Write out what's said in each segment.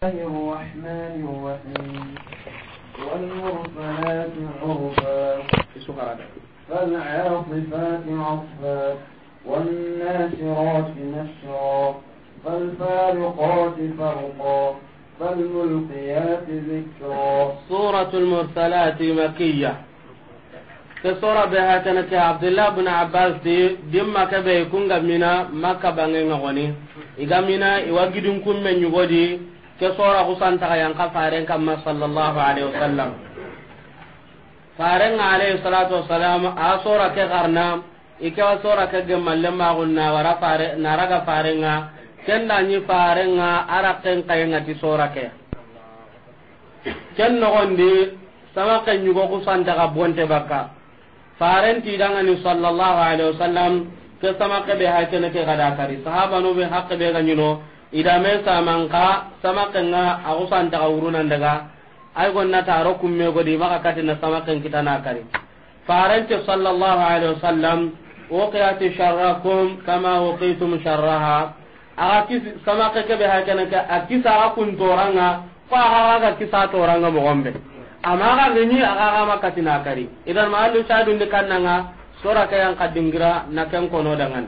الله الرحمن الرحيم والمرسلات عرفا فالعاصفات عصفا والناشرات نشرا فالفارقات فرقا فالملقيات ذكرا سورة المرسلات مكية ke بها be عبد الله بن عباس abbas di dimma يكون be kunga mina makka bangen ngoni igamina من kumme ke sora kusantaxa ka faren kamma sallallahu alaihi wasallam faren alaihi salatu wasalam a sora ke garna wa sora ke gemalle magunna wara fare naraga farenga kenda ni farenga araken kayenga ti sora ke ken nogondi sama ke nyugo kusantaxa bonte bakka faren ti tidangani sallallahu alaihi wasallam ke sama ke be haytene ke gada kari sahaba no be haqqe be ganyino ida men saman ka sama kan ga aku san ta urunan daga ai gonna taro kun me godi maka kati na sama kan kita na kare faran ce sallallahu alaihi wasallam uqiyati sharrakum kama uqitum sharraha aki sama ka ke be ha kana ka aki sa aku ntoranga fa ha ga ki sa toranga mo gombe amma ga ni ni aga ga maka kati na kare idan ma alu sa dun de kan nga sura ka yang kadingira na kan kono dangan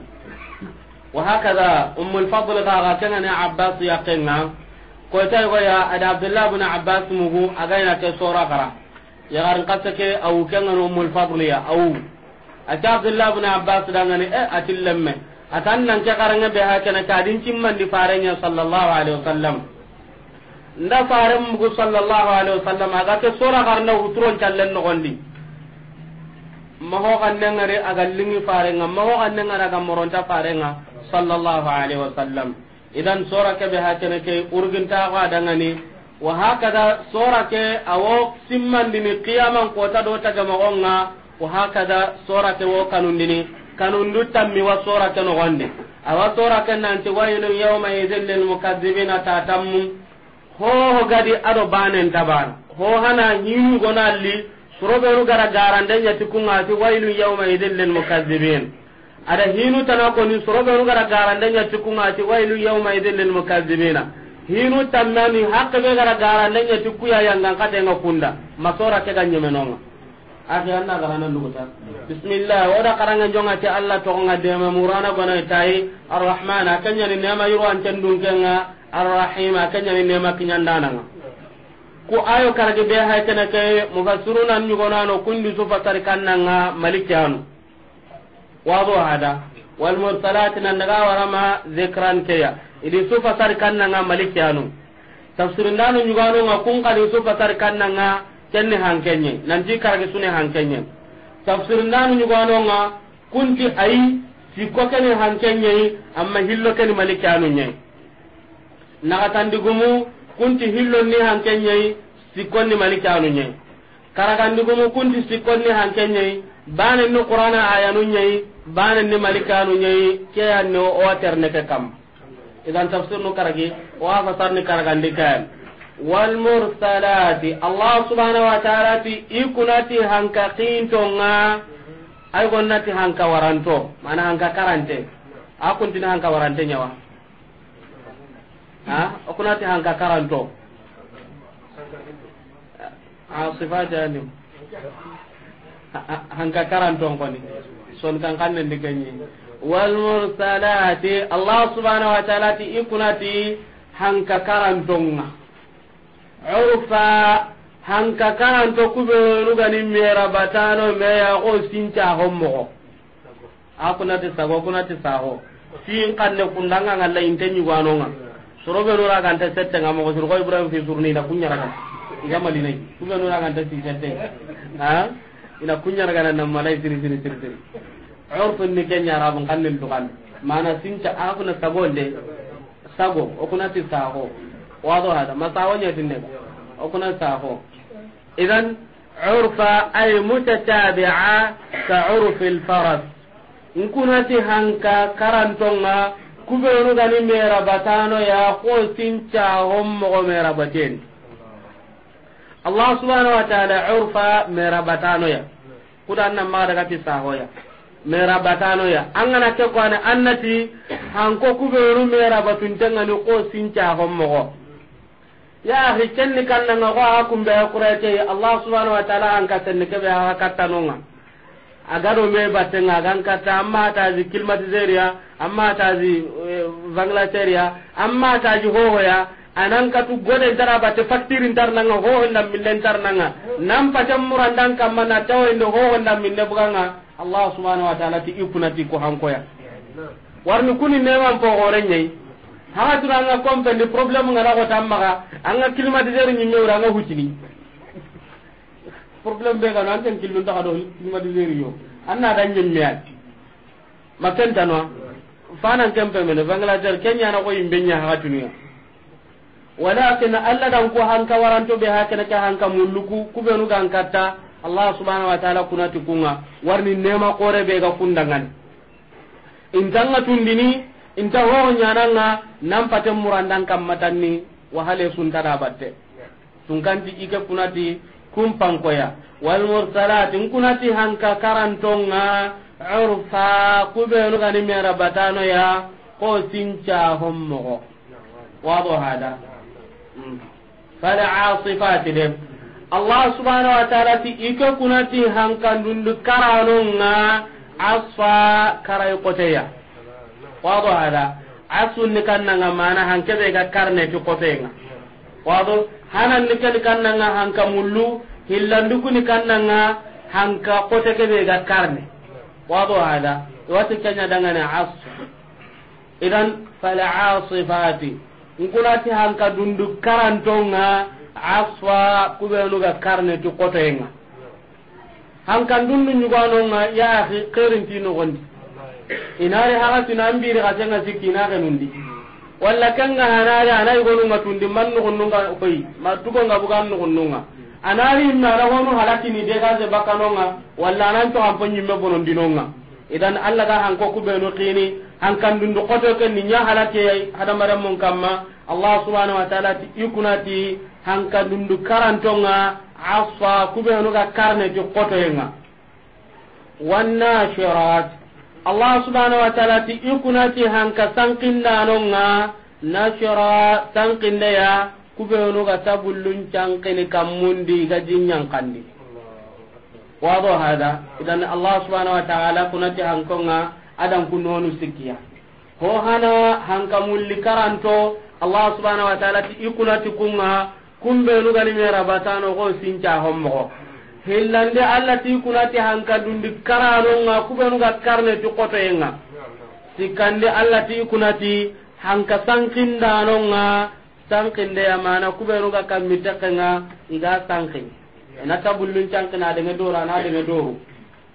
وهكذا أم الفضل غاغتنا عباس يقنا قلت يا أدى عبد الله بن عباس مهو أغينا كسورة غرا يغارن قصك أو كان أم الفضل يا أو أتى عبد الله بن عباس دانني إيه أتلمه أتنن كغرن بها كان كادين تمن لفارنيا صلى الله عليه وسلم nda faren mugu sallallahu alaihi wasallam aga ke sora garna utron challen no gondi maho kanne ngare aga lingi fare nga maho kanne ngara ga moronta fare nga sallallahu alaihi wasallam idan sora ke be hakene ke urginta ko adangani wa hakada sora ke awo simmandini qiyaman kota do taga magonga wa hakada sora ke wo kanundini kanundu tammi wa sora ke no gonde awa sora ke nanti waylun yawma idhil lil mukazzibina tatammu ho ho gadi ado banen taban ho hana nyingo nalli soro be ru gara garande nyati kunga ti waylun yawma idhil lil mukazzibina ada hinu tana ko ni soro be gara garande nya tikunga ti wailu yawma idil lil mukazzibina hinu tamani hakka be gara garande nya tikuya yanga kate nga masora ke ganye menonga akhi anna garana nuguta bismillah oda karanga jonga ti alla to nga de ma murana gona tai arrahman akanya ni nema yiro an tendun kenga arrahim akanya ni nema kinyandana ko ayo karage be haytana ke mufassiruna nyugonano kundi kannanga malikanu wado hada wal mursalat nan daga warama zikran keya idi su fasar kannanga tafsirin tafsirindanu nyugano nga kun kali su fasar kannanga kenne hankenye nanti karage sune hankenye tafsirindanu nyugano nga kunti ayi sikko kene hankenye amma hillo kene malikiyanu nye nagatandigumu kunti hillo ni hankenye sikko ni malikiyanu nye karagandigumu kunti sikkonni hankenyei banen ni qur'ana ayanu banen ni malikanu o ke kam idan tafsir karagi wa karagandi wal mursalati allah subhanahu wa ta'ala ti ikunati hanka qintonga ay gonnati hanka waranto mana hanka karante hanka warante nyawa ha hanka karanto asifa janim hanka karanton koni son kan kan ne diganyi wal mursalati allah subhanahu wa ta'ala ti ikunati hanka karantonga urfa hanka karanto kubeenu gani mera batano meya ko sinca hommo akunati sago kunati sago fiin kanne kundanga ngalla inte nyuwanonga sorobe nura ganta sette ngamo ko surgo ibrahim fi surni da kunyara igamali nai kuga nuna kan ta sisete ha ina kunya daga nan siri siri siri siri urfun ni kenya arabun kallin dukan mana sinta akuna sagonde sago okuna ti saho wado hada masawanya tinne okuna saho idan urfa ay mutatabi'a ka urfi al-faras nkunati hanka karantonga kubeenu gani mera batano ya ko sincaho mogo mera bateni allah subhanahu wa ta'ala urfa merabata ya kuda annan ma daga ti sahoya merabatano ya kana ke ko an annati hanko kuberu merabatun ni ko sinca hommogo ya hi kenni ko ngo ha kumbe kurete allah subhanahu wa ta'ala an ka tanne ke ba katanonga agaro me batenga gan kata amma ta zi kilmatizeria amma ta zi eh, vanglateria amma ta zi hohoya anan katu gode dara ba te ntarnanga hohonda na ntarnanga nan paten murandan kamma na nga muran tawende hohonda minne buganga allah subhanau wa taala ti ikunati ko hankoya warni kuni ne neman po horenyai haga tuna anga kompendi probléme ngana kotan maga anga climatiseur ñimmewra anga hutini probléme be gano anken killuntaka do climatiseur yo anna da ñimmeyani ma kentanoa fanan kempemene bangladesh keñana ko yimbe ña haga tuniya walakin alla dan ko hanka waranto be hakana ka hanka be nu gan katta allah subhanahu wa ta'ala kuna tukunga warni nema kore be ga kundangan intanga tundini inta ho nyananga nam patem murandang kam matanni wahale sunta da batte tungkanti ike kunati kumpang koya wal mursalat ti hanka karantonga urfa nu gani mera batano ya ko sincha hommo wado hada fala asifati de allah subhanahu wa ta'ala ti ike kunati hankandundu karanonga asfa karay qoteya wado hada asunni kannanga mana hankebe ga karne ti qotenga wado hanan nikeli kannanga hanka mullu hillandukuni kannanga hanka qote kebe ga karne wado hada wati kenya dangane asfa idan fala asifati nkunati hanka dundu karantonga aswa kubenuga karneti kotoyenga hanka dundu ñuganonga yaaki kerinti nogondi inari hakatuna ambiri kasenga sikki inakenundi walla kanga hanari anayigonunga tundi man nugunnunga koyi ma tugonga bugan nga anari imme anagonu halakini de kase bakkanonga walla anan coganpo ñimme bonondinonga idan allah ga hanko kubenu kini dundu koto ke ni nya halake hadamaren mun kamma allah subhanahu wa ta'ala ti ikunati hankandundu karantonga afa kubenu ga karne ti koto yenga wannashirat allah subhanahu wa ta'ala ti ikunati hanka sankindanonga nashira sankinda ya kubenu ga tabullun cankini kammundi ga jinyankandi wado hada idan allah subhanahu wa ta'ala kunati hankonga adan kunonu sikkiya ho hana hanka mulli karanto allah subhanahu wa ta'ala ti ikunati kunga kumbe nu gani mera batano go sinca hommo hillande allah ti kunati hanka dundi karanonga kubenu ga karne ti kotoyenga sikande allah ti kunati hanka sankindanonga sankinde yamana kubenu ga kammitekkenga iga sankin ena tabullun cankina adenge doru ana adenge doru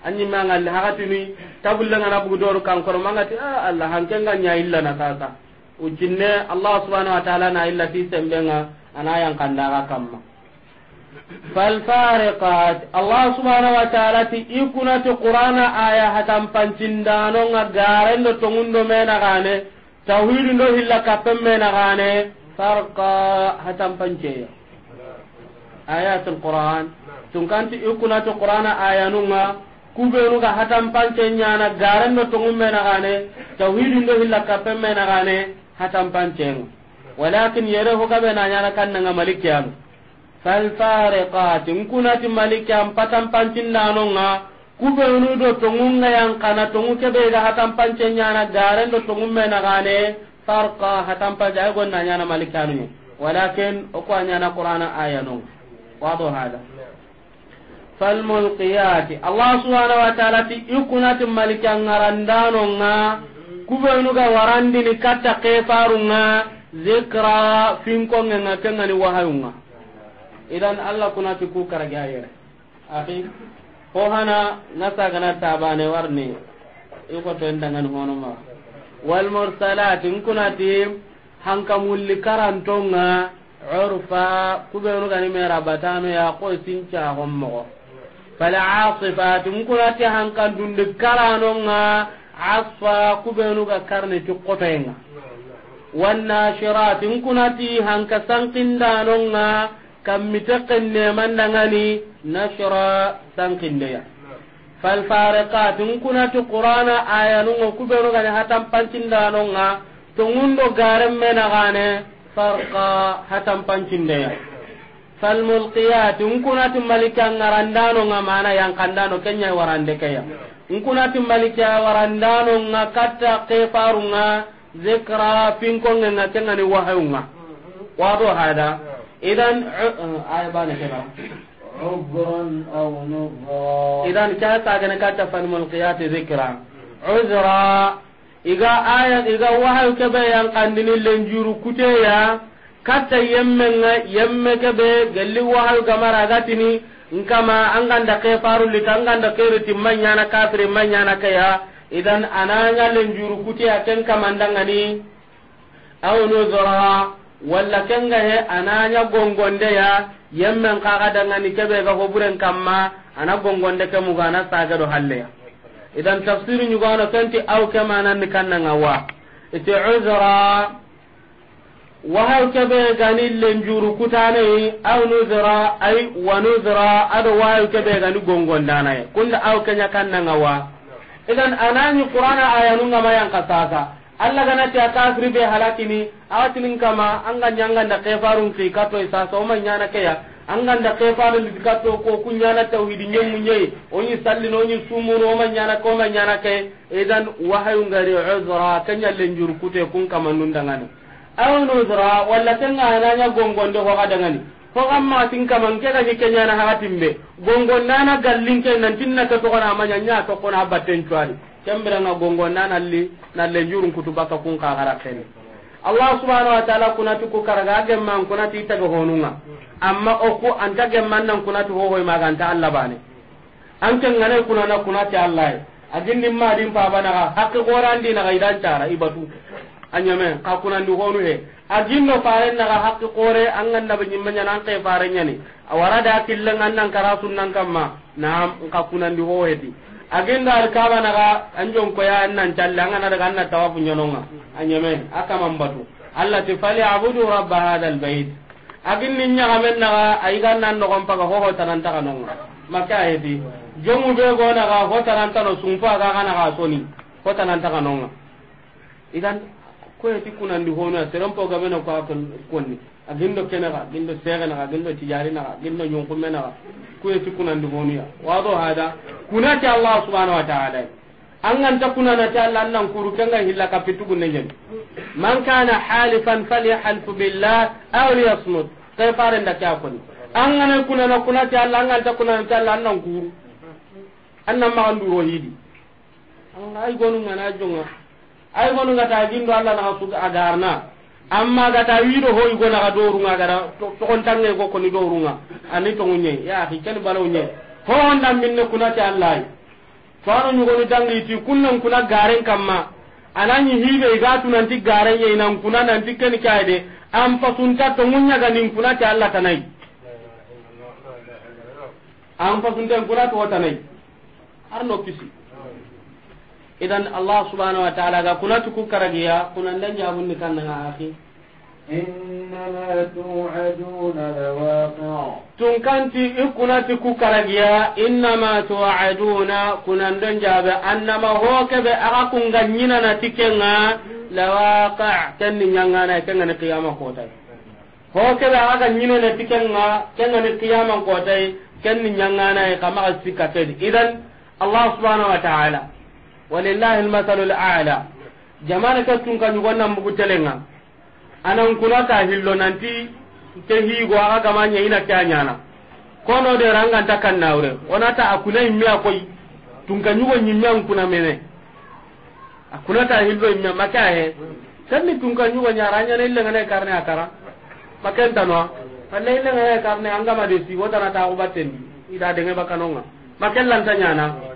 anyi manga Allah hakatini tabulla ngana bugu doru kan koro manga ti ah Allah hankenga nya illa na sasa ujinne Allah subhanahu wa ta'ala na illa ti sembenga ana yang kandaga kamma fal fariqat Allah subhanahu wa ta'ala ti ikuna ti qur'ana aya hatam pancindano ngagarendo tongundo mena gane tawhidu ndo hilla kapem na gane farqa hatam panceya ayat alquran tun kanti ikuna to qur'ana ayanunga kubenu ga hatam pance nyana garan no to ngumme na gane tauhidin do hilla kapemme na gane hatam pancen walakin yere ho ga bena nyana kan nga malikiyam fal fariqat kuna ti malikiyam patam pancin nanonga kubenu do to ngunga yang kana to nguke be ga hatam pancen nyana garan do to ngumme na gane farqa hatam pance ay gonna nyana malikiyam walakin o ko nyana qur'ana ayanunga واضح هذا فالملقيات الله سبحانه وتعالى في يكونات ملك غرندانونا كوبينوغا ورانديني كاتا قيفارونا ذكرى فينكم نكنني وهايونا إذا الله كنا في كوكر جاير أخي هو هنا نساغنا تاباني ورني يقطن دغن هونما والمرسلات إن كنتي هنكمل كرانتونا urfa kubenu gani merabatano ya ko sincagon mogo hankan nkunati hankandundi karanonga asfa kubenu ga karniti kotoyenga wannashirati nkunati hanka sankindanonga kammite kennemandangani nashra fal fariqat mukunati qur'ana ayanu kubenu gani tungundo tongundo garen gane farqa hatan pancindeya falmulqiyat nkunati malika ngarandano nga mana kenya warande malika warandano nga zikra nga hada idan ayabane عذرا نذرا كاتا فالملقيات عذرا iga aya iga wahayu kebe yang kandini lenjuru ya kata yemme nga yemme kebe gelli wahayu gamara gatini nkama anganda ke faru lita anganda ke riti manyana kafiri manyana kaya idan ananya lenjuru ya ken kamandangani au nuzora wala kenga he ananya gongonde ya yemmen kaga dangani kebe kakobure kama kamma ana gongonde ke mugana halle ya. idan tafsir ñugono kenti aw nan mananni kannanga wa ite uzra wahaw kebe gani juru kutane aw nuzra ay wa nuzra ado wahaw kebe gani kun da aw kenya kannanga wa idan anani qur'ana ayanunga mayanka sasa allah gana ta kafiri be halakini awatin kama an kai farun kefarun kato isa so man yana kaya anganda kefano ndi katto ko kunyana tawhidi nyemmu nyei onyi salli no onyi sumu no ma nyana ko ma nyana ke idan wahayu ngari uzra kanya lenjur kute kun kamannun dangani awon uzra walla tanga ananya gongondo ko kadangani ko amma tin kaman ke ga kenya na hatimbe gongon nana gallin ke nan tinna ka to kana manya nya to kona batten twali kembra na gongon nana li na lenjur kutu baka kun ka garakene allah subhanau wa taala kunati ku karaga a gemma an kunati itage honunga amma oku anta gemmannan kunati hohoy maga anta allah bane anke ngane kunana kunati allah aginnin madin pabanaga hakki horandi naga idancara ibatu añame xa kunandi honu he a ginno faren naga hakki kore an gannaɓe ñimmeñana an ke farenñani a warada killeng an nankara sunnan kamma naam nka kunandi hohedi agenda al kaba naga anjon ko ya nan talla ngana daga anna tawafu nyononga anyame akama mbatu Allah ti fali abudu rabb hada al bait agin nin nya gamen naga ay gan nan no kompaga ho ho tanan ta kanonga maka ayati jomu be go naga ho tanan ta no sumpa ga kana ga soni ho tanan ta kanonga idan ko yati kunan di hono serampo ga mena ko akon konni agindo kenaga gindo segenaga gindo tijarinaga gindo yonkumenaga kueti kunandigonuya wado hada kunati allah subhanahu wa taala anganta kunanati allah annan kuru kenga hilla kapitugunne ñen man kana halifan falyahalfu billah aw liyasmut kay farenda ke a koni angana kunana kunati allah anganta kunanati allah annan kuru annan maga nduro hidi ay gonu ngana jonga ay gonu ngata gindo allah naga suga agarna amma yi do hoyi gona ga dorunga gara togontange go doru dorunga ani tongunye ya akhi balaw balonye ho min ne kuna ta allah faro nyugoni dangi ti kunnan kuna garen kamma ananyi hibe nan ti garen ye nan kuna nanti ken de am to tongunya ga nin kuna ta allah nai am ta kuna to nai arno kisi idan allah subhanahu wa ta'ala ga kuna tuku karagiya kuna dan jabun ni kan nga akhi innama tu'aduna lawaqi' tun kanti ikuna tuku karagiya innama tu'aduna kuna dan jabe annama hokebe aga kunga nyina na tikenga lawaqi' tan nyanga na kenga ni qiyamah kota hokebe aga nyina na tikenga kenga ni qiyamah kota ken nyanga na kama asika idan allah subhanahu wa ta'ala walillahi almasalu alala jamana ka tun kan yugo nan bugu telenga anan kuna ka hillo nanti ke higo aga gamanya ina kanyana kono de ranga ta kan nawre onata akuna imme akoy tun kan yugo nyimme kuna mene akuna ta hillo imme makahe tanni tun kan yugo nyaranya ne illenga ne karne akara makenta no alla illenga ne karne anga madesi wotana ta ubatendi ida denga bakanonga makellan tanyana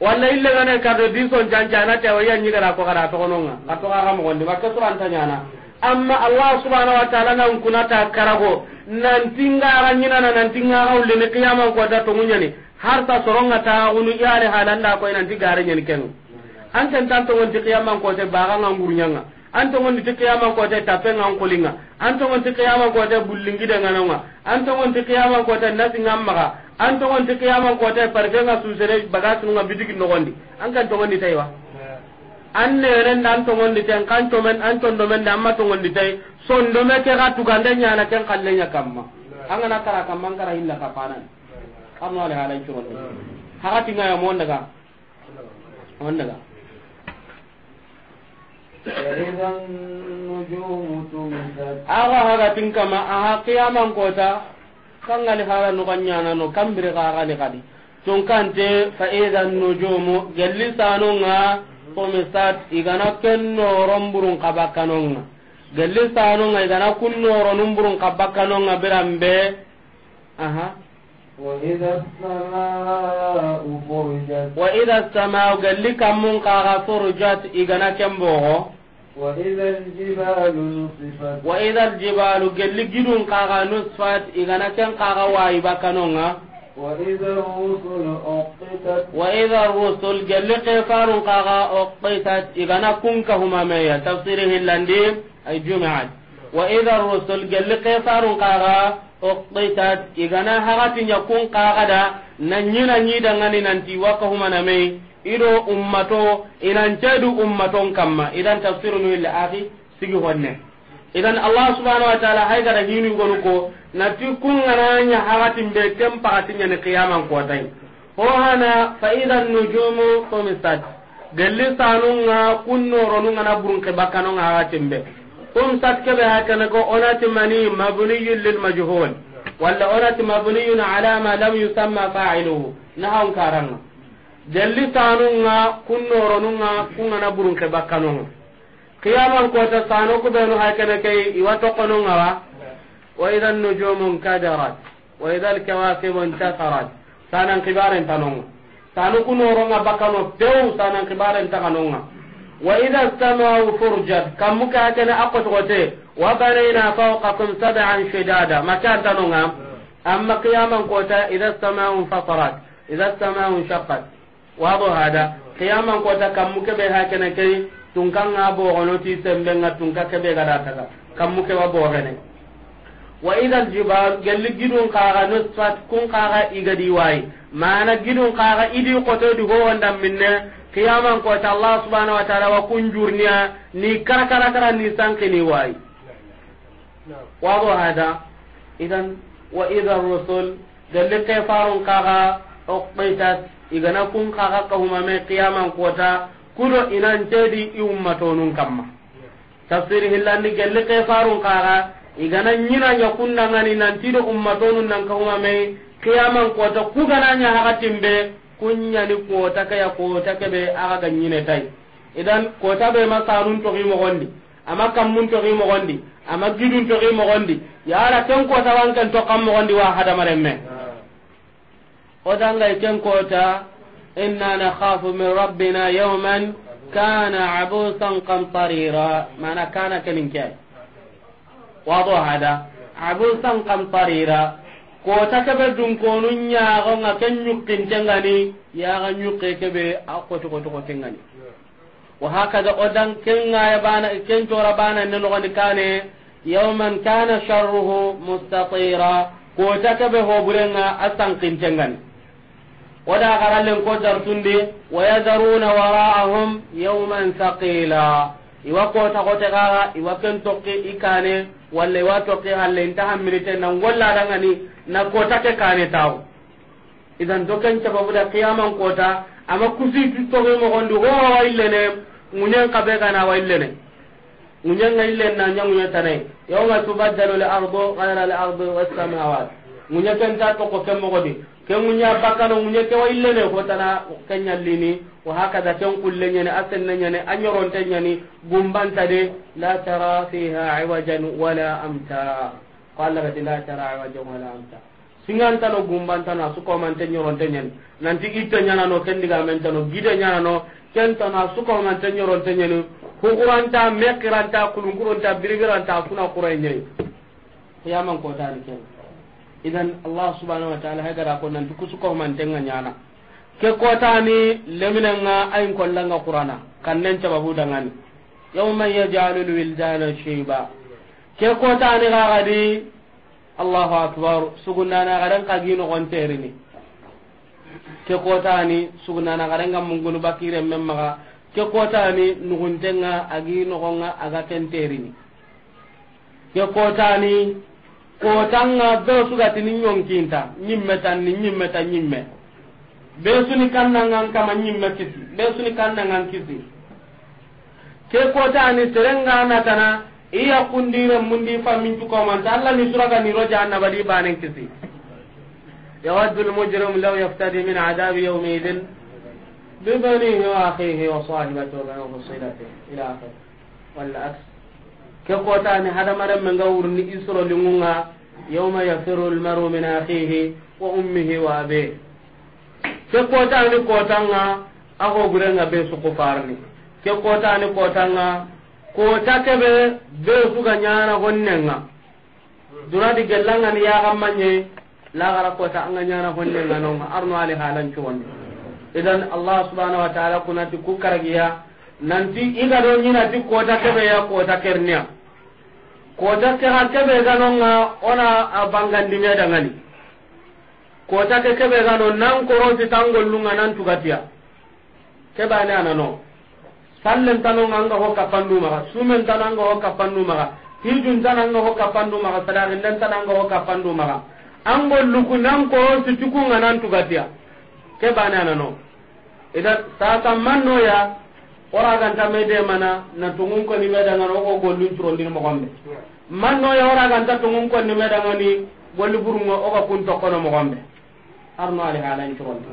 walla ille gane kado din son cancana waya iya gara ko gara togononga a gara mo mogondi wa to suranta na amma allah subhanahu wa taala na kunata karago nantingara ñinana nantingara ullini qiyamankota toguñani har ta soronga unu yare halanda koy nanti gare ñani kenga an ken tan te baga baxanga ngurñanga anto ngon te kiyama ko ta tapen ngan kulinga anto ngon ti qiyama ko ta bullingi de ngana nga anto ngon ti ko ta nasi ngam ga anto ngon ti qiyama ko ta parke nga susere bagas nga bidigi no gondi an kan to ngon tay wa. an ne ren dan to ngon ni kan to men an to do men ma to ngon ni tay son do me ke ga tu nya na ken kalle nya kamma an ana kara kamma kara illa ka panan an le halai churo hakati nga yo mon daga mon daga aga hagatin kama aha qiyaman kota kangani hara nuganñanano kambire kaagani kadi tunkante fa ida nujumu gelli igana igana aha وإذا السماء فرجت وإذا السماء قال لك من فرجت إغنى كمبوغو وإذا الجبال نصفت وإذا الجبال قال لك جنون قاغا نصفت إغنى كم قاغا وايبا كنونا وإذا الرسل أقتت وإذا الرسل قال لك فار قاغا أقتت إغنى كم كهما ميا تفسيره اللندي أي جمعة وإذا الرسل قال لك قاغا uqtitat igana hagati nya kun qagada na nyina nyi dangani nanti waka na mai ido ummato inan jadu ummaton kamma idan tafsirun lil akhi sigi honne idan allah subhanahu wa ta'ala hay gara hinu gonu ko nati kun nya hagati be tem pagati ne qiyamam ko tay ho fa idan nujumu qumisat galli sanunga kunno ronunga na burun ke bakkanonga hagatimbe tumsat kebe hakana ko onati mani mabniyun lil majhul walla onati mabniyun ala ma lam yusamma fa'iluhu nahon karanga jalli sanunga kunnoronunga kungana burunke bakkanonga qiyaman kota sano kubenu hakana kay iwa tokononga wa wa idha an-nujumu inkadarat wa idha al-kawakibu intasarat sanan kibaren tanonga sanu sanan wa idar sama u furu jak ka muke hakene akotote wa banene a kawo ka tun sada an da mace an tanu nka am amma kiyaman kota idar sama u fasara idar sama wa ba ha da kiyaman kota kan muke bai hakene ke tun kan ka boro ne ke bai ka ta ka muke ba boro ne. wa idar jibaar gyalli gudun kare ne kun kare iga di waye ma'ana gudun idi kote duba wanda min ne. qiyaman kota allah subhanahu wa taala wa kunjurniya ni karakara kara ni wai wayi do hada idan wa idha rusul dalle kay farun kaga uqitat igana kun kaga kahuma me qiyaman kota kudo inan tedi i ummatonun kamma tafsir hillandi gelle kay farun kaga igana nyina nya kunna ngani nan tido ummatonun nan kahuma me qiyaman kota kugana nya hakatimbe kunyani kota kaya kota kebe aga ganyine tai idan kota be masarun to gi mogondi ama kammun to gi mogondi ama gidun to gi mogondi yara ken kota wanken to kam mogondi wa hada maremme odanga ken kota inna nakhafu min rabbina yawman kana abusan qamtarira mana kana kenin kai wado hada abusan qamtarira kota kebe dun konu ñaaxo nga ken ya ga ñukke kebe a to ko tengani wa haka da o dan ya bana ken cora bana ne nogondi kane yawman kana sharruhu mustatira kota kebe hoburenga a tengani wada garallen ko dartundi wa yadaruna wara'ahum yawman thaqila iwa kota ko kaga iwa ken tokki ikane walla iwa tokki halle inta hammirite nan walla dangani na kota ke kane taw idan to ta babu da qiyaman kota amma kusi tu to mo gondi ho illene munyen kabe kana wa illene munyen ga illen na nya munyen tane yawma tubaddalu al-ardu ghayra al-ardu was-samawat munyen kan ta to ko kem mo godi ke munya bakano munye ke wa ko tana kanya lini wa da tan kullenya ne asanna nya ne anyoron tanya ni gumbanta de la tara fiha iwajan wala amta Allah gati la tara wajha wala amta singan tano gumban tano su ko man tanyo ron tanyen nanti itta nyana no ken diga men no gida nyana no ken tano su ko man tanyo ta tanyen ta mekiranta kulunguranta birigiranta kuna ya kiyaman ko tan ken idan Allah subhanahu wa ta'ala hagara ko nanti kusu ko man tanga nyana ke ko tani leminanga ayin kollanga qur'ana kannen tababu dangani yawma yaj'alul wildana shayba ke kota ani gagadi allahu akbar sugunana garan kagi nogonterini ke kota ani sugunana garan ga mungunu bakiren men maga ke kota ani nuguntenga agi nogonga aga kenterini ke kotani ani kotanga be sugatini nyonkinta nyimme tan ni nyimme tan nyimme be suni kannangan kama nyimme kisi be suni kannangan kisi ke kota ani serengana tana iya kundire mundi famin cuko man ta Allah ni suraga ni roja annabadi banen kisi يود المجرم لو يفتدي من عذاب يومئذ ببنيه وأخيه وصاحبته وفصيلته إلى آخره والعكس كقوتان هذا مرم من قور إسر لمنا يوم يفر المرء من أخيه وأمه وأبيه كقوتان قوتان أخو قرنا بيسو كفارني كقوتان قوتان kota keɓe be fuga ñana kon nenga duradi gellangani yaxammaye lagara kota anga ñana kon nenga noga arno ali halancugonni idan allah subhanau wa taala kunati ku karagiya nanti iga do ñinati kota keɓe ya kota kerniya kota kexa keɓe ganonga ona a bangandime dangani kota ke keɓe gano nan koronti tangollunga nan tugatiya keɓane anano sallen tanonga anga ho kapandumaxa sumen tananga ho kapandumaxa hijun tananga ho kapandumaxa sadaxinden tananga ho kapandumaxa ango luku nan koro sutukunga nan tugatiya ke bane anano idan sasan mannoya oragantame demana na tungun koni medangani oko gollun curondini mogonɓe mannoya oraganta tungun konni medangani golli burungo oga kun tokkono mogonɓe arno ali halan curonta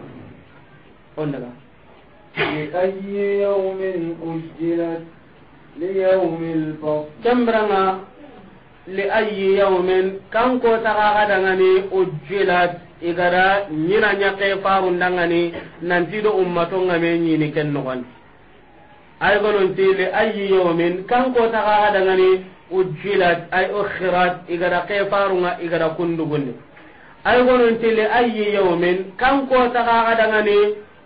on daga لأي يوم أجلت ليوم الفصل كم برنا لأي يوم كم كوتا غدغني أجلت igara ñina ñake farundangani nantiɗo ummatongame ñini ken nogondi ay gononti li ayi yawmin kan kotaxa hadangani ujjilat ay ukhirat igada ke farunga igada kundugundi ay gononti li ayi yawmin kan kotaxa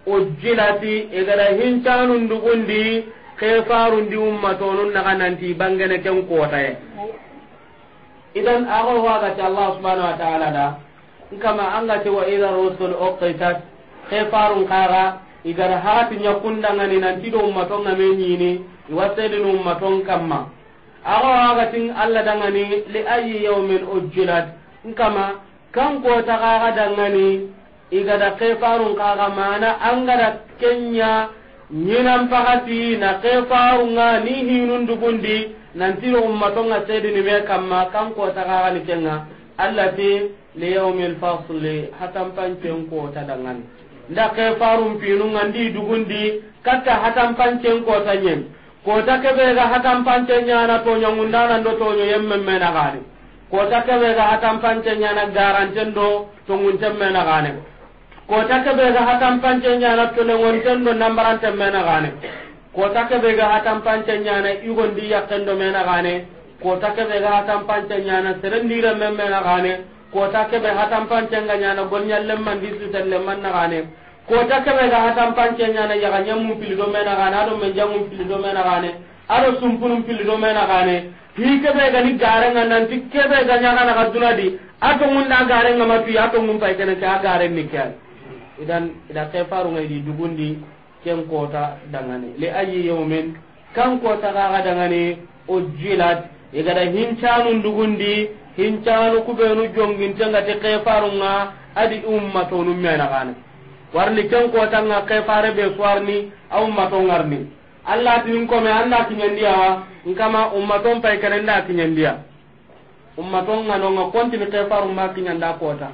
ujjilati egada hincanun dugundi kefarundi ummatonun naga nanti bangene ken kotaye idan ago wagati allah subhanahu wa ta'ala da nkama angate wa ida rusul uqitat kefarun kara igara hati nyakundangani nanti do ummatonga me nyini iwasedin ummaton kamma ago wagati allah dangani li ayi yawmin ujjilat nkama kan kota kaga dangani igada kefarun kaga mana angada kenya nyinan pakati na kefarunga ni hinun dugundi nanti ummatonga sedini me kamma kan ko tagaga ni kenga allati li yawmil fasli hatam pancen ko tadangan nda kefarun pinunga ndi dugundi katta hatam pancen ko tanyen ko ta kebe ga hatam pancen nyana to nyangundana ndo to nyemme mena gani ko ta kebe ga hatam pancen nyana garanten do to ngunten mena gani kota be ga hatan pance nyana won wonten do nambaran mena gane kota be ga hatan pance nyana igondi yakkan do mena gane kota be ga hatan pance nyana serendira men mena gane kota be hatan pance ga nyana gonnyal lemman disu tan lemman na gane kota be ga hatan pance nyana ya ganya mun pili do mena gane ado men jamun pili do mena gane ado sumpunum pili do mena gane hi kebe ga ni garenga nan ti kebe ga nyana na gaduna di ato mun da garenga matu ya ato mun pai kana ka garen ni kyal idan ida kefaru ngai di dugundi ken kota dangane li ayi yawmin kan kota kaga dangane ujilat igada hincanu dugundi hincanu kubenu jongintenga te nga adi umma tonu mena kana warni ken kota nga kefare be swarni au mato ngarni allah tin ko me allah kinyandia wa nkama umma ton pay kanenda kinyandia umma ton ngano nga kontinu kefaru ma kinyanda kota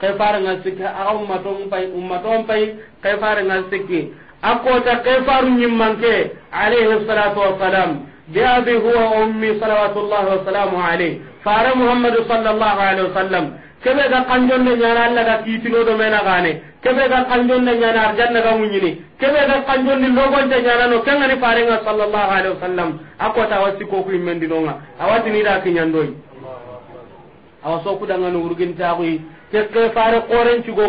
kay fare nga sikki aga ummato mpay ummato mpay kay fare nga sikki akota kay faru manke. alayhi salatu wa salam bi abi huwa ummi salawatullah wa salam alayhi fare muhammad sallallahu alaihi wasallam kebe ga kanjonde nyana alla ga kitino do mena gane kebe ga kanjonde nyana arjanna ga munyini kebe ga kanjonde logonde nyana no kangani fare nga sallallahu alaihi wasallam akota wasiko ku imendinonga awati ni da kinyandoi awaso kudanga no urgin tawi tekke fare koren cigo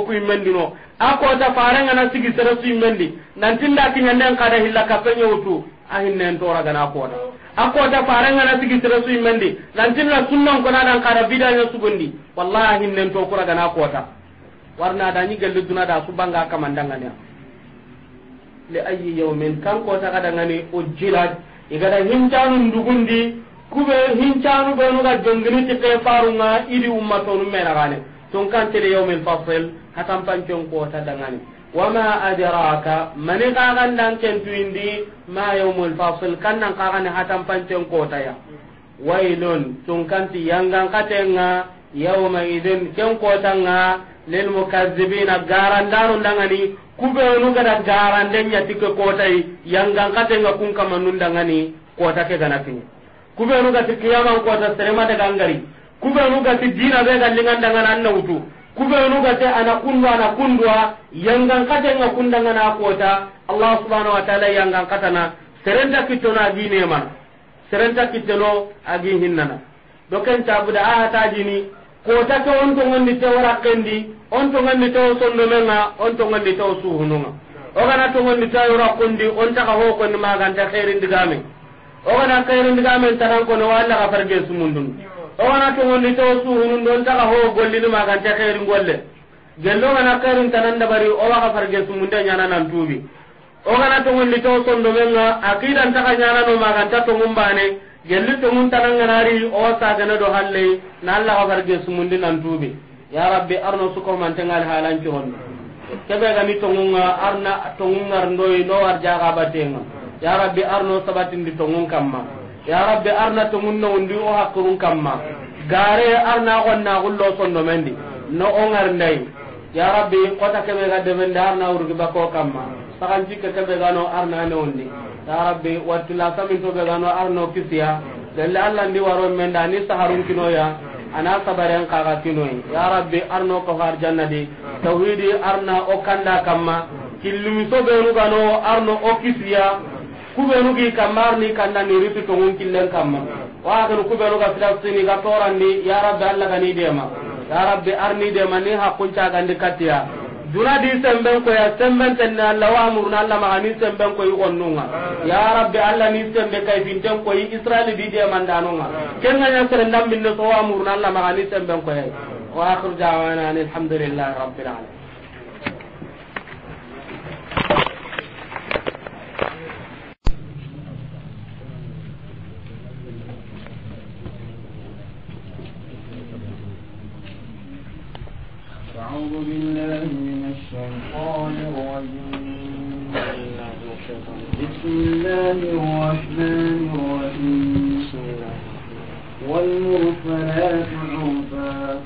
no ako ta fare ngana sigi sere su ki nantinda kiñanden kada hilla kappeñe to a hinnen ko ako akota fare ngana sigi sere su immendi nantinna sunnan konadan kada su gondi wallahi a kura gana ko kota warna ni gelle duna da subanga kamandangania le ayi yawmin kan kota ngani o jilaj igada hinjanu ndugundi kube hincanu ga jongini ti ke farunga idi ummatonu gane tun kan tere yawmin fasl hatan pancon kota wa ma adraka mani kan dan kentu indi ma yawmul fasl kannan kagan hatan pancon kota ya wailun tun kanti yangan katenga yawma idin ken nga lil mukazzibina garandaru dangani kubenu gada den ya tike kotai yangan katenga kun kamanun dangani kota ke ganati kubenu gati kiyaman kota serema daga ngari kubenu gati dina be gallingan dangana anna wutu kubenu gati ana kundu ana kundwa yangan kata nga kundangana akota allah subhanahu wa ta'ala yangan na serenta na agi nema serenta no agi hinnana doken tabuda aha tajini kota ke on to ngondi te wara kendi on to ngondi te sondo menga on to ngondi te suhununga o kana to ngondi te wara kundi on ta ka ho ko ni maganta khairin digame o kana khairin digame tanan ko no walla ka farge sumundun yeah. owana togondi tewo suhunun don ta ho gollini maganta xeerin golle gellogana xeerin tanan dabari owaxa farge sumunde ñana nan tubi to tuubi ogana togondi tewo sondomenga akidan taga ta maganta tongun bane mun gana tongun o owa sagene do hallei na allaxa farge sumundi nan tubi ya rabbi arno ci halancohon kebe gani tongunga arna tongungar ndoyi no warjaxa batenga ya rabbi arno sabatindi tongun kamma ya rabbi arna tumunna undi o hakurun kamma gare arna gonna gullo sondo mendi no ongar ndai ya rabbi kota kebe ga de men dar na urgi bako kamma sakan jikke kebe ga no arna ne undi ya rabbi watti la samin to ga no arno kisiya dalle alla ndi waro men da ni saharun ya. ana sabaren kaga kinoi ya rabbi arna ko har jannadi tawhidi arna o kanda kamma killumiso be rugano arno o kisiya kubenu gi kammar ni kanna ni ritu to ngun killen kamma wa akhiru kubenu ga filastini ga torandi ya rabbi allah ga ni dema ya rabbi arni dema ni hakun ca gandi katiya duna di semben ko ya semben tan allah wa amurna allah ma ni semben ko yonnunga ya rabbi allah ni sembe kay binten ko yi israeli di dema ndanunga kenna ya sere ndam minno to wa amurna allah ma ni semben ko ya wa akhiru da'wana alhamdulillahi rabbil alamin أعوذ بالله من الشيطان الرجيم بسم الله الرحمن الرحيم والمرسلات عرفا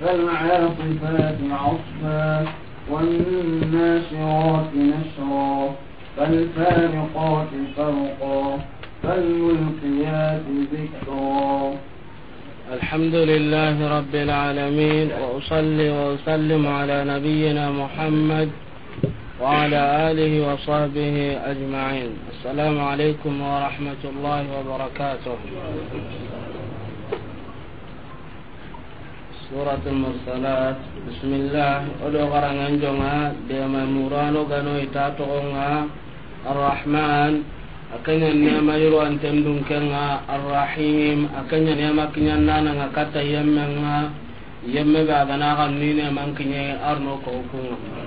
فالعاصفات عصفا والناشرات نشرا فالفارقات فرقا فالملقيات ذكرا الحمد لله رب العالمين وأصلي وأسلم على نبينا محمد وعلى آله وصحبه أجمعين السلام عليكم ورحمة الله وبركاته سورة المرسلات بسم الله أدو غران أنجونا ديما مورانو غنو الرحمن akanya nema yiro antem dun kenga arrahim akanya nema kinyan nana nga kata yemme nga yemme ga gana kan ni ne man kinye arno ko kunga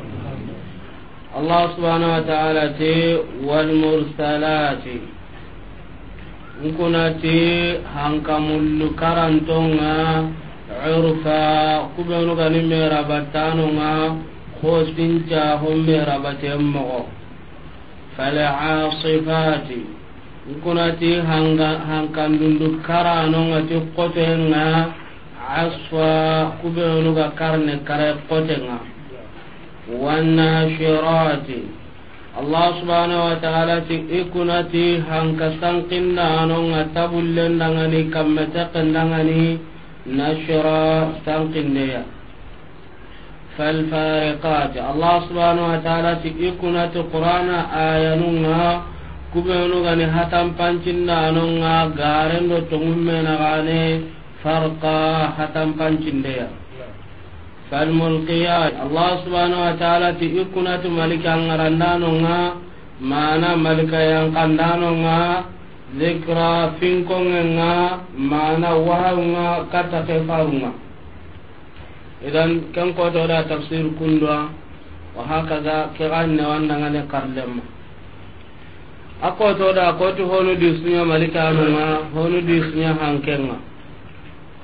Allah subhanahu wa ta'ala te wal mursalati nkuna te hankamullu karantonga urfa kubenu ganin merabatanonga hosinca hommerabaten mogo falaasifaati nkunati hankandundu karanongati kotenga aswa kubenuga karne kare kotenga wannashirati allah subhanahu wa taala ti ikunati hanka sankindanonga tabullendangani kammete kendangani nashira sankindeya فالفارقات الله سبحانه وتعالى تكونت قرآن آيانونا kubenu gani hatan pancindanonga garendo tongummenagane farqa hatan pancindeya falmulqiyat allah subhanau wa taala ti ikkunatu malika angarandanonga mana malika yankandanonga zikra finkongenga mana wahaunga katta kefarunga idan ken kotoɗa tafsir kundua wa hakaza kegan newandangane karlemma a kotoɗa koti honu disuña malikanunga honu disuña hankenga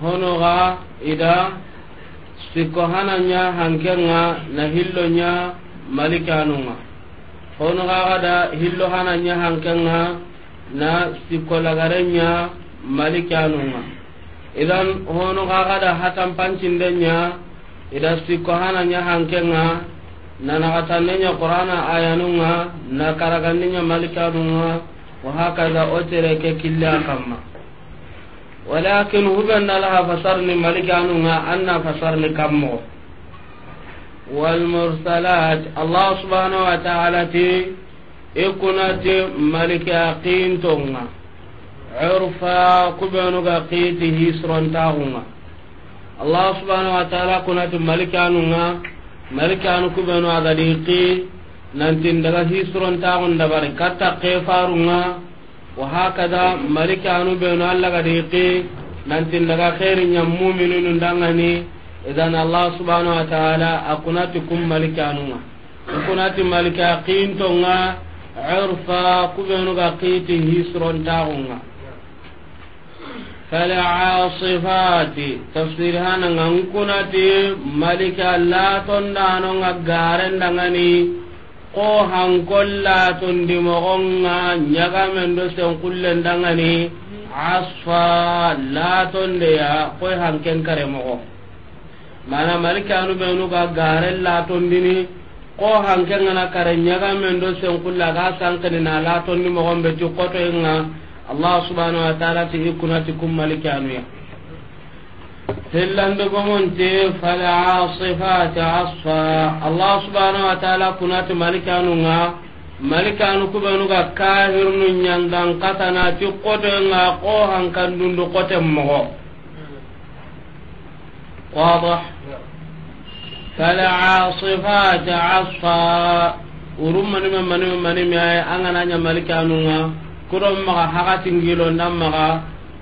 honoga ida sikko hananya hankenga na hilloña malikanunga honogagada hillo hananya hankenga na sikko lagarenya malikanunga idan hono kagada hatan pancindenya ida sikko nya, hankenga nanakatandenya qur'ana ayanunga na karagandenya malikanunga wahakaza otereke killa kamma walakin hubenna laha fasarni malikanunga anna fasarni kammo والمرسلات الله سبحانه وتعالى تي إكنت ملك قينتونها عرفا كبنو قيته هيسرون تاغونا الله سبحانه وتعالى كنت ملكانونا ملكانو كبنو أغليقي nantin daga hisron tagun dabari katta kefarunga wa hakada malikanu benu alla ga diqi nantin daga khairin nyam mu'minun ndangani idan allah subhanahu wa ta'ala akunati kum malikanunga akunati malika qintonga kalcaasifati tafsirhananga nkunati malika laatondanoga garendangani ko hankol laatondi mogonga ñagamen asfa laatondeya koy hanken kare mana malikanu ɓenuga garen laatondini ko hankengana kare ñagamen ga allah subhanahu wa ta'ala ti hikunati kum malikanu ya hillande gomonte fala asifati asfa allah subhanahu wa ta'ala kunati malikanu nga malikanu kubenu ga kahirnu nyandan katana ti kote nga ko hankan dundu kote mogo واضح fala asifati asfa urumani mamani mamani mi ay angana nya malikanu nga kuron maga hakatingilo nan maga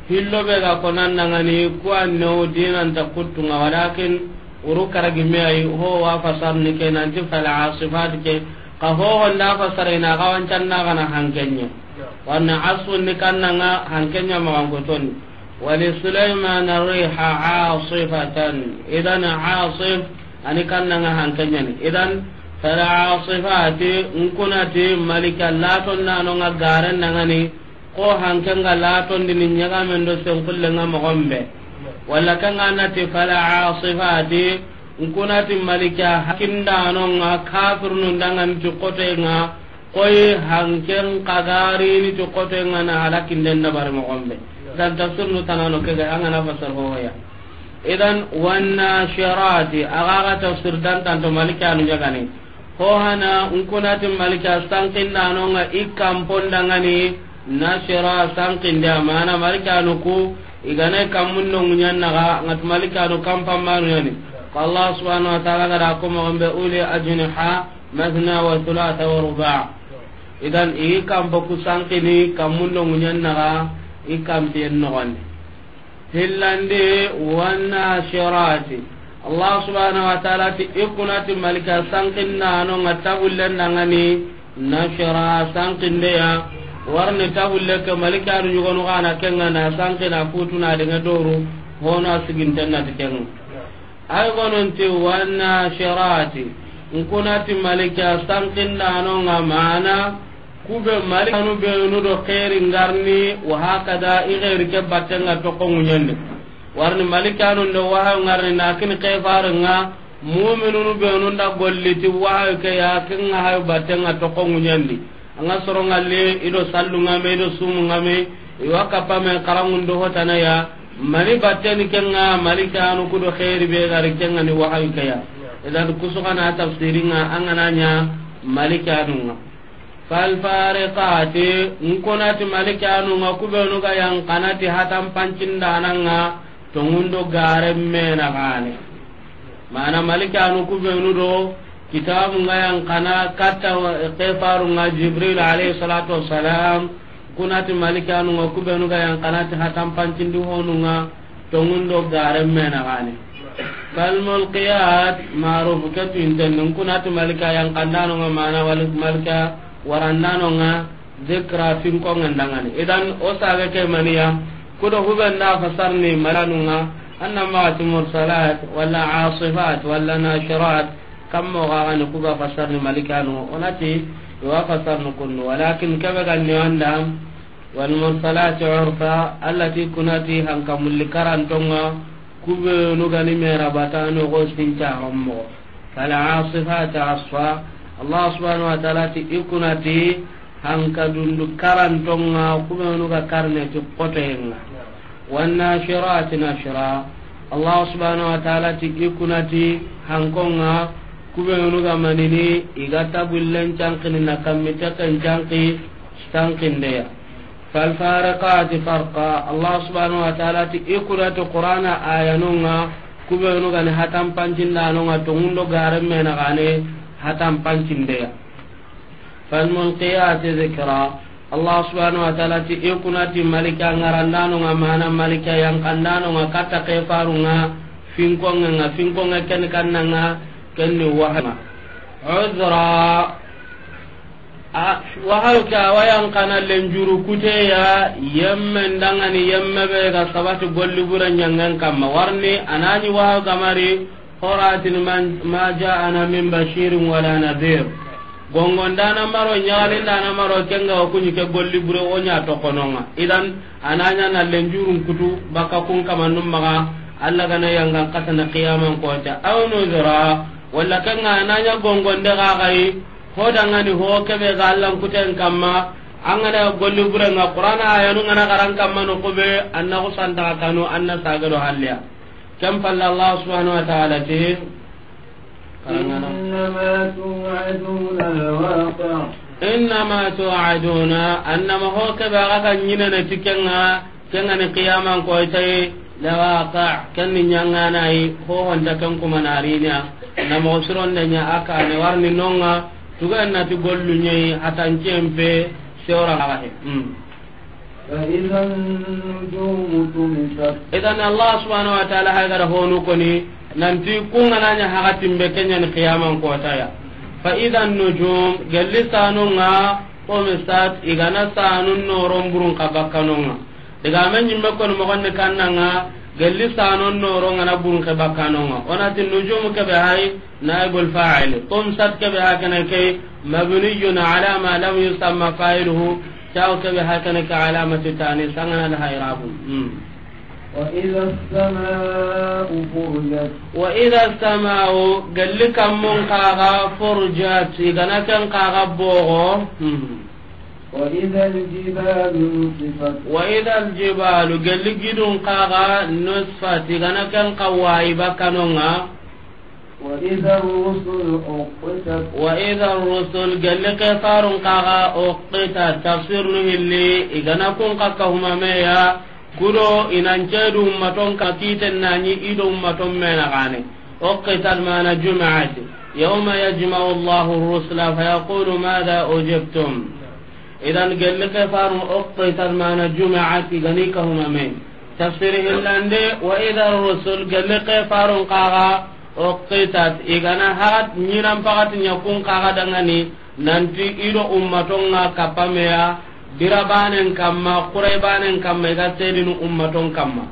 hillo be ga konan nangani ku annewu dinanta kuttunga walakin uru karagime ayi ho wa fasarni ke nanti fal asifat ke ka ho honda fasarina ga wancanna kana hankenye wanna asun ni kannanga hankenya magangotoni ولسليمان الريح idan إذا عاصف أني كان لها هنكنيا idan. falasifaati nkunati malika laton nanonga garen nangani ko hankenga latondini ñagamen do senkullenga mogonɓe walla kenga nati falasifaati nkunati malika da hakkindanonga kafirnundanganiti kotoenga koy hanken kagariniti kotoenga na halakinden dabari mogonɓe dan tafsirnu tanano kega angana fasar hohoya idan wanna wannashirati agaga tafsir dantanto malika anu ñagani ho hana unkunatin malika sankin nanonga ikkan pondangani nashira sankin da mana malika nuku igane kamunno munyannaga ngat malika nu kampamanu yani Allah subhanahu wa ta'ala gara ko mo be uli ajniha mathna wa thulatha wa ruba' idan i kambo ku sankini kamunno munyannaga i no nogonde hillande wannashirati allah subhanahu wa ta'ala ti ikunati malika sankin na no ngata bullen na ngani nashara sankin ya warne tabulle ke malika ru yugo no kana kenga na sankin na futuna doru ngadoro hono asigin tanna de kenga ay gonon te nkunati malika sankin na no ngamana kube malika nu be do khairi ngarni wa hakada i khairi ke batenga to ko warni malikanu ndo wahayu ngarni nakini kefarenga muminunu benunda golliti wahayu ke yakinga hayu battenga tokonguñandi anga sorongalle ido sallungame ido sumungame iwa kappame karangundo hotanaya mani batteni kenga malikanu kudo heri be gari kenga ni wahayu keya idan kusukana tafsiringa angananya malikanunga falfariqati nkonati malikanunga kubenuga yankanati hatan pancindananga to ngundo gare mena gane mana malika anu kubenu do kitabu ngayan kana kata kefaru nga jibril alayhi salatu wassalam kunati malika anu nga kubenu ga yang kana ta hatam pancindi honu nga to ngundo gare mena gane kalmul qiyat ma'ruf katu intan kunati malika yang kandano nga mana walik malika warandano nga zikra fin ko ngandangani idan o saga ke maniya kudo hubenna fasarni maranunga anna maati mursalat wala asifat walla nashirat kammo gaagani kuga fasarni malikanu onati wa fasarni kunu walakin kebe ganni anda walmursalati urfa allati kunati hankamulli karantonga kubenu gani merabatano go sincahommogo falasifat asfa allah subhanau wa taala ti ikunati hanka dundu karantonga kubenuga karneti kotoyenga والناشرات نشرا الله سبحانه وتعالى تيكوناتي هانكونغا كوبنونو غامانيني إيغاتا بولن جانقين نكاميتا كان جانقي ستانقين ديا فالفارقات فرقا الله سبحانه وتعالى تيكوناتي قرآن آيانونغا كوبنونو غاني هاتام بانجيندانونغا تونغندو غارمينا غاني هاتام بانجينديا فالملقيات ذكرا allah subhanahu wa ta'ala ti ikunati malika ngarandano nga mana malika yang kandano nga kata kefaru nga finkonga ken kanna nga ken wahama uzra wahalu ke lenjuru kuteya yemme ndangani yemme be sabati golli bura nyangan kamma warni anani wahalu horatin ma ja'ana min bashirin wala nadhir gongon dana maro nyagalin dana maro kenga ko nyi ke golli bure o nya to kononga idan ananya na lenjurun kutu baka kun kamannum maga alla gana yanga kasana qiyaman ko ta aw nuzra walla kenga ananya gongon de ga gai ho dangani ho kebe ga allan kuten kamma angana golli bure nga qur'ana ayanu ngana garan kamma no kobe anna ko santa kanu anna sagado halya kam falla allah subhanahu wa ta'ala te innama tuaduna annama hokebaaka ñinene ti kenga kengani kiyaman koytai lawaka kenni ñanganayi hohonta ken kumanarina namoo sironeña akane warni nonga tugaennati gollu ñoyi hatancempe seorangabahe idan allah subhanau wa taala haygara honu koni nanti kungana kungananya hakatimbe kenyani kiyaman kotaya fa ida nujum gelli sanunga tomisat igana sanun noronburun ka bakkanonga digame ñimme koni mogonni kannanga gelli sanon norongana ngana ke bakkanonga onati nujum kebe hay naibul fa'il tomsat kebe hakene ke mabniyun ala ma lam yusamma fa'iluhu taw kebe hakene ke alamati tani sangana la hayrabun mm. وإذا السماء فرجت وإذا السماء قال لك من قاغا فرجت إذا نكن قاغا بوغو وإذا الجبال نصفت وإذا الجبال قال لك جدون قاغا نصفت إذا نكن قوايبا كانونا وإذا الرسل أقتت وإذا الرسل قال لك صار قاغا أقتت تفسير نهلي إذا نكن قاكهما ميا kudo inanceedu ummaton ka kiiten nañi ido ummaton menakane oqital mana jumaati yauma yajmau llahu rusula fayaqulu mada ujibtum idan gelle ke faru oqital mana jumaati gani kahuma me tafsir hillande wa ida rusul gelle ke farun kaga oqitat igana haat ñinan pakati ñakun kaga dangani nanti ido ummaton ka kappameya bira banen kamma kurai banen kamma iga sedinu ummaton kamma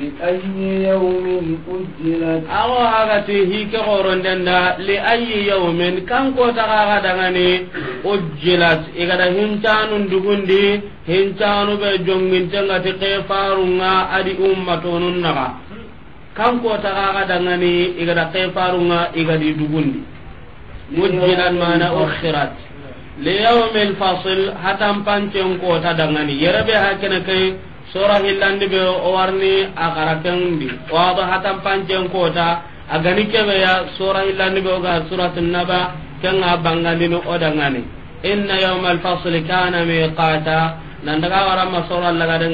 liayi yaumin ujjilat awo agati hike horondenda liayi yaumin kankotakaga dangani ujjilat igada hincanu dugundi hincanu be jongintengati kefarunga adi ummaton naga kan ko ni da kankotakaga dangani igada kefarunga igadi dugundi ujjilat mana ukhirat liya wa mil fasil hatan pan cen kota daŋani, yadda bi ya haki na kai soro hilandi bai o warini a kara fɛn wundi, wa ba hatan pan cen kota a gani kɛmɛ ya soro hilandi bai o gani surat na ba fɛn ya bangandin o daŋani, in na yau mal fasil kya na mi kata na da ka wara ma soro laka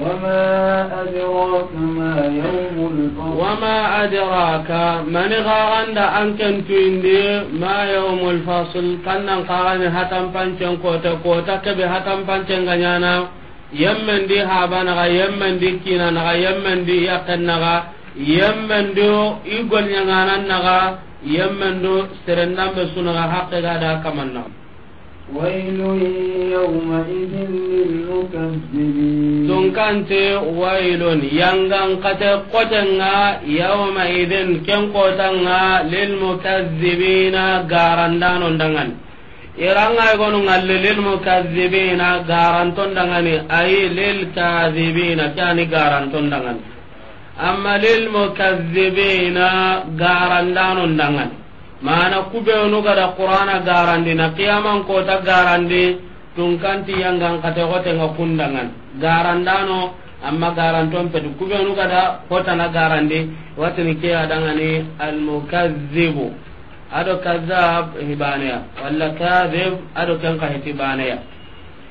وما أدراك ما يوم الفصل وما أدراك من غاغند أنكن تندي ما يوم الفصل كان قاغن هتم بانشن كوتا كوتا كبه هتم بانشن غنيانا يمن دي هابانا يمن دي كينا يمن دي يقنا يمن دو يقول يغانا يمن دو سرندام بسونا حق غادا كمان ويل يومئذ للمكذبين تنكنت ويل ينغن قد قتنا يومئذ كن قتنا للمكذبين غارندان دنغن iranga gonu ngalle lil na garanton dangani ay lil kadhibina kani garanton dangani amma lil garandanon mana kubeonu gada qurana garandi na qiyaman kota garandi tunkanti yangan kate hote nga kundangan garandano amma garanton pedu kubeonu gada hota na garandi watini ke adangani almukazzibu ado kazzab hibaneya walla kazib ado kenka hitibaneya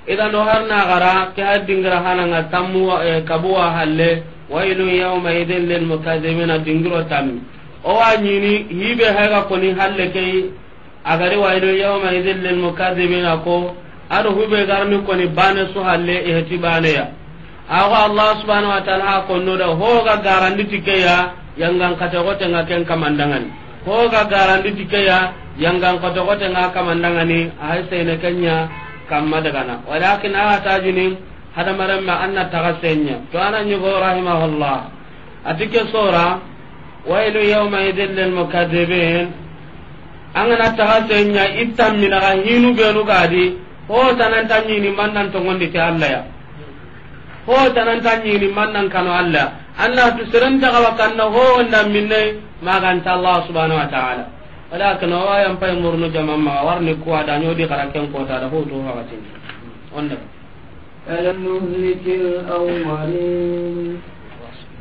idan do har na gara ke haddingira hananga tammu eh, kabuwa halle wailun yawma idin lilmukazzibina dingiro tammi owa ñini hibe hayga koni halle kei agari waydo yauma idin lilmukadibina ko aɗo huɓe garmi koni bane su halle iheti ya awa allah subhanahu wa taala ha ho ga garandi tikkeya yangan kategotenga ken ho ga garandi tikkeya yangan kategotenga kamandangani ahay sene kenya kamma dagana walakin aga tajini maramma anna taga to ana ñigo rahimahullah atike sora wailu yawmaidin lilmukadibin angana taxa senya ittamminaxa hinu benu gadi hotananta ñini mannan togonditi allah ya hotananta ñini mannan kano allah ya annatu serentaxawa kanna howondan minne maganta allah subhanau wa taala walakin owa yampay murnu jaman maxa warni kuwa da dañodi xara ken kotada hoto haxatin on daga ألم نهلك الأولين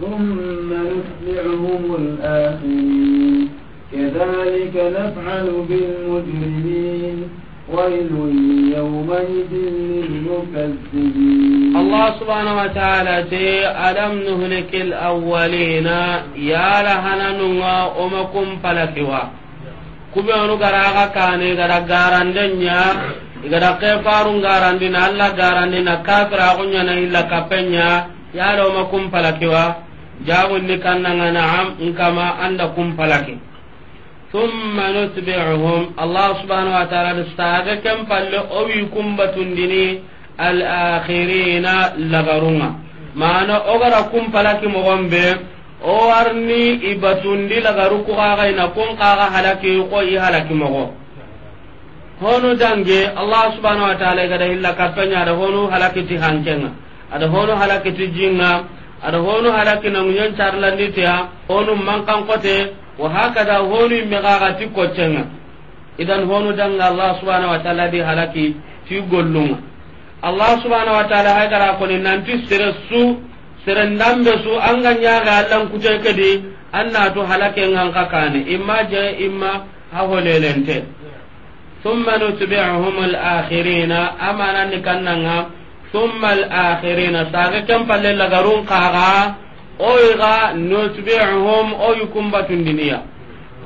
ثم نتبعهم الآخرين كذلك نفعل بالمجرمين ويل يومئذ للمكذبين الله سبحانه وتعالى ألم نهلك الأولين يا لهنا نوى أمكم فلكوا kuɓenu garaga kane gada garandenya igada kefarun garandina allah garandina kafiragunyana illa kappenya yalo ma kum palake wa jawun ni kannanga na'am nkama anda kum palake thumma nutbi'uhum allah subhanahu wa ta'ala saga kam palle o wi kum batundini al akhirina lagarunga mana ogara kum palake mo gombe o warni ibatundi lagaru ku kaga ina kun kaga halaki ko i halaki mo honu dange allah subhanahu wa ta'ala gada hilla kapenya da honu halaki ti hankenga ada hono halakiti jinga ada hono halakina ngunyon charlandi tiya honu mankan kote wa hakada honu megagati koccenga idan honu danga allah subhanahu wa ta'ala di halaki ti gollunga allah subhanahu wa ta'ala haygara koni nanti sere su sere ndambe su anga nyaga allan kute di anna to halake nganka kane imma je imma ha thumma nutbi'uhum al-akhirina amana nikanna ثم الآخرين ساقا كم فللغرون قاغا أويغا نتبعهم أويكم باتندنيا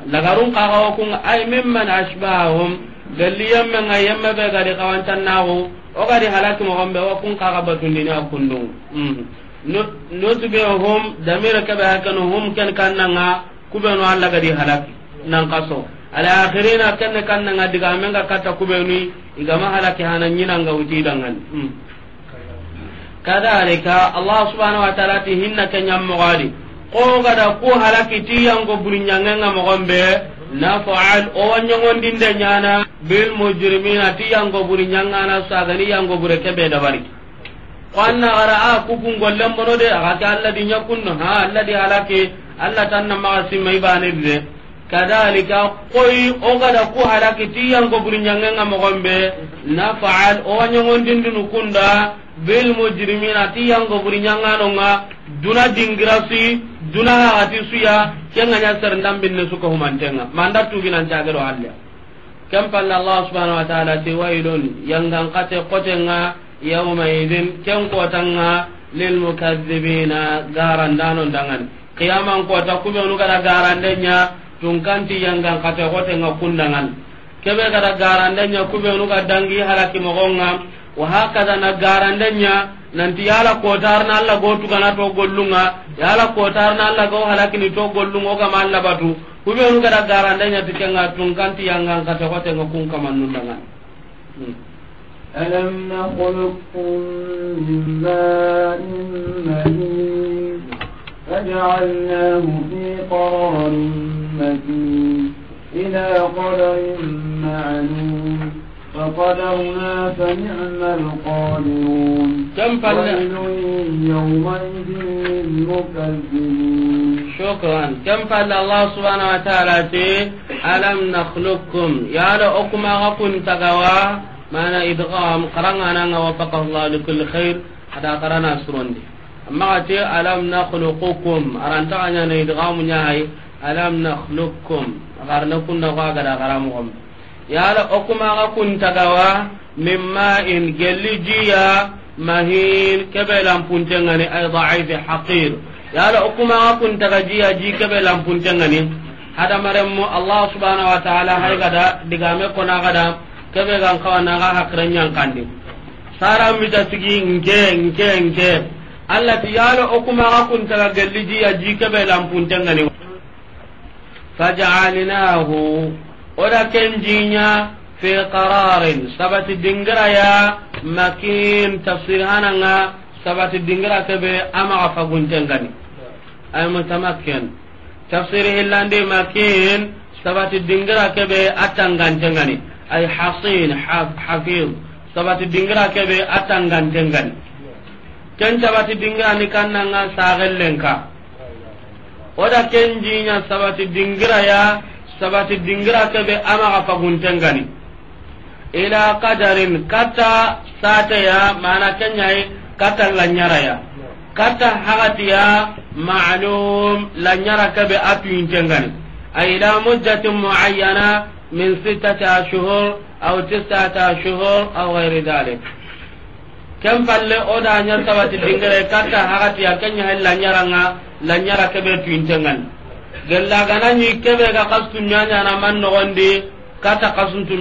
lagarun kaga kun ay mimman ashbahum galli yamma nga yamma be gadi kawantan nawo o gadi halatu mo gombe wa kun kaga batundi ni akundung no tube hum damira ka ba kan hum kan kan nga kubenu alla gadi halaki nan kaso ala akhirina kan kan nga diga men ga igama nyina nga dangan kadhalika allah subhanahu wa ta'ala ti hinna kanyam mogadi ko gada ku halaki ti yango burinyanga mogombe nafa'al o wanyongon dinde nyana bil mujrimina ti yango burinyanga na sagani yango bureke be dabari qanna gara a ku kungollem bono de aga ta allah di nyakunno ha allah di halaki allah tanna magasi mai bane de kadhalika koy o gada ku halaki ti yango burinyanga mogombe nafa'al o wanyongon dindinu kunda bil mujrimina ti yango buri nyangano nga duna dingirasi duna hati suya kenga nya ser ndambin ne suko humantenga manda tu ginan jagero halle kam palla allah subhanahu wa ta'ala ti wailun yangan kate kotenga yawma idin ken kotanga lil mukazzibina garandano dangan qiyaman kota kube onu kada garandenya tunkanti yangan kate kote kotenga kundangan kebe kada garandenya kube onu kadangi halaki mogonga wa hakaza na garandenya nanti yala kotar na alla go tugana to gollunga yala kotar na alla go halakini to gollunga ga malla batu kube nu gara garandenya tikenga tungkanti yangan kata kote ngakun kamannun dangan hmm. ألم نخلقكم من ماء مهين فقدرنا فنعم القادرون كم ويل يومئذ للمكذبين شكرا كم فل الله سبحانه وتعالى ألم نخلقكم يا لأكما غكم تقوى mana idgham qaranga nanga wa faqa Allah li kulli khair ada qarana surondi amma ate alam nakhluqukum aranta anya ne idgham nyaai alam nakhluqukum agarna yala okumaga kuntagawa min in gelli jiya mahin kebe lampuntengani ay daifi haqir yala okumaga kuntaga jiya ji kebe lampuntengani hadamaremmo allah subhanahu wa taala haygada digame konagada kebe gan kawanaga hakirenyankandi sarambita sigi nke nke nke allati yala okumaga kuntaga gelli jiya ji kebe lampuntengani fajalnahu oda ken jinya fi qararin sabati dingira ya makin tafsir hananga sabati dingira kebe ama afagunten gani ay mutamakken tafsir hillande makin sabati dingira kebe atanganten gani ay hasin hafiz sabati dingira kebe atanganten gani ken sabati dingira ni oda ken sabati dingira sabati dingira kebe amaga faguntengani ila qadarin kata sateya mana kenyai kata lanyaraya kata hagatiya ma'lum lanyara kebe atuyintengani ay ila muddatin muayyana min sittati ashhur aw tis'ati ashhur aw ghairi dhalik kem palle oda nya sabati dingire kata hagatiya kenya lanyara nga lanyara kebe tuyintengani gellagana ñi kebe ga na man no ndi kata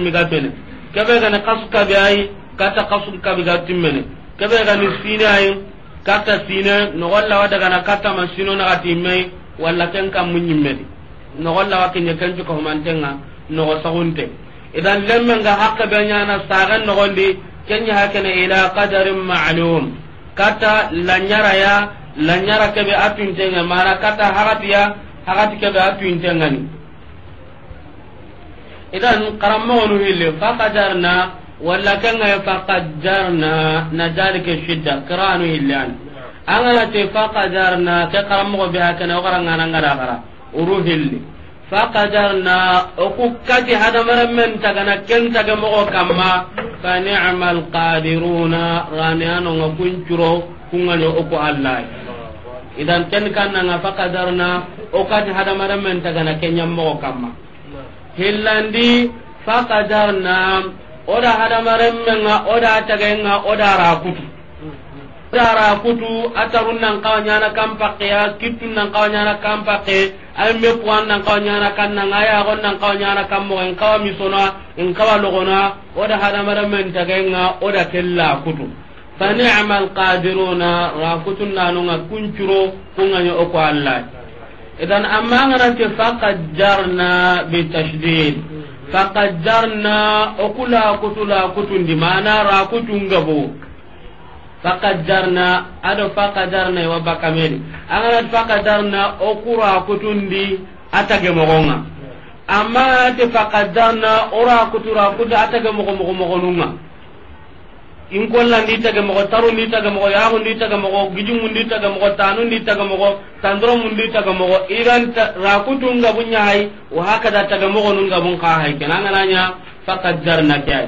mi gabele kebe ga gani kasu ka ayi kata kasu kabi ga timmene keɓe gani sine ayi kata sine nogollawa kata katama sino nagati mai walla ken kam mun mu ñimmedi nogollawa keñe ken cukahumantenga nogo sagunte idan ga hakka be ñana sagen ndi kenya hakene ila qadarin ma'lum kata lanyara ya lanyara kebe tenga mara kata haratiya agati kebe atu ngani idan karammoonu hilli faqadarna walla kengaye faqadarna na dalike shidda kiranu hilli an anganate faqadarna ke karammogo be hakene o garanganangadagara uru hilli faqadarna oku kati hadamarenmen tagana ken tage mogo kamma fa nicma alqadiruna rani anonga kuncuro kungani oku allahi idan ken kannanga fakadarna o kati hadamaren tagana kenyammogo kamma hillandi fakadarna oda o menga ra tagenga o rakutu ra rakutu atarun nan kawa nyana kam pakkeya kittun nan kawa nyana kam pakke ayimbe puwan nan kawa kan kannanga ayagon nan kawa nyana kammogo in kawa misona in kawa logona oda hadamaren men da oda kutu. فنعم القادرون راكتنا نونا كنشرو كنا يؤكو الله إذن أما أنك فقد جرنا بالتشديد فقد جرنا أقول أقتل أقتل دمانا راكتن قبو فقد جرنا أدو فقد جرنا وبكمل أغنى فقد جرنا أقول أقتل دي أتاك مغونا أما أنت فقد جرنا أرى أقتل أقتل أتاك مغو مغو مغو in kolla ndi tage mogo taru ndi tage mogo yaagu ndi tage mogo gijumu ndi tage mogo tanu ndi tage mogo tandoromu ndi tage mogo igan rakutu ngabu ñahay wa hakada tage mogo nu ngabun kahay kenangananya fakaddarna ke ay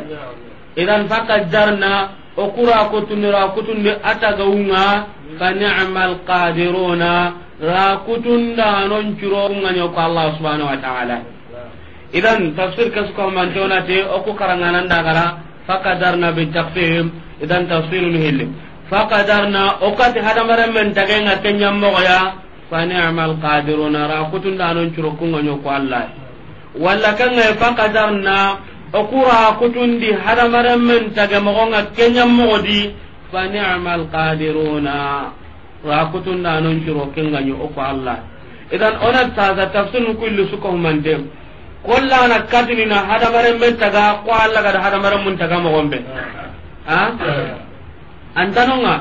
idan fakaddarna o kurakutundi rakutundi atagaunga fa nicma alqadiruna rakutundanoncurounganyo ko allah subhanau wa taala idan tafsir kesukahumanteonate oku karanganandagara faqadarna bitaqsim idan tafsirun hilli faqadarna okati hadamaren men tagenga kenyammogoya fanima alqadiruna ra kutundanon curokunga ñoko allah walla kengae faqadarna okura kutundi hadamaren tage mogonga kenyammogodi fanima alqadiruna ra kutundanon oko allah idan onat tasa tafsirun kulli sukahumantem kolla na katini na hadamaren men taga ko alla ga hadamaren mun taga mo gombe ha antanonga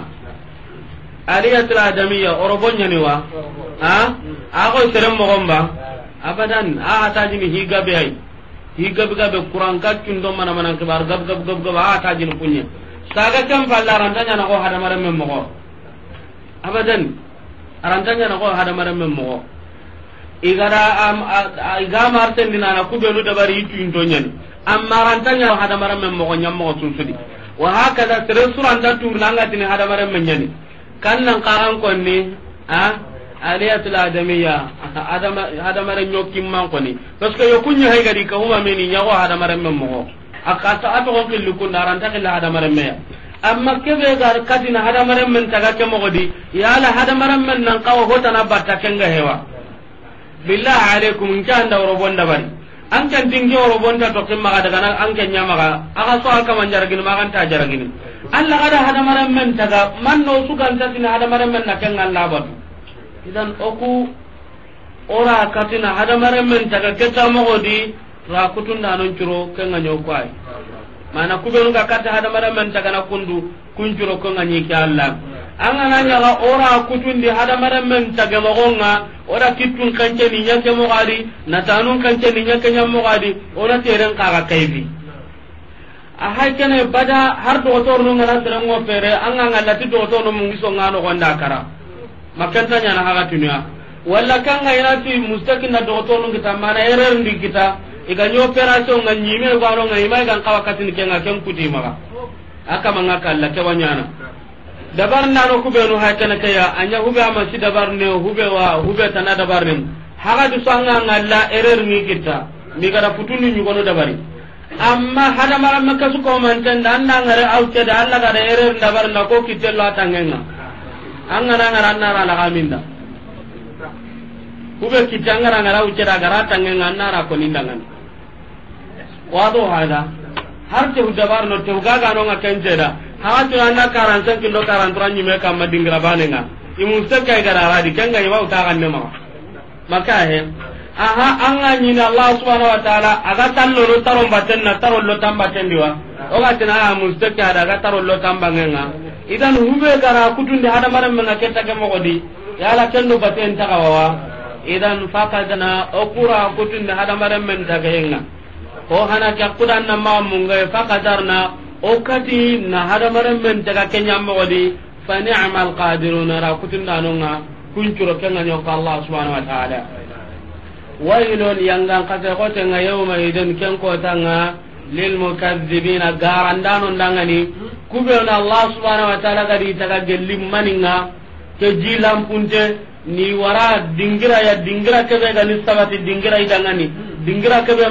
aliyatul adamiyya orobonya ni wa ha ako serem mo gomba abadan a atajini higa be ai higa be gabe kuran katun do mana mana kibar gab gab gab gab a atajini kunya saga kam falla rantanya na ko hadamaren men mo abadan arantanya na ko hadamaren men mo igara am iga na kubo lu dabari ituinto ñani ammarantanya hadamaren men mogo ñammogo susudi wa hakada sere suranta tin hada maram menyani kan nan kaxan konni a aliyatul adamiya hadamaren ñokkimman ni. parce que gadi haygadi kahuma meni ñago hadamaren men mogo a togo killi kunda aranta killa me meya amma kebe gar hada maram men taga ke mogodi yala maram men nan kawa hotana batta kenga hewa billah alaikum nke anda worobonda bari an kan tinke to kin maga daga na an kan nyamaga aka so aka man jaragini ma ta ta jaragini allah kada maran men daga man no su kan hada maran men na kan Allah ba idan oku ora katina hadamaren men ta ketta godi ra kutun da non curo kan yau kwai mana kubenu ka kata maran men daga na kundu kun curo kan ganyi ki Allah angana ñaga ora kutun di kutundi hadamarenmen ora kitun kanche kanceni ñake mogadi natanun kanceni mogadi ora tereng kaga kayfi ahay kene bada har no ngana serengo fere anga ngallati dogotornu mungisonga nogonda kara makentañana hagatunuya walla na do mustakinna no kita mana ndi kita igani opération nga ñime gwanonga ima igan kawa katini kenga ken kutimaga akamanga kalla kewañana dabar na no no ha kana kaya anya hube ama si dabar ne hube wa hube tana dabar ne haga du sanga ngalla erer ni kita mi kada nyu nyugono dabari amma hada mara makka su ko tan dan na ngare au ke da Allah da erer dabar na ko kitello atangenga angara ngara na la kaminda hube kitangara ngara u ce da gara tangenga na ra ko nindangan wado hada har te dabar no te ga no ngakenjeda haga an anna karan san kindo karan turan nyime kam madingra banenga imun saka gara radi kanga yawa uta kan ne ma maka he aha ka ɲini allah subhanahu wa taala ka tan lolo taron ba baten na taron lo tan ba di wa. o k'a ga tana mun da a ka taron lo tan tamba nga. idan hube gara kutunde hada maram menga ketta ke mo godi yala kendo ba baten wa. idan o fakadna okura kutunde hada maram men daga nga. ko hana kya kudan na ma mun ga fakadarna okati kati na hadamaren men daga kenya mogodi fa ni'ma alqadiruna ra kutundanonga kuncuro kenga nyoka allah subhanahu wa ta'ala wailun yangan kase kotenga yawma idan ken lil kubena allah subhanahu wa ta'ala gadi maninga ke jilam punte ni wara dingira ya dingira kebe sabati dingira idangani dingira kebe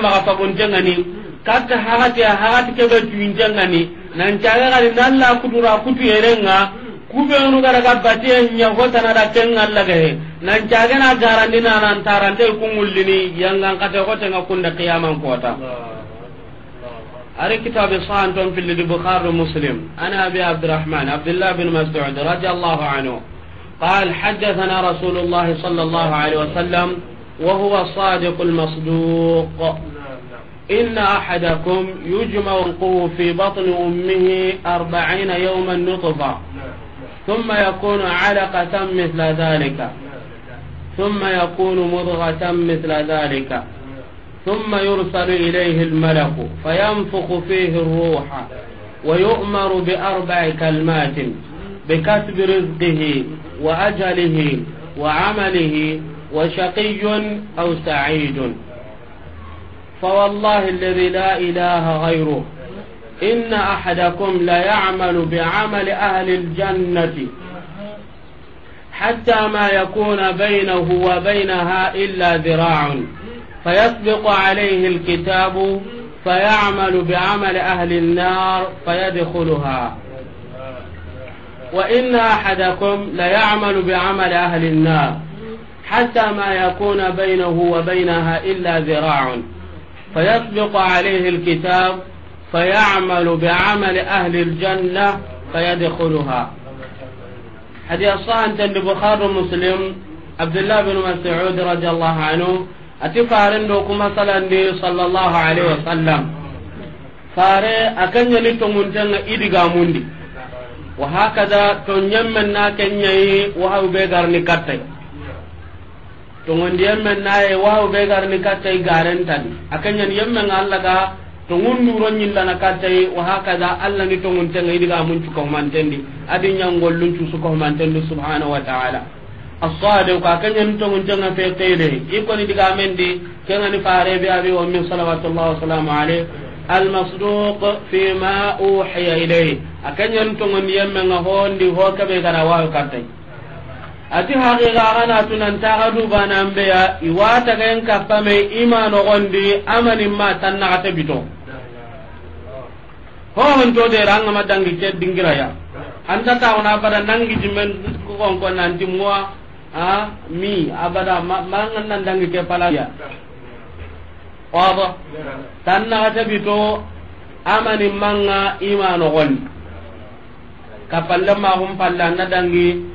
katta hagati a hagati kebe tuintengani nancaga gadi nalla kutura kutu yerenga kubenu gara ga batiye da ñahotanada kengallagahe nancagena garandi nanantarante kungullini yangankate hotenga kunda qiyaman kota ari kitabe sahan ton fillidi bukhari muslim an abi abdirahman abdillah bin masud radi allahu anhu قال حدثنا رسول الله صلى الله عليه وسلم وهو صادق المصدوق إن أحدكم يجمع القوه في بطن أمه أربعين يوما نطفة ثم يكون علقة مثل ذلك ثم يكون مضغة مثل ذلك ثم يرسل إليه الملك فينفخ فيه الروح ويؤمر بأربع كلمات بكسب رزقه وأجله وعمله وشقي أو سعيد فوالله الذي لا إله غيره إن أحدكم ليعمل بعمل أهل الجنة حتى ما يكون بينه وبينها إلا ذراع فيسبق عليه الكتاب فيعمل بعمل أهل النار فيدخلها وإن أحدكم ليعمل بعمل أهل النار حتى ما يكون بينه وبينها إلا ذراع فيطبق عليه الكتاب فيعمل بعمل أهل الجنة فيدخلها حديث صحيح عند البخاري ومسلم عبد الله بن مسعود رضي الله عنه أتفارنوك مثلا صلى الله عليه وسلم fare a kan yi nito mutum na idiga mundi wa haka da tun tongondi yemmen naye wawu be garni kattay garentani akeñani yemmen allah ga tongun nduro ñillana kattay wa hakaza allah ni tonguntenga idiga mun di adi ñangollun cusukahumantendi subhanahu wa taala asade ko akeñani tonguntenga fe teyde ikoni ni kengani farebe abi wammi salawatullah wasalamu alayh almasduq fima uhiya ilayh akeñani tongondi yemmenga hondi ho keɓe gara wawu kattay ati haqiqa gana tunan ta gadu banan be ya iwata ga en kappa me imano gondi amani ma tanna kata bito ho hon to de ranga madangi ke dingira ya anda ta ona bada nangi jimen ko kon kon nanti muwa ha mi abada mangan nan dangi ke pala ya wado tanna kata bito amani manga imano gondi kapalle ma hum palla na dangi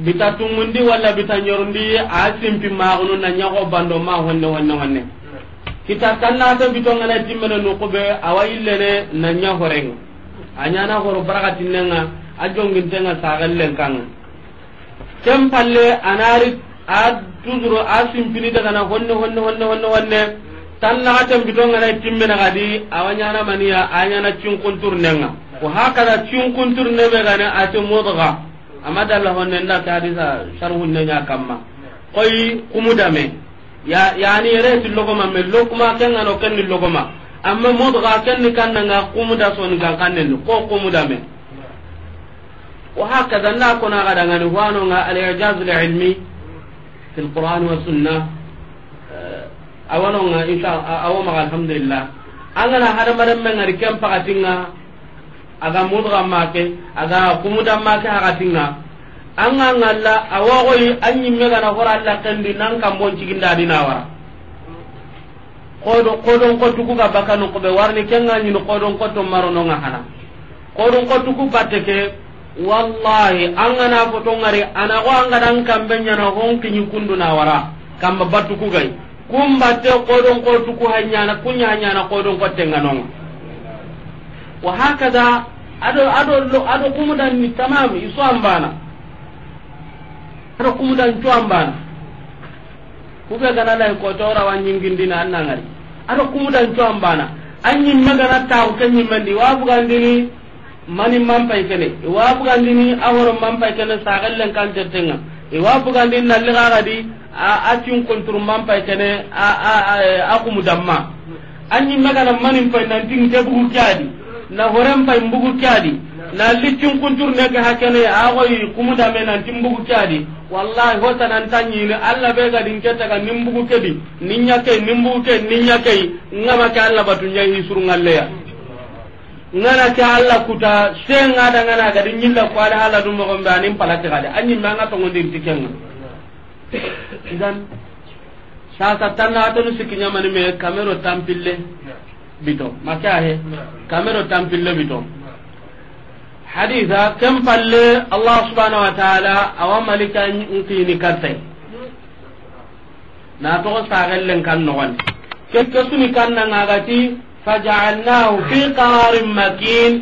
bita tungundi walla bita nyorundi a simpi maxunu na ñaxo bando ma honne honne honne kita kannata bitongana timmene nukuɓe awa illene na ña horenga a baraka horo barakatinenga a jongintenga saxellen kanga ken palle anari a toujours a simpini dagana honne honne honne honne honne tan naxaten bitongana timmene xadi awa ñanamaniya a ñana cinkunturnenga wa hakada cinkunturneme gane ate modga amma dalla honne nda ta hadisa sharhun nya kamma koy kumudame ya yani yere til logoma me lokuma kenga no kenni logoma amma mudga kenni kannanga kumuda son ga kannen ko kumudame wa hakaza na kona ga daga ni wano ga al ijaz al ilmi fil qur'an wa sunnah eh, awano ga insha Allah awo ma alhamdulillah angana hada madan men ngari kem pakatinga aga mudga make aga kumuda make aga tinga anga ngalla awago yi anyi mega na hora alla kandi nan kam bon ciginda dina wara kodo kodon ko tuku ga bakano ko be warni kenga nyi no kodon ko to marono ngahana kodon ko tuku bateke wallahi angana foto ngari ana ko anga dan kambe nyana honki nyi kundu na wara kamba batuku gai kumbatte kodon ko tuku hanyana kunya hanyana kodon ko tenganonga wa hakada ado ado ado kumudan ni tamam isu ambana ado kumudan tu ambana kuga gana lai ko to rawa nyingindina annangari ado kumudan tu ambana anyin magana taw kanyi mandi wa bugandini mani mampay kene wa bugandini aworo mampay kene sagallen kan e wa bugandini nalli garadi a atin kontur mampay kene a a a kumudamma anyin magana mani pay nan tin jabu kyadi na horen pay mbugu kyadi na liccin kuntur ne ga hakene agoy kumuda me nan timbugu kyadi wallahi hota nan ne alla be ga din keta ga nimbugu kedi ninya kay nimbugu ke ninya kay ngama ka alla batunya suru ngalle ya ngana ta alla kuta senga da ngana ga din nyilla ko ala ala dum ko mba nim palati ga da anyi manga to ngondir tikenga idan sasa tanna to sikinya mani me kamero tampille bito makahe kamero tampille bito haditha kem palle allah subhanahu wa ta'ala awa malika nkini karte na to sagellen kan nogon ke ke suni kan na ngagati faj'alnahu fi qararin makin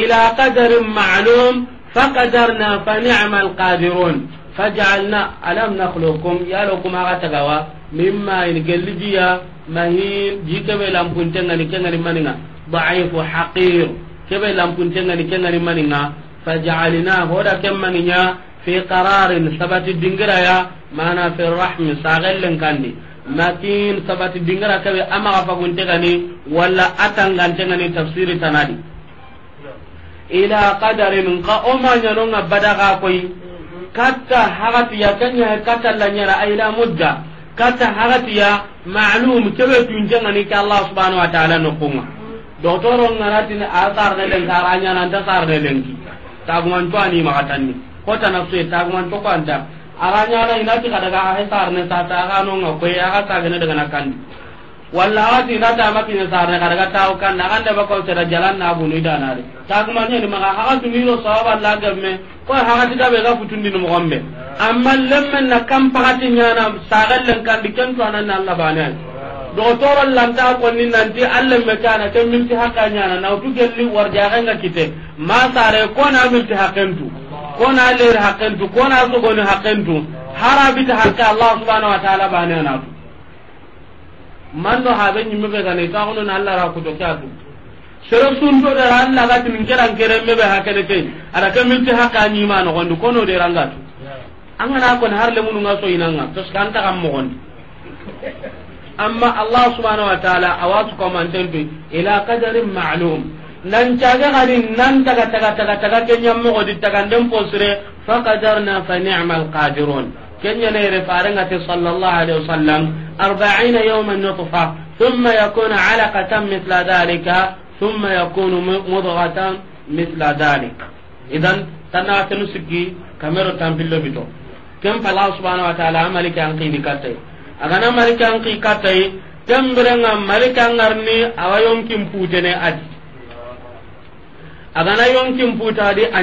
ila qadarin ma'lum faqadarna fa ni'mal qadirun faj'alna alam nakhluqukum ya lakum agatawa mimma in gellijiya mahin jikebe lampunte ngani kengani maninga daifu haqir kebe lampunte ngani kengani maninga fajalina hoda kemmaninya fi qararin sabati dingiraya mana fi rahmi sagellen kandi matin sabati dingira kebe amaga fagunte gani walla atangante ngani tafsiri tanadi ila qadarin ka omañanonga badaga koy katta hagati yakenya katta lanyara aila mudda katta hagatiya ma'lum kebe tunjengani ke allah subhanahu wa ta'ala nokunga doctoro ngaratini a ah, sarne lenki aranyananta sarne lenki tagumanto ani magatanni kota nafsue tagumanto ko anta aranyana inati kadaga ahe sarne sata aganonga koye aga ah, sagene daga nakandi walla awati na ta maki ne sarne kada ga taw kan na ganda ba ko da jalan na ni da na ta kuma ne ni maka ha tu miro sawaba la me ko ha ti da be ga ni mo gombe amma lamma na kam pakati nyana lan kan kan to anan Allah ne do toro ta ko ni nan di Allah me na tan min ti hakka nyana na tu gelli ja ga kite ma sare ko na min ti tu ko na le tu ko na so go ni hara harabi ta hakka Allah subhanahu wa ta'ala ne na man do habe nyimme be gane ka hono Allah ra ko to ka du sero sun do da Allah ga tin keran kere mebe ha kene ke ada ke milti ha ka ni ma no gondo kono de ranga tu an ga ko har le munu ngaso inanga to kan ta kam mo gondi amma Allah subhanahu wa ta'ala awa ko man tan ila qadarin ma'lum nan caga gari nan taga taga taga taga ke nyammo go di taga ndem posre fa qadarna fa ni'mal qadirun kenya ne re farenga te sallallahu alaihi wasallam 40 yawman nutfa thumma yakunu alaqatan mithla dhalika thumma yakunu mudghatan mithla dhalik idan tanna tanu sikki kamero tampillo bito kem pala subhanahu wa ta'ala malika an qidi katai agana malika an qidi katai kem birenga malika ngarni awayon kim putene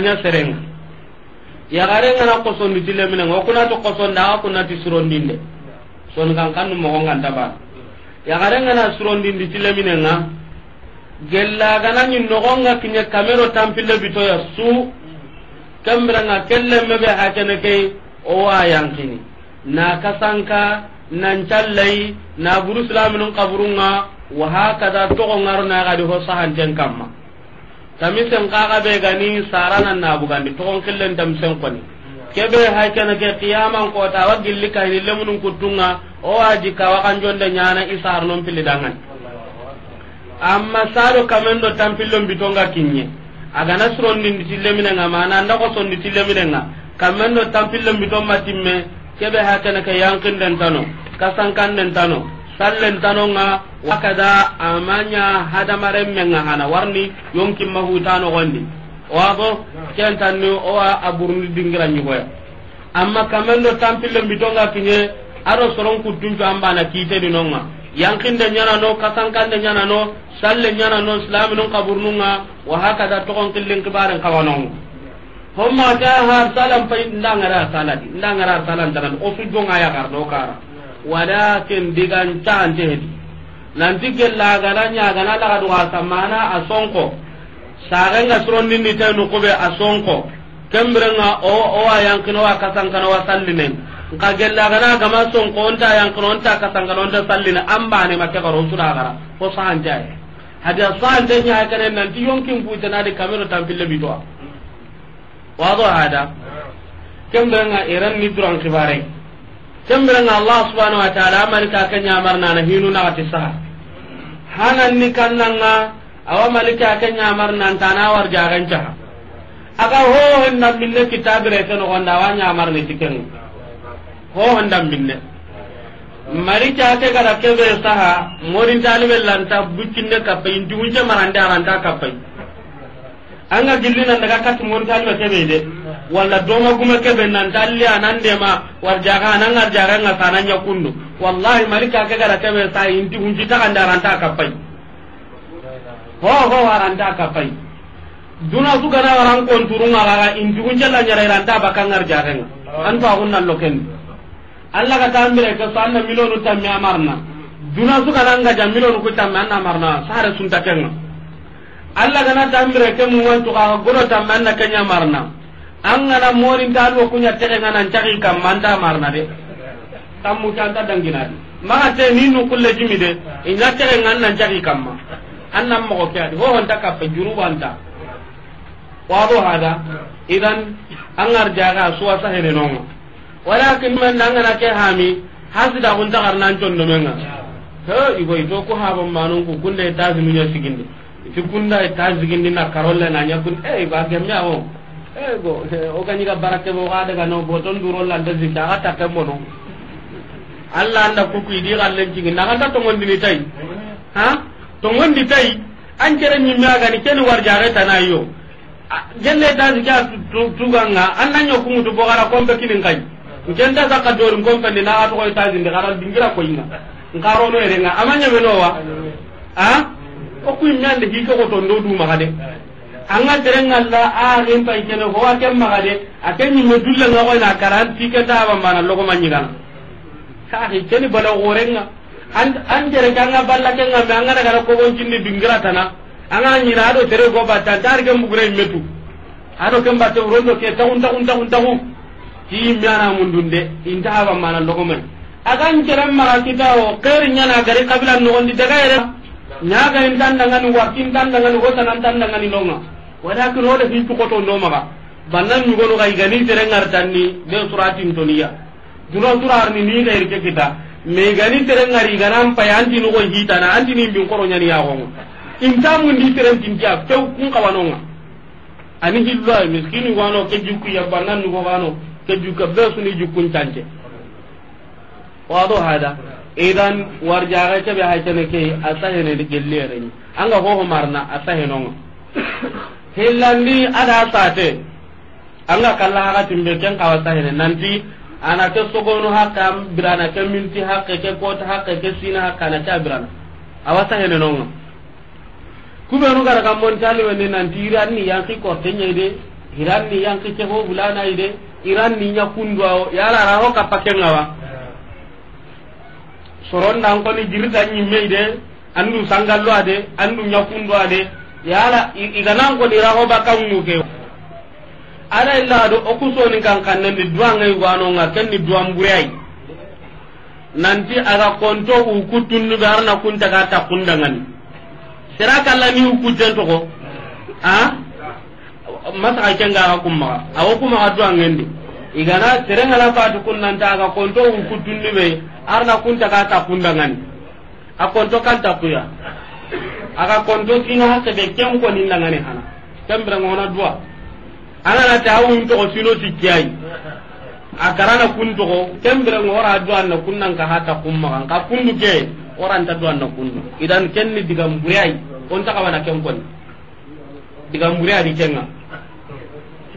yon yagare ngana kosondi dile minen o kunati kosonda aga kunati surondinde soni kan kannu mogonganta ba yagare ngana surondindi dile minenga gellaganañi nogonga kiñe kamero tampille bitoya su kembirenga kellemmebe hakene kei owa yankini na kasanka nancallayi na gurusilaminun kaburunga wahakada togo ngaro nagadi ho sahanten kamma tamisen kaga be gani sarana na bugandi togon killen sen koni kebe hay kana ke qiyaman ko ta wa gilli ka ni lemunun kutunga o waji ka wa kan jonde nyana isar non pilli dangan amma saro kamendo tampillon bitonga kinye aga nasron ni tille minenga mana anda ko son tille minenga kamendo tampillon bitomma timme kebe ha kana ke yankin den tano kasan kan den tano sallen tanonga wakada amanya hadamaren menga hana warni yonkin mahutano gondi wago kentanni owa aburundi dingira koya. amma kamen do tampille mbitonga kiñe aɗo soron kuttunco ambana kiiteni nonga yankinde ñanano nyana no salle no islam no kaburnunga wa hakada togon killin kibaren homma hommaga har salam pay ndangara salati ndangara salan tanadi o sujjonga yakardo kara walakin digan caante hedi nanti gella gana ñagana laga duga sammana a sonko sagenga surondindi te nukube a sonko kembirenga owa yankino wa kasankana wa sallinen nka gella gana gama sonko onta yankino onta kasankana onta salline an bane make garo sudagara san sahantaye hada sahante ñaha kene nanti yonkin puitenadi kamero tampille bitowa wado hada kembirenga iran ni duran kibareng kembiranga allah subhanahu wa taala amani ka nyamar na na hinu ke ñamarnana hinunagati saha hananni na awa mali ka ke ñamarnantana warjagen caha aga hohon dambinne kitabirete nogonda awa ñamarni tikenga hohon dambinne mari cake gara keɓe ta morintani ɓe lanta indu je maranda ranta ka pe anga ka kati morintani ɓe be de wala. dongo gume kebe nanta alli anan dema warjaga anan arjaga nga wallahi malika ke gara sa ta kapai ho ho kapai duna su waran la nyara bakan nga an loken Allah ka tambire sanna milonu tammi amarna duna su nga jam milonu ku tammi anna sare sunta Allah gana tambire ke mu wantu ka tammi anna kenya marna an ngana morin ta do kunya tege ngana ntaki kam manda marna de tammu tanta dangina de maka te ni nu kulle jimi de ina tege ngana ntaki kam ma annam mo ko kadi ho on taka pe juru banta wa bo hada idan an arja ga suwa sahene nongo walakin man dangana ke hami hasida kun tagar nan condo menga he igo ito ko haban manun ku kunde tazi munya sigindi ti kunda tazi gindi na karolle na nyakun e eh, ba gemya o ego eh, o kani ga barake bo ga daga no boton duro la da zinda ga ta ke mono alla anda ku ku idi ga len jingi na ga to ngondi ni tai ha to ngondi tai an kere ni mi aga ni ken war jare tanayo jelle da zika tu nga an nan yo ku mutu bo gara kombe kinin kai jenda da ka dorin kombe ni na ga to ko ta zinde gara dingira ko inga ngaro no nga amanya menowa ha o ku nyande hike ko to ndo du ma ga de anga terengalla a ah, rin tan kene ho akem magade aken ni medulla nga ko na karan tiketa ba mana logo manyiga sahi kene bala gorenga an an tere kanga balla kenga me anga daga ko gon jinni dingira tana anga nyira ado tere go ba tan tar gem bugure metu ado kem ba te rondo ke taun taun taun taun ti miana mundunde inta ba mana logo man agan kerem maga kita o ker nyana gari kabila no ndi daga yere nyaga intan dangani wartin tan dangani hotanan tan dangani longa walakin wala fi tukoto no maga bannan nyugonu ga igani tere ngartanni be suratin toniya duna surar ni ni ga irke kita me gani tere ngari ganan pay anti no hita na anti ni bin koro nyani yawo inta mun di tere tinja tew kun kawanonga ani hillo miskini wano ke jukku ya bannan nugo wano ke jukka be suni jukkun tanje wado hada idan warjaga ke be haytene ke asahene de gelle reni anga ho marna asahenonga hillandi ada sate anga kala haga timbe ken kawata hene nanti ana ke sogonu hakka birana ke minti ke ke sina ta birana awata hene gara kam mon tali nanti iran ni yanki korte nyede iran ni yanki ke ho bulana ide iran ni nyakundu awo yala ra ho kapake ngawa soron nan ko ni jirita nyi meide andu sangallo ade andu nyakundu ade yala iganan ko dira ho baka ke ala illa do okuso ni kan kan ni duanga wano nga ken ni duam buriyai nanti aga konto u kutun ni garna kunta ka ta kundangan siraka la ni u kujen to ko ha masa ka nga ga kumma awo kuma ga duanga ndi igana serenga la fatu kunnan ta aga konto u kutun ni be arna kunta ka ta kundangan akonto kan ta kuya aga konto kino hasebe ken ko ninda ngani hana kambira ngona dua ana na taawun to ko sino tikkiyai akarana kun to ko kambira ngora dua na kunnan ka hata kumma kan ka kundu ke oran ta dua na kunnu idan kenni ni diga mburiai on ta kawana ken kon diga mburiai di kenga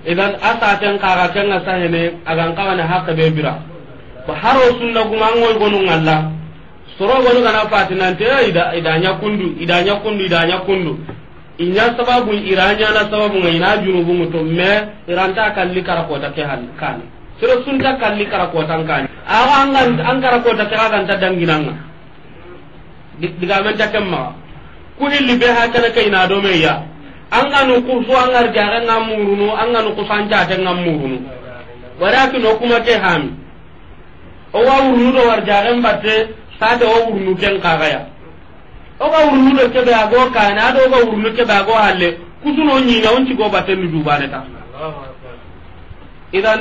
idan asa tan ka ga kenga sahene agan kawana na be bira ba haro sunna kuma ngoy gonu ngalla sorogonu gana fatinante ida idanya kundu idanya kundu idanya kundu inya sababu iranya na sababu ngai na junubu muto me iranta kalli kara kota ke kan soro sunta kalli kara kota kan awa angan an kara kota ke hagan ta danginanga diga men ta kemma kuni libe ha kana kai na do me ya angan ku so angar jara ngamurunu angan ku sanja ta ngamurunu walakin okuma hami o wa do war batte sate o wurnu ken kagaya oga wurnu do kebe ago kane ado oga wurnu kebe ago halle kusuno ñina on cigo batendu dubaneta idan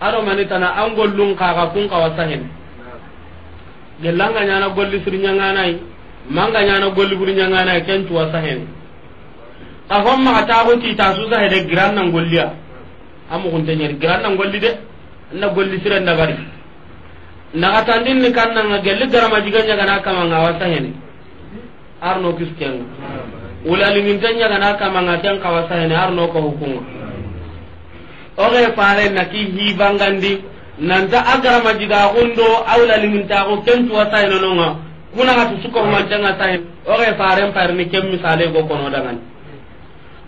ado mani tana an gollun kaga kun kawa sahen gellanga ñana golli sir ñanganayi manga ñana golli buri ñanganayi ken cuwa sahen ka hon maga taxu tita susa de giran na golliya a mugunte ñeri giran na golli de na golli na bari. naxatandin ni kan nanga gelli garamajiga ñagana kamanga wasa hene arno kiskenga wulaliminte ñagana kamanga ken kawasa hene arno ko hukunga oxe fare naki hibangandi nanta a garamajigaxundo a wulalimintaxu tusuko ma kunaxatu sukohumantenga oge pare pare parni kem misale go kono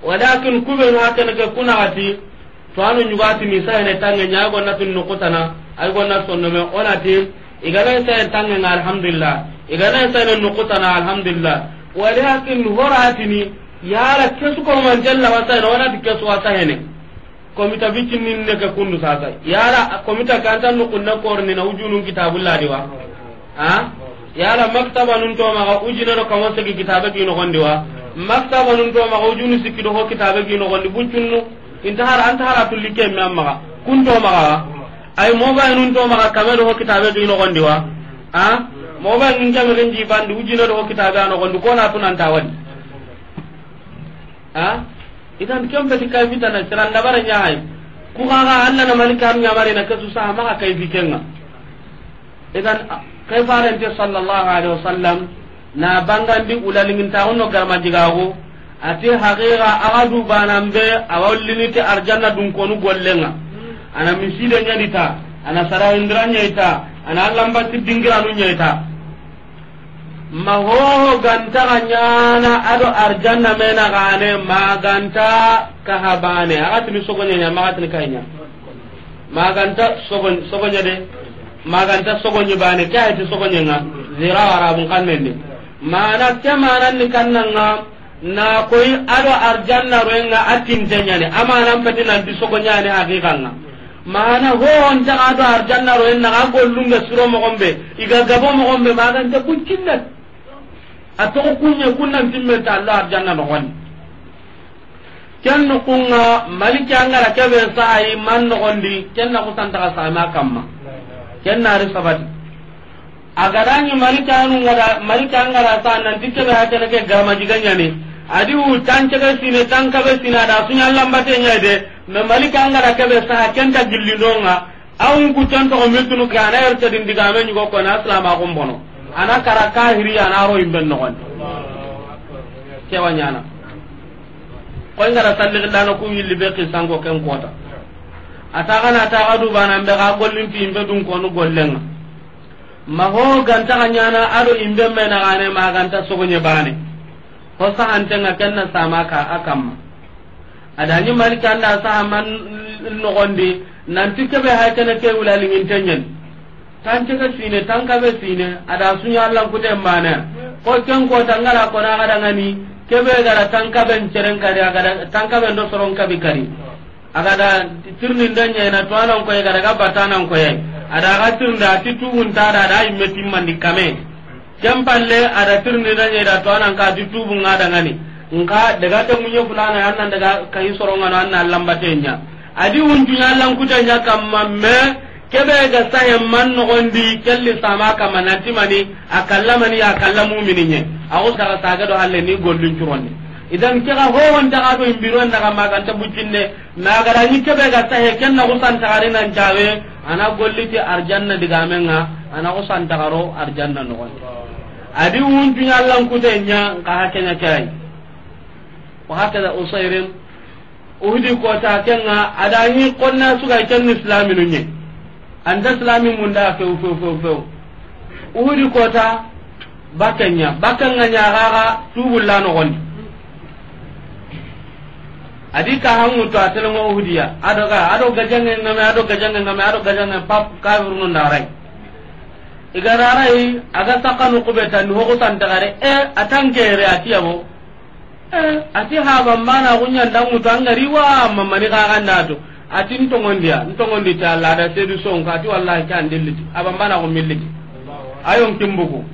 wadakin walakin hakana ke kuna hati. to anu nyugati mi sayene tange nya gonna tun nukutana ay gonna sonno me onati igana sayene tange na alhamdulillah igana sayene nukutana alhamdulillah walakin horatini yara kesu ko man jalla wa sayene onati kesu wa sayene komita bicin nin ne ka kundu sasa yara komita kan tan nukunna korni na ujunun kitabullahi wa ha yala maktaba nun to maga ujina no kamo segi kitabe gi no gondi wa maktaba nun to maga ujunu sikki do ho kitabe gi no gondi buncunnu intahar antahar tulli ken mi amma kun to maga ay moga nun to maga kamedo ho kitabe gi no gondi wa ha moga nun jam ren ji bandu ujino do ho kitabe an gondu ko na tunan tawadi ha idan kem peti kay vitana siran dabara nyaay ku kaga anna na kam nya nyamare na ka su sa maga kay vikenga idan kay farante sallallahu alaihi wasallam na bangandi ulalingin tawon no garma jigawo ati haqiqa aga dubananɓe awa olliniti arjanna dunkonu gollenga ana misile ñanita ana sarahindira ñayta ana allambati dingiranu ñayta ma hoho gantaga ñana aɗo arjanna menagane maganta kahabane de bane zira arabun mana kannanga na koy ado arjanna roenga atinteñani amanan peti nanti sogoñani hakikanga mana hoon taga ado arjanna roen naga gollunge suro mogonɓe iga gabo mogonɓe magante kuccinnet a togo kuñe kunnantimmente allo arjanna nogoni ken nukunga malike angara keɓe sahayi man nogondi ken na kusantaga sahama kamma ken naari sabati agadañi malike anugada malike angara sa nanti keɓe hakeneke gamajiga ñani adi wu tancege sine tankabe sine ada suña lambate ñayde ma malika angara keɓe saha kenta gillindonga awun kuccan togo miltunu ke ana yertedin digame ñugo kone a silama xumbono ana kara kahiri ana ro yimben noxonde koy ngara salligillano ku yilli be kisango ken ataxana taxa xa gollinti dun konu gollenga ho sahantenga kenna sama ka akam kamma adani malika anda sahaman nogondi nanti keɓe hay kene ke wulalingintenñen ka sine be sine ada ku allankuten mana ko ken kota ngala kona agadangani keɓe gara ben ceren tan ka ben do soron aga da tirni ndanya na to anankoye gada ga batanankoye ada aga tirnde da tuguntaada ada yimme di kame kem palle ada tirni da nyeda to anan ka ditubu da ngani nka daga ta munye fulana annan daga kai soronga no annan lambate nya adi unjunya lan kuta nya kamma me kebe ga sayen man no gondi kelli sama kama nanti mani ni akallamu mininye awu daga saga do halle ni gollun curonni idan ke ho won daga do imbiron daga magan ta bucinne na gara ni kebe ga sahe kenna usan tagare nan jawe ana golliti arjanna diga menga ana usan tagaro arjanna no gondi adi wuntu nyallan kute nya ka hakenya kai wa hakada usairin uhudi ko ta kenga ada ni konna suka ken islami nunye anda islami mun da ke fe fe fe uhudi ko ta bakanya bakanga nya gaga tubulla no gondi adi ka hangu to atelmo uhudiya ado ga ado jangen na ado jangen na ado jangen pap kafir nun darai igararai aga sakanu kubetandi hokusantagare e atankere atiyabo e ati habambana kunyandangutu angari wa mamani kakandato ati ntongondiya ntongondi ti alla ada sedu sonko ati wallahi ke andilliti abambana ko milliti ayon kimbugu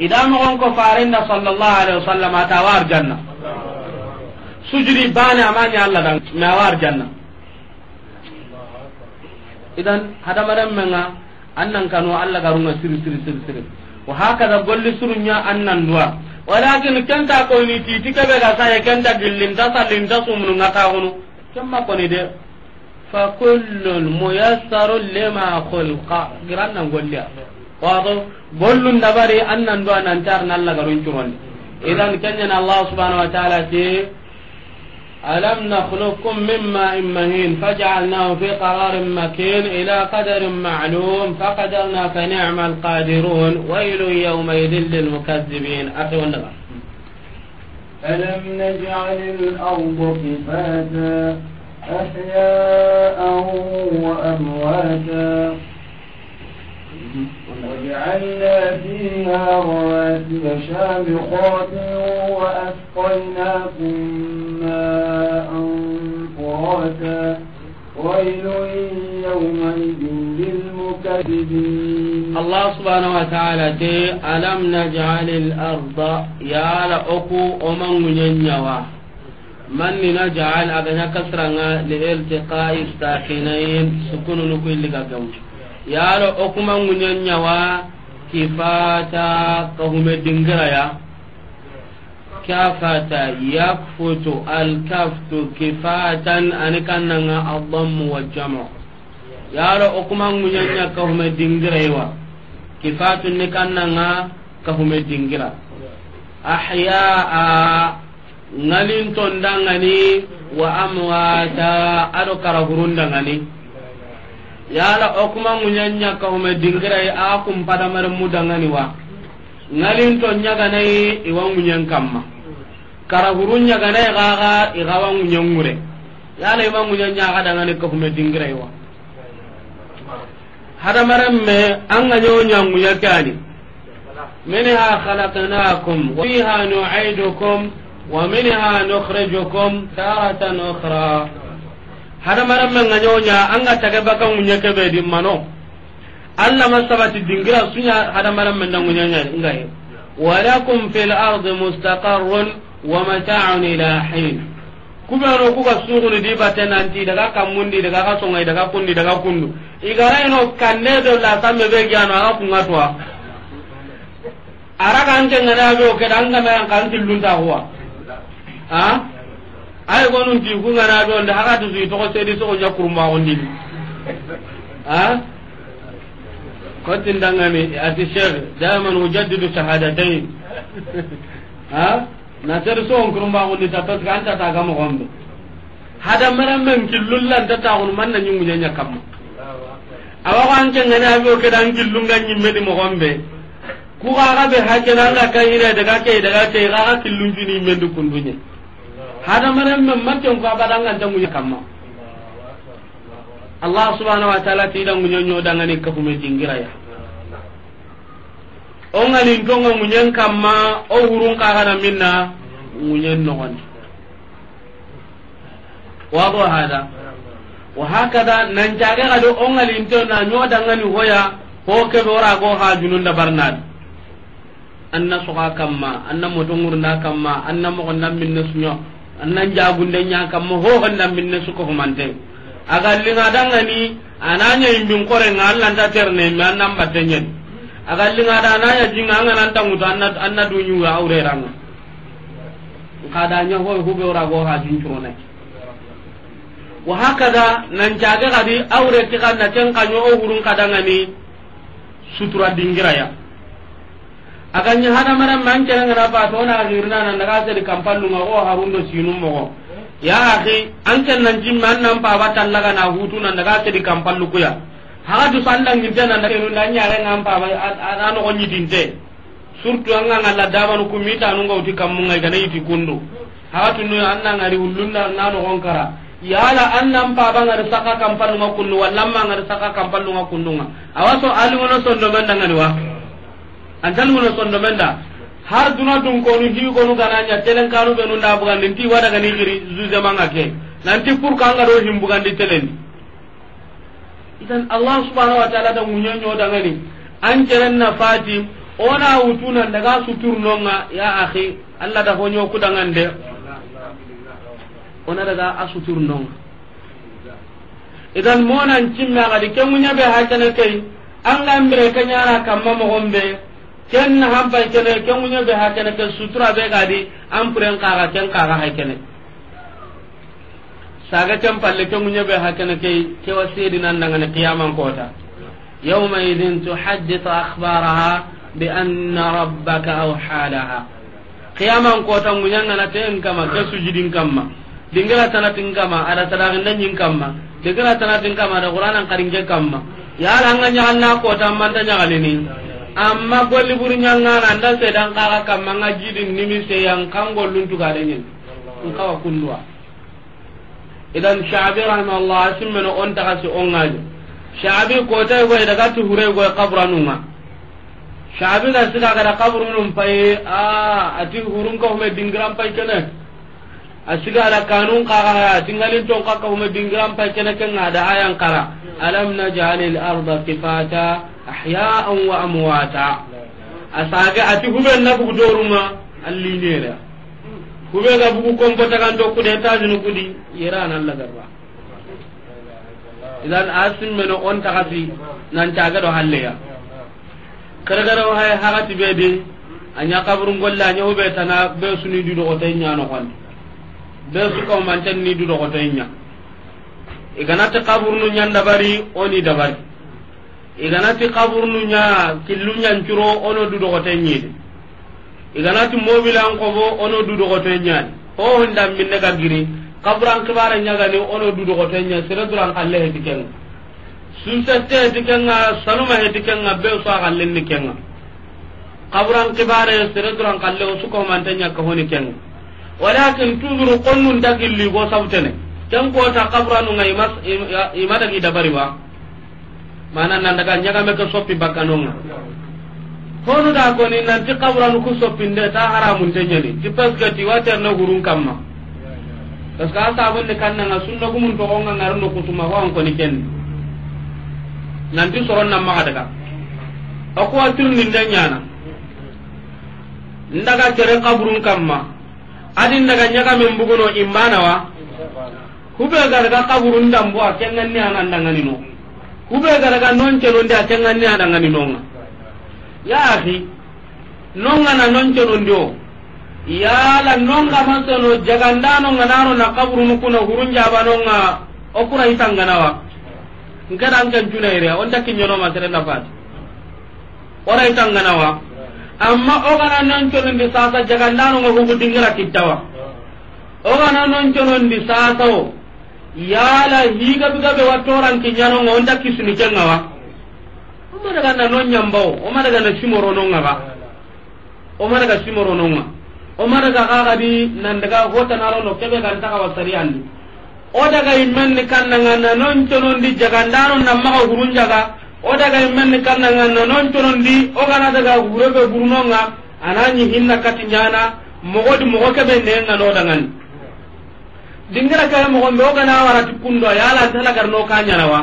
ida mogonko farinda sallallahu alaihi wasallam ata war janna sujudi bane amani allah dan na war janna idan hadamaren menga annan kanu Allah ma siri siri siri siri wa hakada golli surunya annan dua walakin kenta ko ni titi ke be ga saya kenta gillin ta salin ta sumnu ngata hunu kemma ko ni de fa kullul muyassaru lima khulqa giran nan golliya wado gollun dabari annan dua nan tar nan Allah garun curon idan kanya Allah subhanahu wa ta'ala ti ألم نخلقكم من ماء مهين فجعلناه في قرار مكين إلى قدر معلوم فقدرنا فنعم القادرون ويل يومئذ للمكذبين أخي والنبع ألم نجعل الأرض كفاتا أحياء وأمواتا وجعلنا فيها رواسي شامخات وأسقيناكم ماء فراتا ويل يومئذ للمكذبين الله سبحانه وتعالى تي ألم نجعل الأرض يا لأكو أمم ينيوا من نجعل أبنى كسرنا لإلتقاء الساكنين سكون نكو اللي yaro o kuma ngunyen nyawa kifata dingira ya kafata yakfutu alkaftu kifatan nga kannanga wa jamu yaro o kuma ngunyen nya dingira ya kifatu nga ka hume dingira ahyaa ngalin tondangani wa amwata ado karahurundangani yala o kuma ŋuñanya kahume dingirai a kumpadamare mudangani wa ŋalinto i wa ŋuñen kamma ga ñaganai xaxa ixawa ŋuñen ŋure yala iwa ŋuñanyaxa dangani kahume dingirai wa hadamaren me an ga ñoo ñanguña ke ani منها خلقناكم وفيها نعيدكم ومنها نخرجكم تارة أخرى hada marame nga nyonya anga tage baka munya ke be di mano alla sabati dingira sunya hada marame nda munya nya ngai walakum fil ardi mustaqarrun wa mata'un ila hin kubero kuga sugunu di batena anti daga kamundi daga kasongai daga kundi daga kundu igara ino kanne do la samme be gyano aga kungatwa araga anke ngana be o kedanga me kan tilunta huwa ha ay gonu di ku ngana do nda haga to to ko sedi so nya ma on ni ha ko tin dangani ati sheikh daman ujaddidu shahadatayn ha na ter so on kurma on di tapas kan ta ga mo gondo hada maram men killullan ta ta on man na nyungu nya kam awa ko an ken ngana o ke dan killunga nyimme di mo gombe ku ga ga be hakena la kayire daga ke daga ke ga killunji ni mendu kundunya hada maran men makken ko abadan an munya kamma Allah subhanahu wa ta'ala ti dan munyo nyo dan ani ka kuma jingira ya on ani ndongo munya kamma o hurun ka hana minna munya no wa bo hada wa hakada nan jage ga do on ali to na nyo dan ani hoya ko ke dora go ha junun da barnad anna soka kamma anna modongurna kamma anna mo nan minna sunyo annan jagunde nya kam mo ho handa minne suko humante aga linga danga ni ananya imbin kore ngalla nda terne mi annam batenyen aga linga da ananya jinga ngana tangu to anna anna dunyu ga aure ranga kadanya ho hu be ora go ha jin ne wa hakada nan jaga gadi aure na ceng kanyo o hurung kadanga ni sutura dingira ya aganya hana maran man kera ngana ba to na girna nan daga sai kampan ma o harundo sinum mo ya akhi an kan nan jin man nan ba ba tallaga na hutu nan daga sai kampallu kuya ha du sallan ni dana nan ru nan yare nan ba ba an on yidin de surtu an nan Allah da man ku mita nun gauti kamun ngai gane yiti kundu haga nu an nan ari hullunna nan on kara nan ba ba ngar saka kampallu ma kunnu wallamma ngar saka kampallu ma kunnu awaso alu so ndo man dangani wa antan mun sondo menda har duna dun ko ni hi ko nu gananya telen kanu be nu na gan ninti wada gani giri zuze manga ke nanti pur ka ngaro him gan di telen idan allah subhanahu wa ta'ala da munyo nyo da gani an jeren na fati ona wutuna daga su turno nga ya akhi allah da honyo ku da ngande ona daga asu turno idan monan cimma ga di kemunya be hakana kai an lambere kanyara kamma mo gombe ken na hampa kene ken munya be ha kene ken sutura be di am puren kaga ken kaga ha kene saga ken palle ken munya be ha kene ke ke di nan nan ne qiyamam kota yawma idin ta akhbaraha bi anna rabbaka awha laha qiyamam kota munya ngana ten kama ke sujidin kama dingala tin kama ada tadarin nan yin kama dingala tin kama ada qur'anan karinge kama ya ranga ko kota man ta ni. amma golli buri nyangana anda sedang kala kamanga jidin nimi se yang kango luntu garenyen nkawa kunwa idan sha'bi rahimahullah asimmeno on tagasi on ngaji sha'bi ko tay go daga tu hure go qabranuma sha'bi ga sika gara qabrunum pai a ati hurun ko me dingram pai kene asiga ala kanun kaga tingalin ton kaka hume dingram pai kene ken ada ayang kara hmm. alam naj'alil arda kifata ahya'an wa amwata asage ati hube na bugu doruma alli nera hube ga bugu kompota kan to kude ku kudi yera nan la garba idan asin meno on tagasi nan taga do halleya kargaro hay hagati be de anya kaburun golla anya hube tana be suni du do ko tanya na kan be su ko man tan ni du do ko tanya igana ta nu nyanda bari oni dabari iganati nya kaburnunya killuñancuro ono dudogote ñiidi iganati mobilan kobo ono dudogote ñaadi ho hondan minne ga giri kaburan kibara ñagani ono dudogote ña sere duran kalle heti kenga susette heti kenga sanuma heti kenga be so a kallenni kenga kaburan kibara sere duran kalle o sukohomante ñakka honi kenga walakin toujours qonnun dagilli go sabtene ken kota kaburanu nga ima dagi dabari ba mana nan daga nyagame ke soppi bakkanonga honu da goni nanti kaburanu ku soppi nde ta haramunte ñani ti parce ti waterne hurun kamma parce que a sabonde kannanga sunna gumun togonga ngarno kutuma ko an koni kenni nanti soron nan maga daga akuwa tirninde ñana ndaga kere kaburun kamma adi ndaga ñagamen buguno imbanawa hube garga kaburun dambo a kengani anandangani no kube garaga non celondi a kenganni adangani nonga ya ahi nonga na non celondi o yala nonga masono jagandanonga nano na kaburunu kuna hurunjabanonga okura itanganawa nkeda anken cunaire onta kinñonoma serenda fati ora wa. amma ogana non celondi sasa jagandanonga hubudingira kittawa ogana non celondi sasa o yala higa biga be watoran kinyano ngonda kisuni kenga wa o daga na non nyambao o ma daga na simoro non ngaba o ma daga simoro non ngaba o ma daga kaga di nan daga hota na rono kebe kan taka wasari andi o daga imman ni kannanga na non tonon jaga jagandaro na ma hurun jaga o daga imman ni kannanga na no tonon di o kana daga hurebe burunonga anani hinna katinyana mogodi mogoke be nenga no dangani dingira kaya mo gombe o gana wara tukundo ya la tala garno kanya wa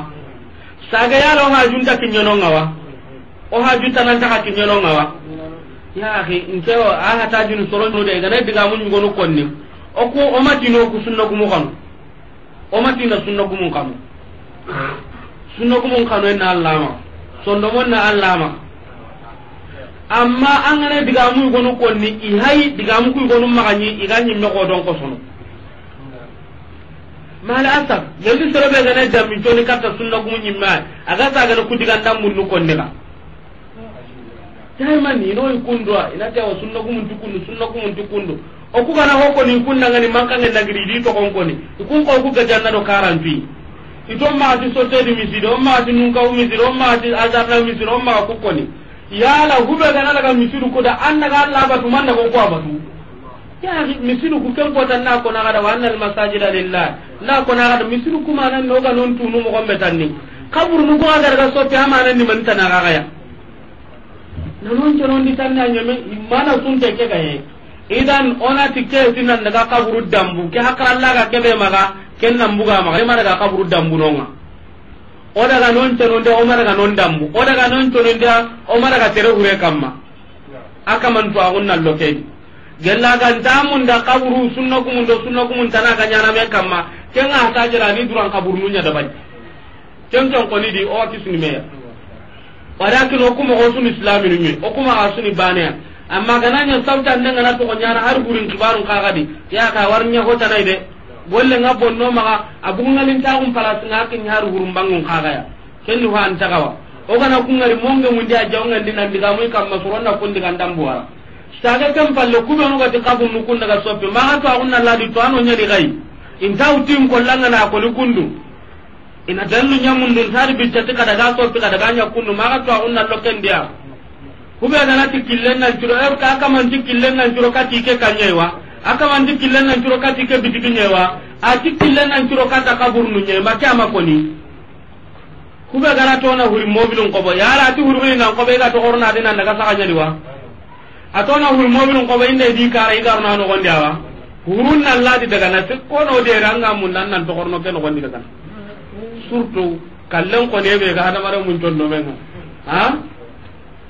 saga ya lo ha junta kinyono ngawa o ha junta nan ta kinyono ngawa ya akhi inte o a ha ta jun soro no de gana diga mun ngono konni o ko o no ku sunna mo kan o matina sunna gumu kanu sunna mo kanu en allama sondo mon na allama amma an gana diga mun ngono konni i hay diga mun ku ngonu magani i ganyi no ko don ko sono mal asab yanzu soro be gana jammi to ni kata sunna gumu nyimma aga sa gana kudiga ndam munnu konne ga ni no ikundo ina ta wa sunna gumu tukundu sunna gumu tukundu o ku kana hoko ni kunna ngani manka ngani nagiri di to konko ni ikun ko ku gajanna do karanti ito ma ti sote di misiri o ma ti nunka o misiri o ma ti azarna misiri o ma ku koni yala hube gana daga misiri ko da an daga Allah batu man daga ko abatu ya misiru ken kota na ko na wa annal masajida lillah na ko na kada misiru ku mana no ga non tunu mo gombe tanni kabur nu ko agar ga sotti amana ni man tanara ga ya nanon to non ditan na nyame mana sun te ke ga ye idan ona tikke tinan daga kaburu dambu ke hakka Allah ga maga ken nan buga maga mana daga kaburu dambu nonga o daga non tononde o maraga non dambu o daga non tononde o maraga tere hure kamma akamantu axun nallo keni gella ganta mun da kaburu sunna kumun do sunna kumun tana ga nyana me kamma ken a ta jira ni duran kaburu nunya da bai ken ton ko ni di o ti sunni me walakin o kuma o sunni islami ni o kuma ha sunni bane amma gana nya sabta nan ko to nyana har gurin kibaru ka gadi ya ka warnya hota nai de bolle nga bonno abun ngalin ta kum palas nga kin har gurun bangun ka ga ya ken ni wa an tagawa o kana kungari monga mun dia jawnga dinan diga mun kam masuronna kun diga ndambuara saga kam palle kube no gati kabu nukun daga soppi ma ha to agunna ladi to ano nyali gai inta utim ko langa na ko likundu ina dallu nyamun dun tari bitta tika daga soppi kada ganya kundu ma ha to agunna loken dia kube da na tikillen nan juro er eh, ka ka man tikillen nan juro ka tike kanyewa aka man tikillen nan juro ka tike bidiginyewa a tikillen na juro ka ta kaburnu nye ma kya ma koni kube gara to na huri mobilun ko bo yara ti huri nan ko be ga to horna dinan daga saka nyali wa atona hul mu'minun ko inde di kara igar na no gondi awa hurun na ladi daga na te ko no de ranga mun nan nan to korno ken gondi daga surtout kallan ko ne be ga hada mara mun ton men ha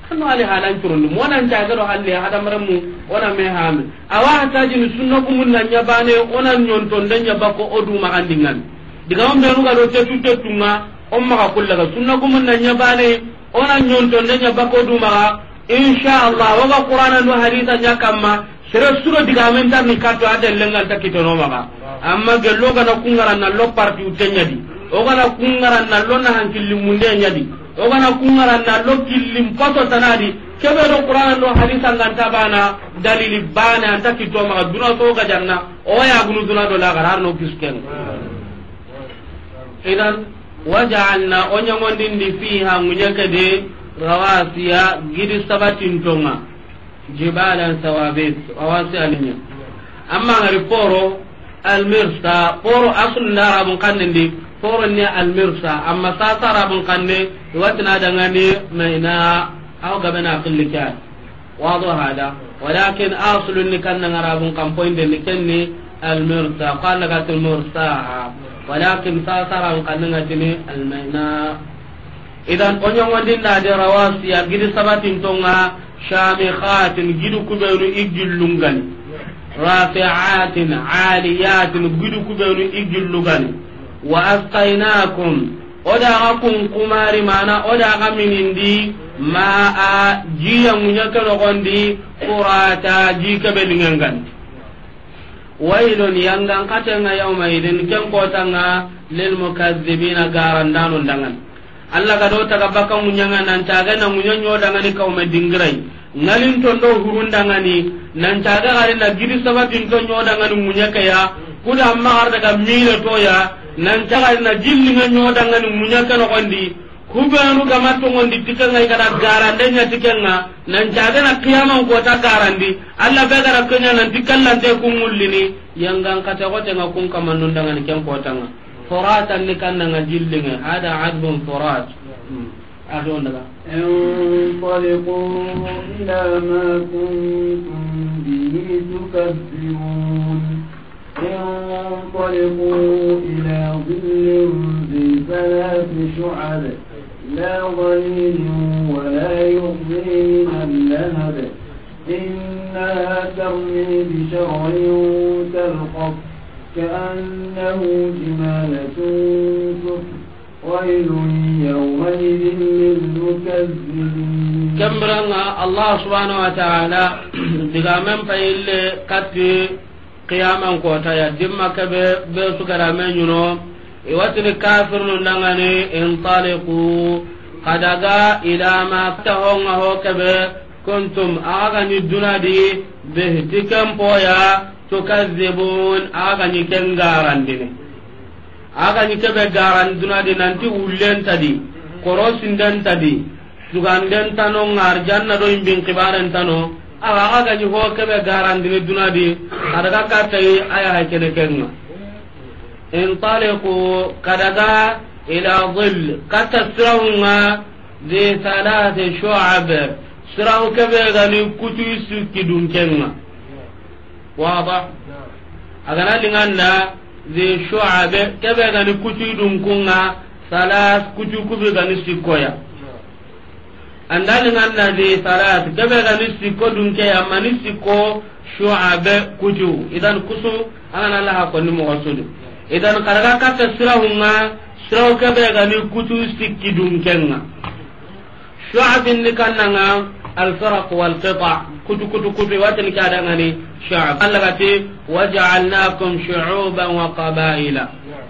kanu ali halan turun mo nan ta garo halle hada mara mu ona me haami awa ta ni sunna ko mun nan yabane ona nyon ton den yabako odu magandingan diga on be ruga do te tu te tunga on maga kullaga sunna ko mun nan yabane ona nyon ton den yabako du ma. inshallah waga qur'ana no haditha nya kamma suro diga men tan kato ade lengal ta kitono maga amma gello ga na kungara na lo parti utenya di o ga na kungara na lo na hankilli munde nya di o ga na kungara na lo killim pato tanadi kebe do qur'ana ngan ta bana dalili bana ta kitono maga duna to ga janna o ya gunu duna do la garar no kisken idan waja'alna onyamondindi fiha munyakade rawasiya gidi sabatin tonga jibalan sawabit rawasi alinya amma ngari poro almirsa poro asul na rabun kanne ndi poro ni almirsa amma sasa rabun kanne watina dangani maina aw gabana qillika wado hada walakin asul ni kanna ngarabun kan point ni kenni almirsa qala gatul mursa walakin sasa rabun kanne ngatini almaina idan onyongondin nade rawasiya gidi sabatin tonga shamikhatin gidu kubenu igillungani rafi'atin aliyatin gidu kubenu igillugani wa asqainakum oda ga kun kumari mana oda ga minindi ma a jiya munya kalo gondi qurata jika belingangan wailun yangan katanga yawma idin ken kotanga lil mukazzibina garandanu dangan allah ga do taga baka munyanga nan taga na munyo nyoda ngani kaume dingirai ngalin to ndo hurunda ngani nan taga ari na giri sababin to nyoda ngani munyaka ya kuda amma har daga mile to ya nan taga na jilli nga nyoda ngani munyaka no kondi kubenu gama tongondi tikenga igara garande nya tikenga nan jaga na kiyama ko ta garandi alla be gara kenya nan tikallante kumullini yangan kata ko tenga kun kamannun dangan ken ko tanga فرات اللي كان نجلنا هذا عذب فرات انطلقوا إلى ما كنتم به تكذبون انطلقوا إلى ظل ذي ثلاث شعب لا ظليل ولا يغني من اللهب إنها ترمي بشرع كالقصر كأنه جمالة صفر ويل يومئذ للمكذبين كم برنا الله سبحانه وتعالى بغامن فإل كتي قياما كوتا يدما كبه بيسو كرامين ينو iwatini kafirnu ndangani intaliku kadaga ilama tahonga ho kebe kuntum agani dunadi behtikan poya tukazibun agani ken agani kebe garan dunadi nanti tadi korosinden tadi suganden tano ngarjanna do imbin kibaren tano awa agani ho kebe garandini dunadi katai aya kenga kadaga ila dhil katasrawunga ذي ثلاث شعب siran kebe gani kutu sukki dunkenga waba agana dinganda ze kutu dunkunga salas kutu sikkoya anda ze salas sikko sikko kutu idan kusu laha idan karaga sirahunga kutu sikki dunkenga kannanga الفرق والقطع كتو كتو كتو واتن كادغني شعب قال لك وجعلناكم شعوبا وقبائل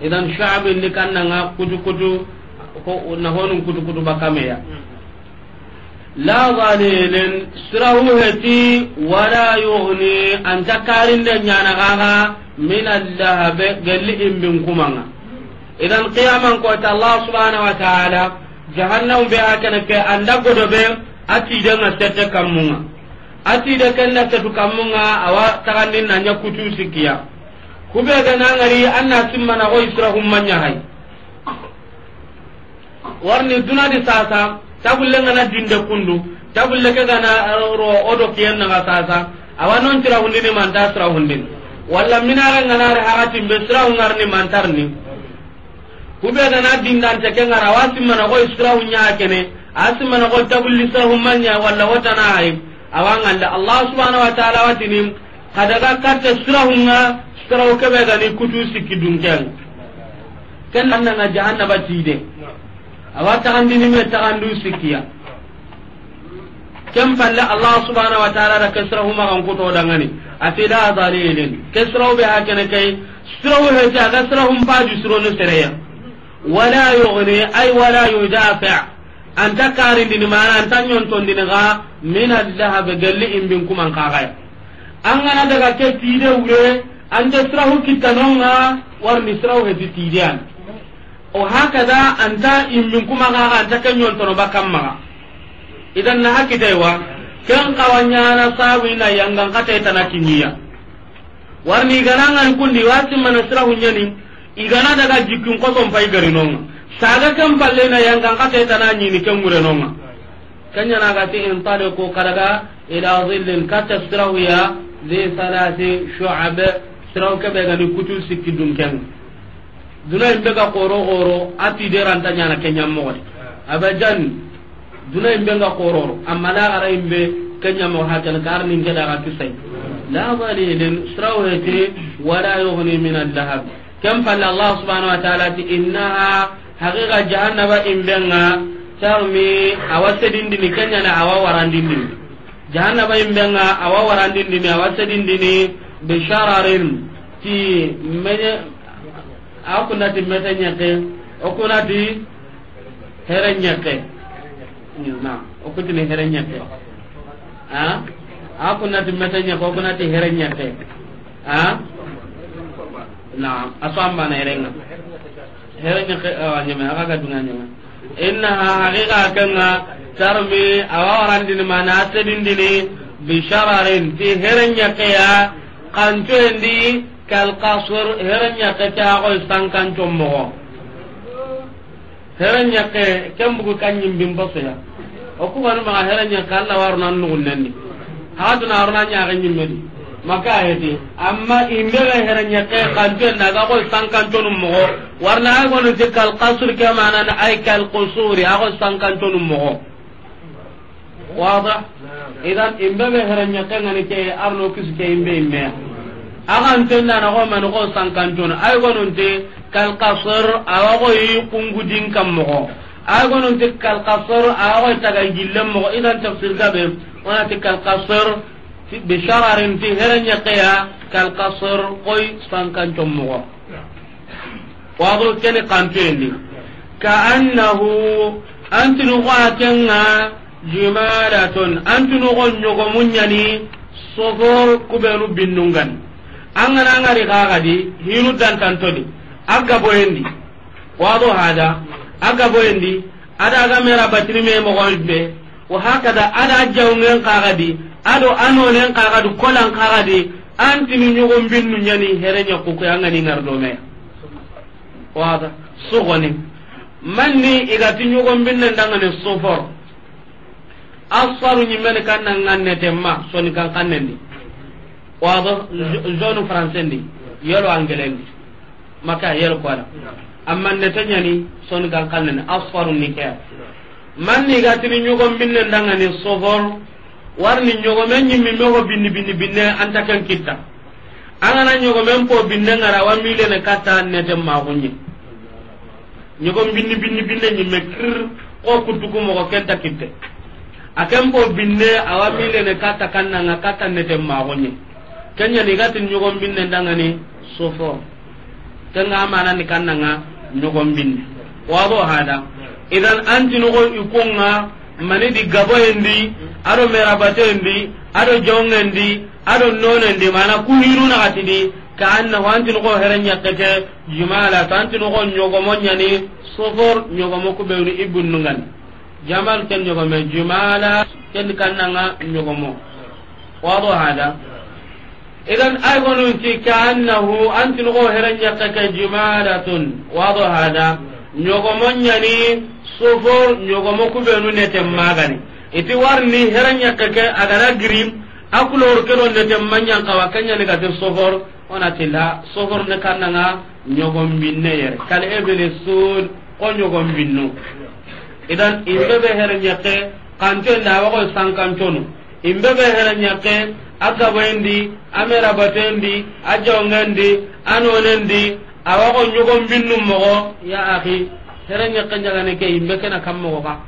اذا شعب اللي كان كتو كتو نهون كتو كتو بكاميا لا ظليل سروهتي ولا يغني أن تكارن ينغاها من الذهب قل من كمانا إذا قياما قوة الله سبحانه وتعالى جهنم بها كنك أن نقود به ati da nga tete kamunga ati kan na tetu kamunga awa tagandi na nya kutu sikia kubya da na ngari anna simma na go isra humma nya hay warni dunadi sasa tabulle ngana dinde kundu tabulle ke gana uh, ro odo kiyen na sasa awa non tira hundi man manta tira hundi walla minara ngana re hakati be tira ngarni mantar ni kubya da na dinda te ke ngara wasimma na go isra hunya kene asimana ko tabulli sahumanya walla watana ay awanganda allah subhanahu wa ta'ala watinim kadaga katta surahunga surahu kebe gani kutu sikki dunken ken nanna nga jahannaba awata andi ni me tagandu sikkiya kem palle allah subhanahu wa ta'ala da kasrahu ma kan kuto dangani atida dalilin kasrahu be hakene kai surahu he ta kasrahu ba ju suronu sereya wala yughni ay wala yudafi' anta karindini mana anta ñontondini xa min aldahabe gelli imbin kuman kaxaya an gana daga ke tiide wure ante sirahu kittanonga warni sirahu heti an. o hakada anta imbin kuma kaxa anta ke ñontonoba kam maxa idan na hakitaywa ken kawa ñana sawina yangan kataytana kinniya warni iganangani kundi wasimana sirahu ñani igana daga jikkin koson pay garinonga saga kan palle na yang kan kata tana ni ni kan mure nonga kanya na gati in tale ko karaga ila zillin kata sirahu ya zi salati shu'ab sirahu ka be ni kutul sikki dum kan dunay be ga koro koro ati deran ranta nya na kenya mo abajan dunay be ga koro amma la ara imbe kenya mo ha kan kar ni ngeda ga tisai la balilin sirahu ti wala yughni min al-lahab kam falla allah subhanahu wa ta'ala ti innaha haqiqa jahannaba imbenga tarmi awa sedindini kenyana awa warandindini jahannaba imbenga awa warandindini awa sedindini bishararin ti menye mete nyeke okunati here nyeke na okutini here nyeke ha mete nyeke okunati here nyeke ha na herenga herni awanyeme ah, akaga dunga nyeme innaha haqiqa kanga tarmi awawarandini mana sedindini bishararin ti herenyakeya kancoendi kalkasur herenyake caagoi sankancomogo herenyake kembugu kanyimbin bosoya okubani maga herenyake alla warunan nugunnenni hagatuna aruna ñaage ñimmedi maka heti amma imbere hera nyake kanto na ga ko sankanto warna ko no te kal qasr ke mana na ay kal qusuri ago sankanto num mo wada idan imbere hera nyake ngani ke arno kis ke imbe imbe aga ntenna na ko man ko sankanto na ay ko no te kal qasr ago yi kungudin kam mo ago no te kal qasr ago taga gillen mo idan tafsir gabe wana te bishararin herenya qeya kal qasr koy sankan tommo wado kene kampendi ka annahu antinu qatenga jimaratun antinu gonyo gomunyani sogo angana kagadi hinu aga boyendi hada aga boyendi ada aga mera wa hakada ada jawngen kagadi ado anonen kagadi kolan kagadi antini ñogon binnu ñani here ñakkuke angani ngardomea wada sugoni manni igati ñogon binne ndangani sofor asaru ñimmeni kanna nganneten ma soni kan kannendi wado zone français ndi yelo anglais ndi maka yelo kola amma nete ñani soni kan kanneni asaru ni ke manni igatini ñogon binne ndangani sofor warni ñogomen ñimmimme ho binni binni binne anta ken kitta angana ñogomen po binne ngara wa milene katta neten maxuñi ñogom bini bini binne ñimme kir ko kuttuku mogo kenta kitte a ken po binne awa milene katta kannanga katta neten maxuñi kenyani igatin ñogom binne ndangani sofo kenga amanani kannanga ñogom binne wabo hada idan antinogo ikonga di gabo ado manidi gaboyendi ado merabatoyendi aɗo jongendi aɗo nonendi mana ku di ka an annahu antinogo here ñakkeke jumala to antinogo ñogomo ñani sofor ñogomo kuɓewni ibbunnugani jamal ken ñogome jumala ken kannanga ñogomo wado hada idan ay gonunti ka an annahu antinogo here ñakkeke jumalatun wado hada ñogomo ñani sofo ñogomo kuɓenu neten magani iti warni heranñakkeke agana girim a kulor keɗo neten mañankawa keñani gati sofor onatila sofor ne kannanga ñogon binne yere kal ebene sud ko ñogon binnu idan imbeɓe heranñakke kantoende awakoy sankanconu imbeɓe heranñakke a gaboendi a merabatendi a jawngendi a nonendi awako ñogon binnu mogo ya ahi serenya kanja gane ke imbe kana kammo ka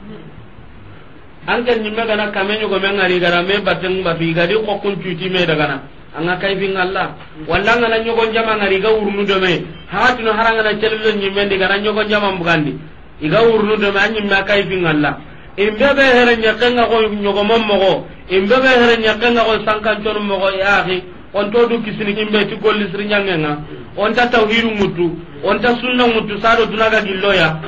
anke nyimme gana kamenyo go men ari gara me bateng ba bi gadi ko kun cuti me daga na anga kai bin Allah walla ngana nyogo jama ngari ga urnu do me haatu no haranga na cello nyimme ndi gara nyogo jama mbugandi iga urnu do me anyimme kai bin Allah imbe be herenya kanga go nyogo mommo go imbe be herenya kanga go sankan ton mo go yaahi on to du kisini kimbe ti golli sir on ta tawhidu mutu on ta sunna mutu sado dunaga gilloya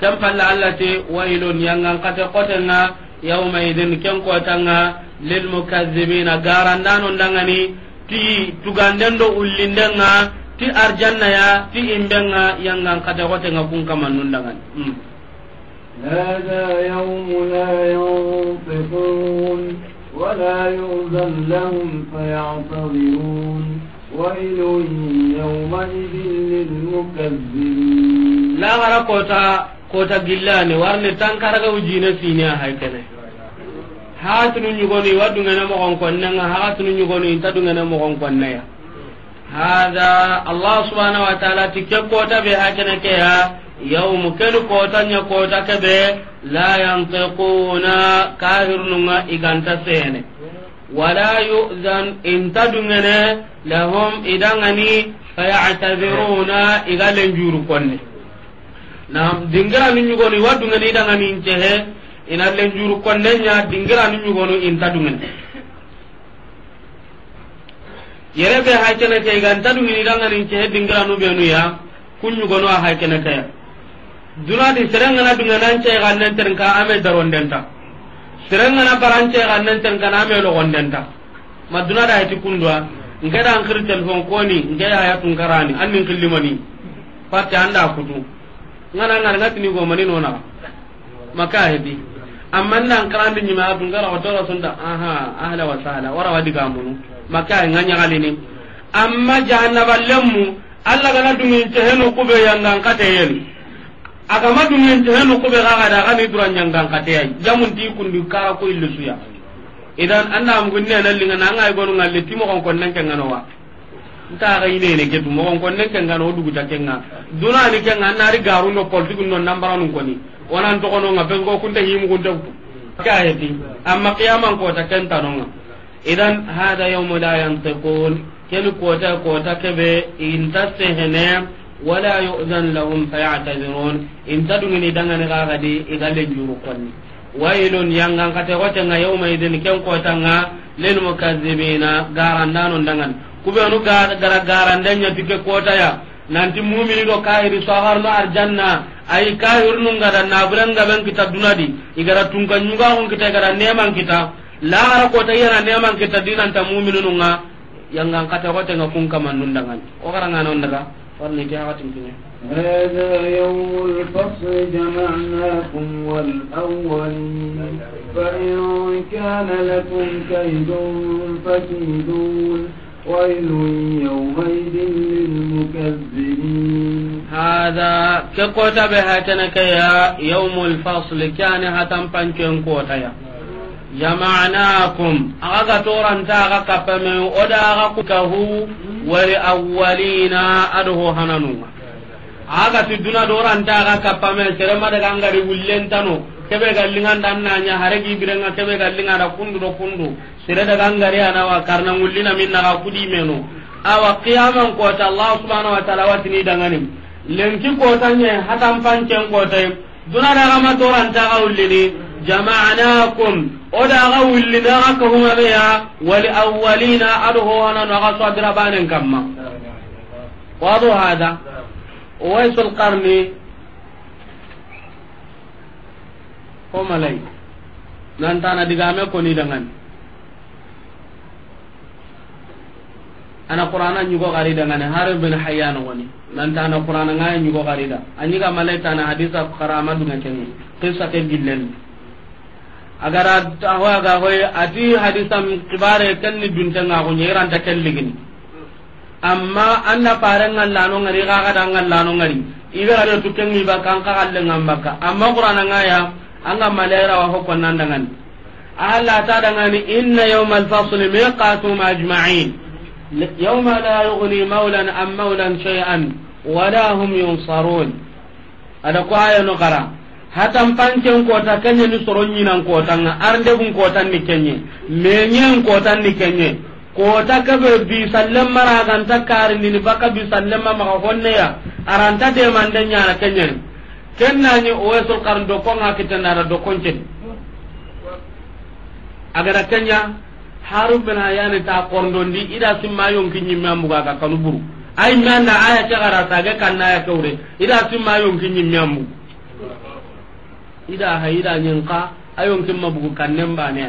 kam falla allati wailun yangan kate qotenga yawma idin ken qotanga lil mukazzibina garandano ndangani ti tugandendo ti arjanna ya ti imbenga yangan هذا يوم لا ينطقون ولا يؤذن لهم فيعتذرون ويل يومئذ للمكذبين لا غرا كوتا كوتا جلاني وارن تنكرغ وجينا سينيا هايكنه hatunu ñugoni wa dungana mogon ñugoni inta dungana mogon hada allah subhanahu wa taala ti ke kota be hakene ke yawmu kenu kootanya koota kebe la yantikuna kahirnunga iganta sene wala yuzan intadungene lahum idangani fayatabiruna iga lenjuru konne nam dingira nu nyugoni wadungene idangani incehe ina lenjuru konne nya dingira nu nyugonu intadungene yerebe haycenete iga ntadungini idangani incehe dingira nu benuya kunyugonu a haycenete dunadi serengana dunganan ce gannen ten ka ame darondenta serengana barance gannen ten ka ame logondenta ma dunada heti kundwa ngeda an khir telefon koni nge haya tun karani an min killimani patte anda kutu ngana ngana ngati tini go mani nona maka hedi amma nan karandi ni ma tun kara wato sunda aha ahla wa sala wara wadi gamunu maka nganya galini amma jahannaba ballemu alla gana dungi ce henu kube yanga kate yeli te dungen ko be gaga da agami dura kate ay jamun ti kundi ka ko illu suya idan anda am gunne na linga na ngai gonu ngalle ti mo kon nan kenga no wa nta ga ine ne ke mo kon nan kenga no dugu ta kenga duna ni kenga na ri garu no politiku no nambara ko koni wanan to kono ngabe ko kunta himu kunta ka heti amma qiyamang ko ta kenta no idan hada yawmu la yantiqun ken ko ta ko ta kebe inta sehne ولا يؤذن لهم فيعتذرون إن تدمني دنغن غاغدي إذا لجورقني ويل ينغن قتغتنا يومئذ كن قوتنا للمكذبين غارندان دنغن كبيرو غار غارندان يتك قوتايا nanti mumini do kahiri soharno arjanna ayi kahir nun gada naburan gaben kita dunadi igara tungkan nyuga on kita igara neman kita lagara kota yana neman kita dinanta mumini nunga yang ngangkata kota ngakung kamandundangan o karangana ondaga هذا يوم الفصل جمعناكم والأولين فإن كان لكم كيد فكيدون ويل يومئذ للمكذبين هذا كقوة بهاتنك يا يوم الفصل كان هتم بانكين قوتيا jama'nakum aga ga toranta aga kapame oda aga kukahu wari awwalina adho hananu aga ti duna doranta aga kapame serema daga angari wullentano kebe gallingan hare gibirenga kebe gallinga da kundu do kundu daga karna minna ga kudi meno awa ko ta allah subhanahu wa ta'ala watini dangani lenki ko tanye hatam pancen ko tay jama'nakum oda ga wullina ga ko huma be ya wal awwalina adho wana na ga sadra banen kamma wado hada wais al qarni ko malai nan tana diga me ko ni dangan ana qur'ana nyugo gari dangan har bin hayyan wani nan na qur'ana ngai nyugo gari da anyi anyiga malai tana hadisa karama dunga kenni qissa ke gillen agar awa ga hoye ati hadisam kibare kan ni dunta nga ko nyiran ken kelligini amma anna faran nga lanu ngari ga ga nga ngalla ngari iga ra to kenni ba kan ka galle ngambaka amma qur'ana ya anga malaira wa hokko nan dangan Allah ta ni inna yawmal fasl miqatu majma'in yawma la yughni maulan am maulan shay'an wala hum yunsarun ada ko aya qara hatan panken kota kenye ni soro nyinan kota nga arnde bun kota ni kenye menyen kota ni kenye kota kabe bi sallem mara gan takar ni ni baka bi sallem ma ko honne ya aranta de mande nyana kenye kenna ni o so kar do ko nga kitana ra do konje agara kenya harum bin hayani ta korndondi ida simma yonki nyimma muga ka kanuburu ay manda aya ta gara ta ga kanna ya kawre ida simma yonki nyimma muga ida ha ida nyinka ayon kimma bugu kannen ne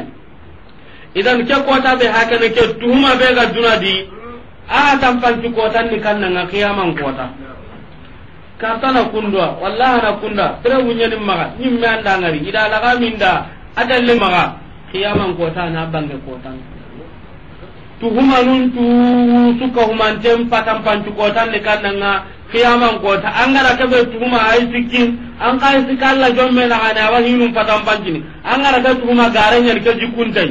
idan ke kota be hakana ke tuhuma be ga dunadi a tan panti kota ni kanna nga kiyaman kota ta na kunda. wallahi na kunda tere wunyani maga nyimme anda ngari ida laga minda le maga kiyaman kota na bange kota tuhuma nun tu suka humantem patan panti kota ni kanna nga kiyaman kota angara ka be tuhuma ai sikin an ka si jom me na ana wa hinum patam pankini an gara ta tuma gare nyar ke jikuntai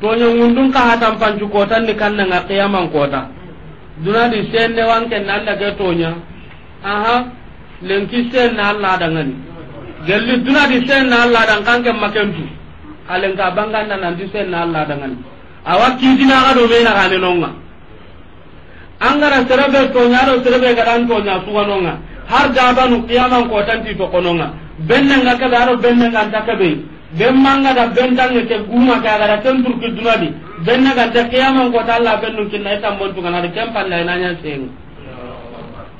to nya ngundun ka hatam pancu kota ni kan nga qiyamang kota duna di sende wan ken da ke nya aha ki sen na da dangan gelli duna di sen na la da kan ken tu. alen ka bangan na nan di sen na alla dangan awa dina ga do me na kanenonga angara serebe tonya do to nya tonya nonga. har tanti dabanu qiyaman kotanti tokononga bennenga keɓe aɗo bennenganta keɓey bemmanga da bentange ke guma ke agada ken turki dunadi benneganta qiyaman kota allah bennun kinna i tambontuganaɗa ken palla inañan seenga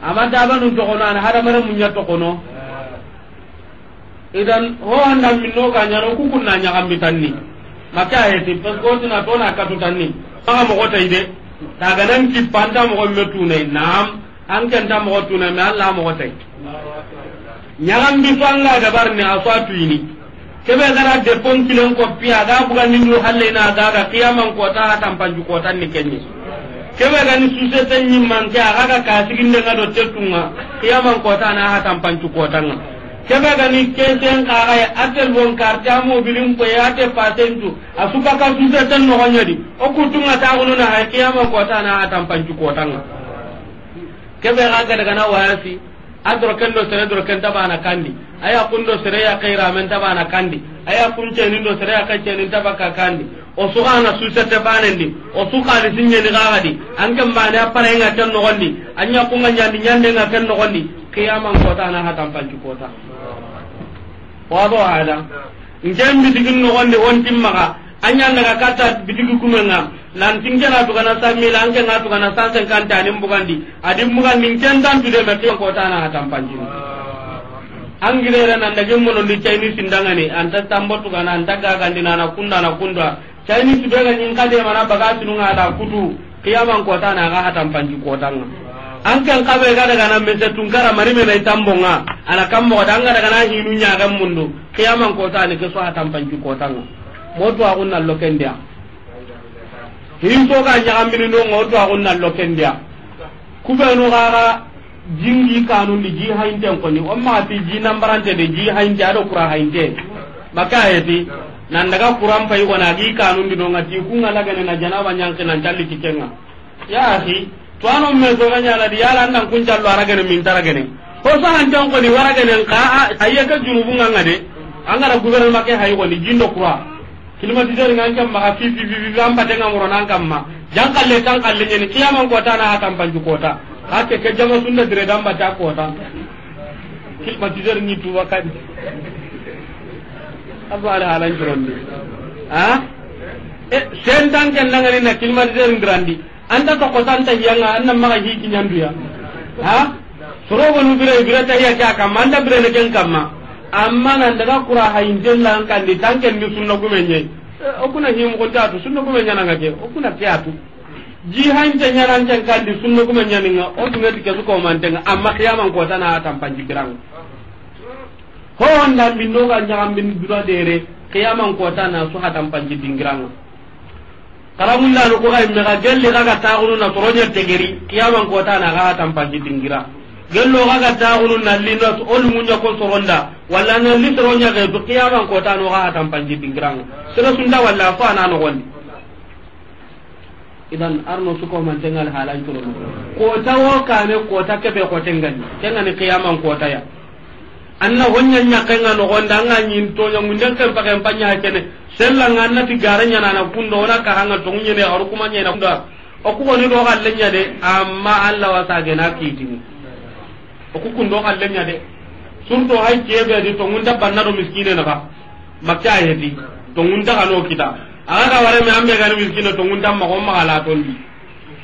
amma an tokono ana hadamare muña tokono idan ho anda minno ga nyaro ku kunna nya gambi tanni maka ayeti parce que tuna to na katu tanni maga mo gota ide daga nan ki panda mo metu ne nam an kenta mɔgɔ tuna me alla mogo tay ñagan bitu anga dabarni a fatuyini keɓe gara depon kilen koppi aga buganindu ga agaga kiyaman kota ha tampanju kotanni kenñi keɓe gani susete ñimmanke agaga kasigindenga do tettunga kiyaman ta na ha tampancu kotanga keɓe gani kesen kaxaye a telefon carte a mobilin koye a te pasentu a sukaka suseten noxoñadi o kuttunga taxununa hay kiyaman kota na ha tampancu kotanga kebe ranga daga na wayasi adro kendo sere dro kenta bana kandi aya kundo sere ya kaira men ta bana kandi aya kunce ni do sere ya kace ni baka kandi o suka na susa ta bana ndi o suka ni sinye ni ga di an kan bana pare nga tan no gondi anya kunga nyandi nyande nga kan no kiyama qiyamang kota na hatam panci kota do ala njambi digin no gondi won timmaga anya daga kata bitigi kumenga nan tinge na to kana sami lan ke na to kana sansen kan ta nim bugandi adim mugan min ken dan tu de me ke ko ta na hatam panji angirere nan daga mun ndi chinese sindanga ni anta tambo to kana anta ga gandi na na kunda na kunda chinese be ga nyin kade mana baga sunu nga da kutu kiyaman ko ta na ga hatam panji ko tanga an kan kabe ga daga nan mese tunkara mari me na tambo nga ana kammo daga daga na hinu nya ga mundu kiyaman ko ta ni ke so hatam panji ko ta tanga moto agun na lokendia hinto ga ñagambini no moto agun na lokendia kubenu gara jingi kanu ni ji ko ni o ma ti ji nambarante de ji hainte ado kura hainte maka yeti nan daga kuran fay na gi kanu ndi no ngati ngala laga na janaba nyanke nan dalli kenga ya ahi to ano me so ganya la diala nan kun jallo araga ne min taraga ne ko sa han jon koni waraga ne ka ayeka junubunga ngade angara gubernma make hay ni jindo kura climatiseur ngan kam ma fi fi fi am pate ngam ro nan kam ma jang kalle tan kalle ni kiyama ko ta na hatam panju kota ake ke jama sunna dire dan bata kota climatiseur ni tu wakati abu ala halan jironni ha e, sen tan ken nangani na climatiseur ndirandi anda to kotan ta yanga anna ma hi kinyandu ya ha soro wonu bire bire ta ya ka manda bire ne ken kamma amma nan daga kura hayin della an kan di tanke mi sunna gumenye e, o kuna himu ko tatu sunna gumenya nan ngake o kuna tiatu ji han ta nyaran tan kan di sunna gumenya nan nga o tunga ke su ko man tan amma kiyaman ko tana tan panji birang ho onda min do ga nyam min dura dere kiyaman ko tana su hatan panji dingrang karamulla no ko ga me ga gelle ga ga ta na toronya tegeri kiyaman ko tana ga hatan panji dingrang gello ga ga taagunu nalli no to ol munya kon soronda walla na litro nya ga qiyama ko ta no ga tan panji bingrang sira sunda walla fa na no wonni idan arno suko man tengal halan turo ko ta wo ne ko ta ke be ko tengal tengal qiyama ko ta ya anna wonnya nya kanga no gonda nga nyin to nya ka pa ka panya kene sella nga na ti garanya na na do na ka hanga to ne aru kuma kun kunda o ko ni do ga lenya de amma Allah wa ta ge na kitini oku kundo kallenya de surto hay kebe di to ngunda banna do miskine na ba makka ayeti to ngunda kano kita aga ga ware me ambe ga miskine to ngunda ma ko ma ala to ndi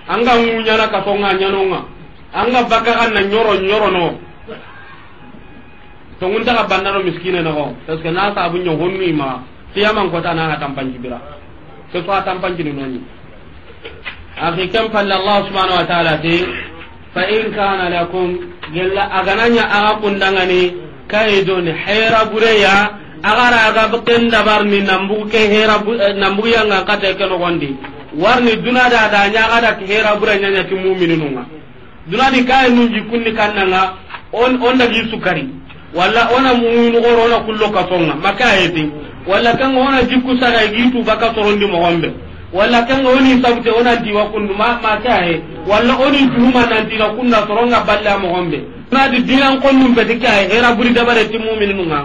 anga ngunya na ka songa nyano anga baka kan na nyoro nyoro no to ngunda ka banna do miskine na ko tas ka na ta bunyo honni ma tiyaman ko ta na ha tampan jibira ke fa tampan jinu noni akhi kam falla allah subhanahu wa ta'ala ti fa in kana lakum gella agananya aga kundangani kaidon hera bureya agara aga ken dabar ni nambu ke hera eh, nambu yanga kata ke nogondi warni dunada da da nya agada ke hera burenya nya ti mu'minununga dunadi kay nun jikunni kannanga on on dagi sukari walla ona mu'minu goro ona kullo kasonga maka ayeti walla kan ona jikku saga gitu baka torondi mogombe walla kanga woni sabte ona diwa kundu ma ma kae walla oni nan diwa diga na toronga balla mo hombe na di dilan kon konnum be dikae era buri dabare ti mu'minun nga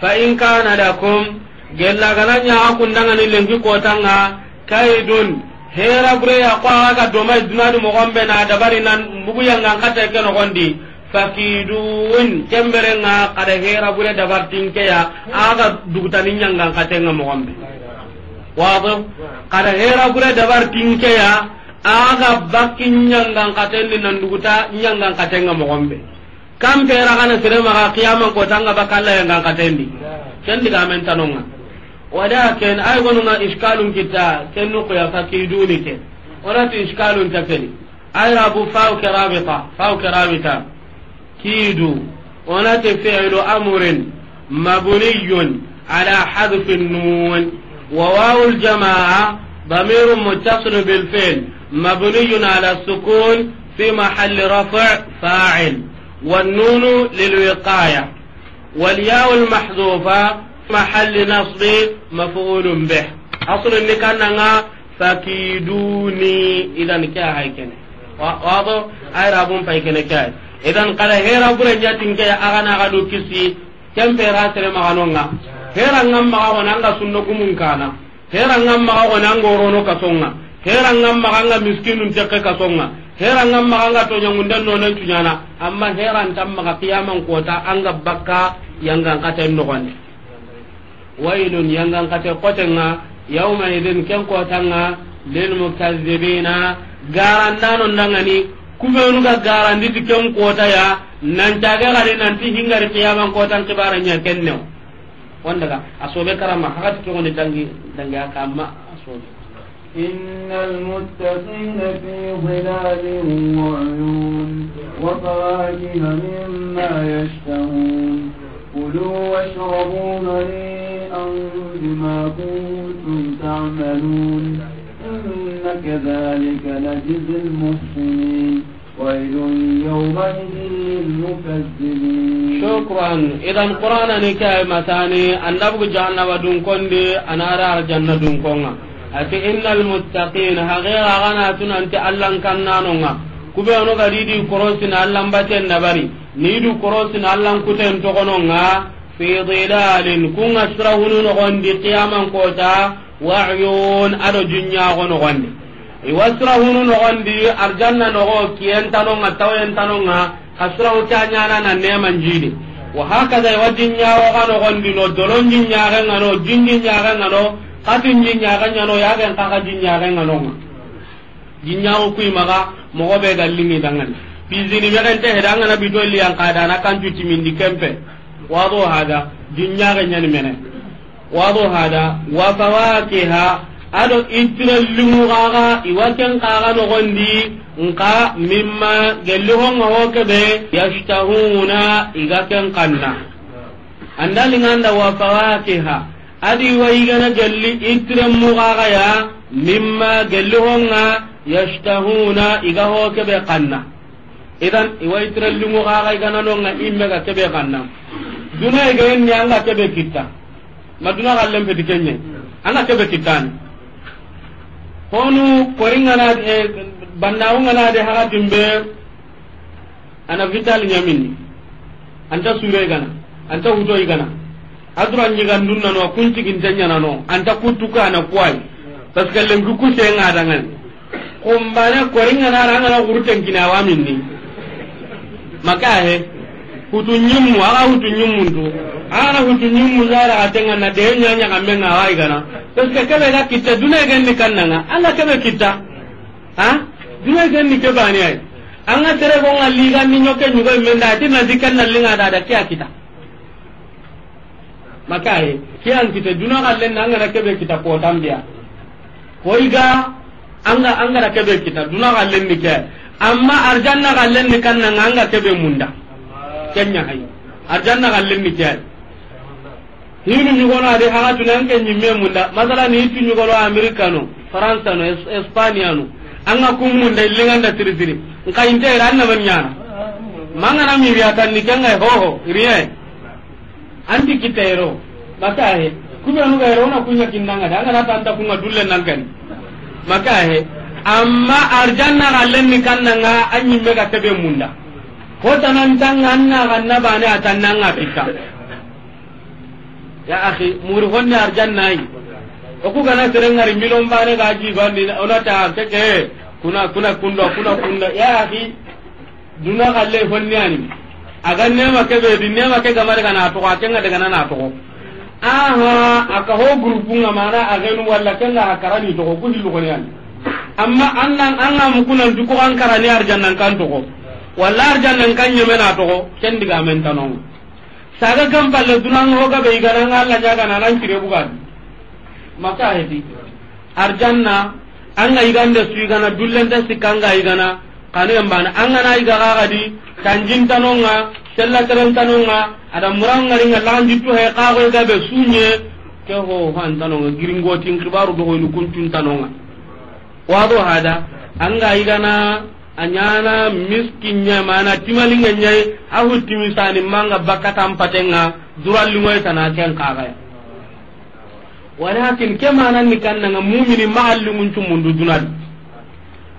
fa in kana lakum gella galanya gananya akundanga ni lengi ko tanga kae dun hera bure ya kwa ga do doma dunadu mo hombe na dabari nan bugu yanga kata ke no kondi fakidun kembere nga kada hera bure dabar tingke ya aga dugutani nyang kata nga mo hombe wato kada hera gure dabar tinke ya aga bakki nyangan katenni nan duguta nyangan katen ga mogombe kam pera kana sire ma kiyama ko tanga bakalla katen di ken di gamen tanonga walakin ay na iskalun kita no ko ya ken ora ti iskalun takeni ay rabu fa'u karabita fa'u karabita kidu te fi'lu amrin mabniyun ala hadfin nun وواو الجماعة ضمير متصل بالفعل مبني على السكون في محل رفع فاعل والنون للوقاية والياء المحذوفة محل نصب مفعول به أصل النكان فكيدوني إذا نكاها هيكنه wato ay rabun pay kene kay idan kala hera bure jatin ke aga na ga du kisi kempe hera ngamma ga wana anga sunno gumun kana hera ngamma ga wana anga orono kasonga hera ngamma ga anga miskinun tekke kasonga hera ngamma ga anga to dan no nan tunyana amma hera ntamma ka qiyamang kota anga bakka yanga kata no gonde wailun yanga kata nga yauma idin ken nga lil mukazzibina garandano ndangani kubenu ga garandi dikem kota ya nan tagara nan ti hingar qiyamang kota kibara kenno wondaga asobe karama haga tikegoni dangi dangi akamma asobe إن المتقين في ظلال وعيون وفواكه مما يشتهون كلوا واشربوا مريئا بما كنتم تعملون إن كذلك نجزي المحسنين ويل يومئذ للمكذبين شكرا إذا القرآن نكاية مثاني أن نبغي جهنم دنكون دي أنا أرى الجنة دنكونا أتي إن المتقين هغير أغناتنا allan ألن كنانونا kubeenu ga didi korosina allan baten nabari nidu korosina allan kuten togononga fi dilalin kunga sirahunu nogondi qiyaman kota wayun ado junyago nogondi iwasirahunu nogondi arjanna nogo kiyentanonga tawentanonga ka sirahu tanyanana nemanjini wahakaza iwajinyawoga nogondi no dolonjinyagengano jinjinyagengano katinjinyagenyano yagen kaka jinyagenganonga jinyawo kuimaga mogobe gallimidangani bisini megente hedangana bidoliyankadana kancutimindi kempe wado hada jinyagenyani mene wado hada wafawakeha ado intina limu kaga iwaken kaga gondi nka mimma gelli honga hokebe yashtahuna igaken kanna nganda wa fawakiha adi waigana gelli intire mukaga ya mimma gelli nga yashtahuna iga hokebe kanna idan iwa itire limu kaga igana nga imme ga kebe kanna duna iga yenni anga kebe kitta maduna kallen pedi kenye anga kebe kitani honu koringana eh, bannaungana de haga timbe ana vital nyamini anta sure gana anta huto igana adura nyigandun nano kunci gintanya nano anta kutuka na kwai parce que lengu kuse ngadangan kumbane koringana ranga na uruten kinawa minni maka he hutu nyimmu aga hutu nyimmu ndu ana huntu nyim muzara atenga na de nya nya kambe na wai kana to ke kebe ga kitta dunai gen ni kannanga anga kebe kitta ha dunai gen ni ke bani ai anga tere ko ngali ga ni nyoke nyugo menda ti na dikan na linga da da kiya kita makai kiyan kita duna kallen anga na kebe kita ko tambia koiga anga anga da kebe kita duna kallen ni ke amma arjanna kallen ni kannanga anga kebe munda kenya hai arjanna kallen ni ke hinu ñugono adi haxatunan ke ñimme munda masala ni itu ñugono america no france no espania no anga kummunda illinganda sirisiri nka inteere annaman ñana mangana miriyatanni kenga hoho rien anti kitayro maka he kuɓenugayro wona kuña kinnangade angana tanta kunga dulle nankani maka he amma arjannaga lenni kannanga a ñimme ga keɓe munda hotanantanga annaga nabane atannanga pikka ya akhi muri honne arjanna yi oku gana serengari milon bane ga ji bandi ona ta keke kuna kuna kunda kuna kunda ya akhi duna galle honne ani aga nema ke be di nema ke ga mare kana to ka kenga daga na to aha aka ho grupu ngamana agenu walla kenga hakarani to ko kudilu ko ni. amma annan anga mu kunan du ko an karani arjanna kan to ko walla arjanna kan nyemena to ko ken diga men tanong saga gamballe dunan hoga be igana ngalla nyaga na nan kire bugan maka hedi arjanna anga igande su igana dullenda sikanga igana kanu yambana anga na igaga gadi tanjin tanonga sella teren tanonga ada muranga ringa lanji tu he ka go gabe sunye ke ho han tanonga giringo tin kibaru do ho ni kuntun tanonga wado hada anga igana anyana miskin nya mana timalinga nya ahu timisani manga bakata mpatenga durallingoy tana ken kaga walakin ke mana ni kannanga mu'mini ma'allungun tumundu dunal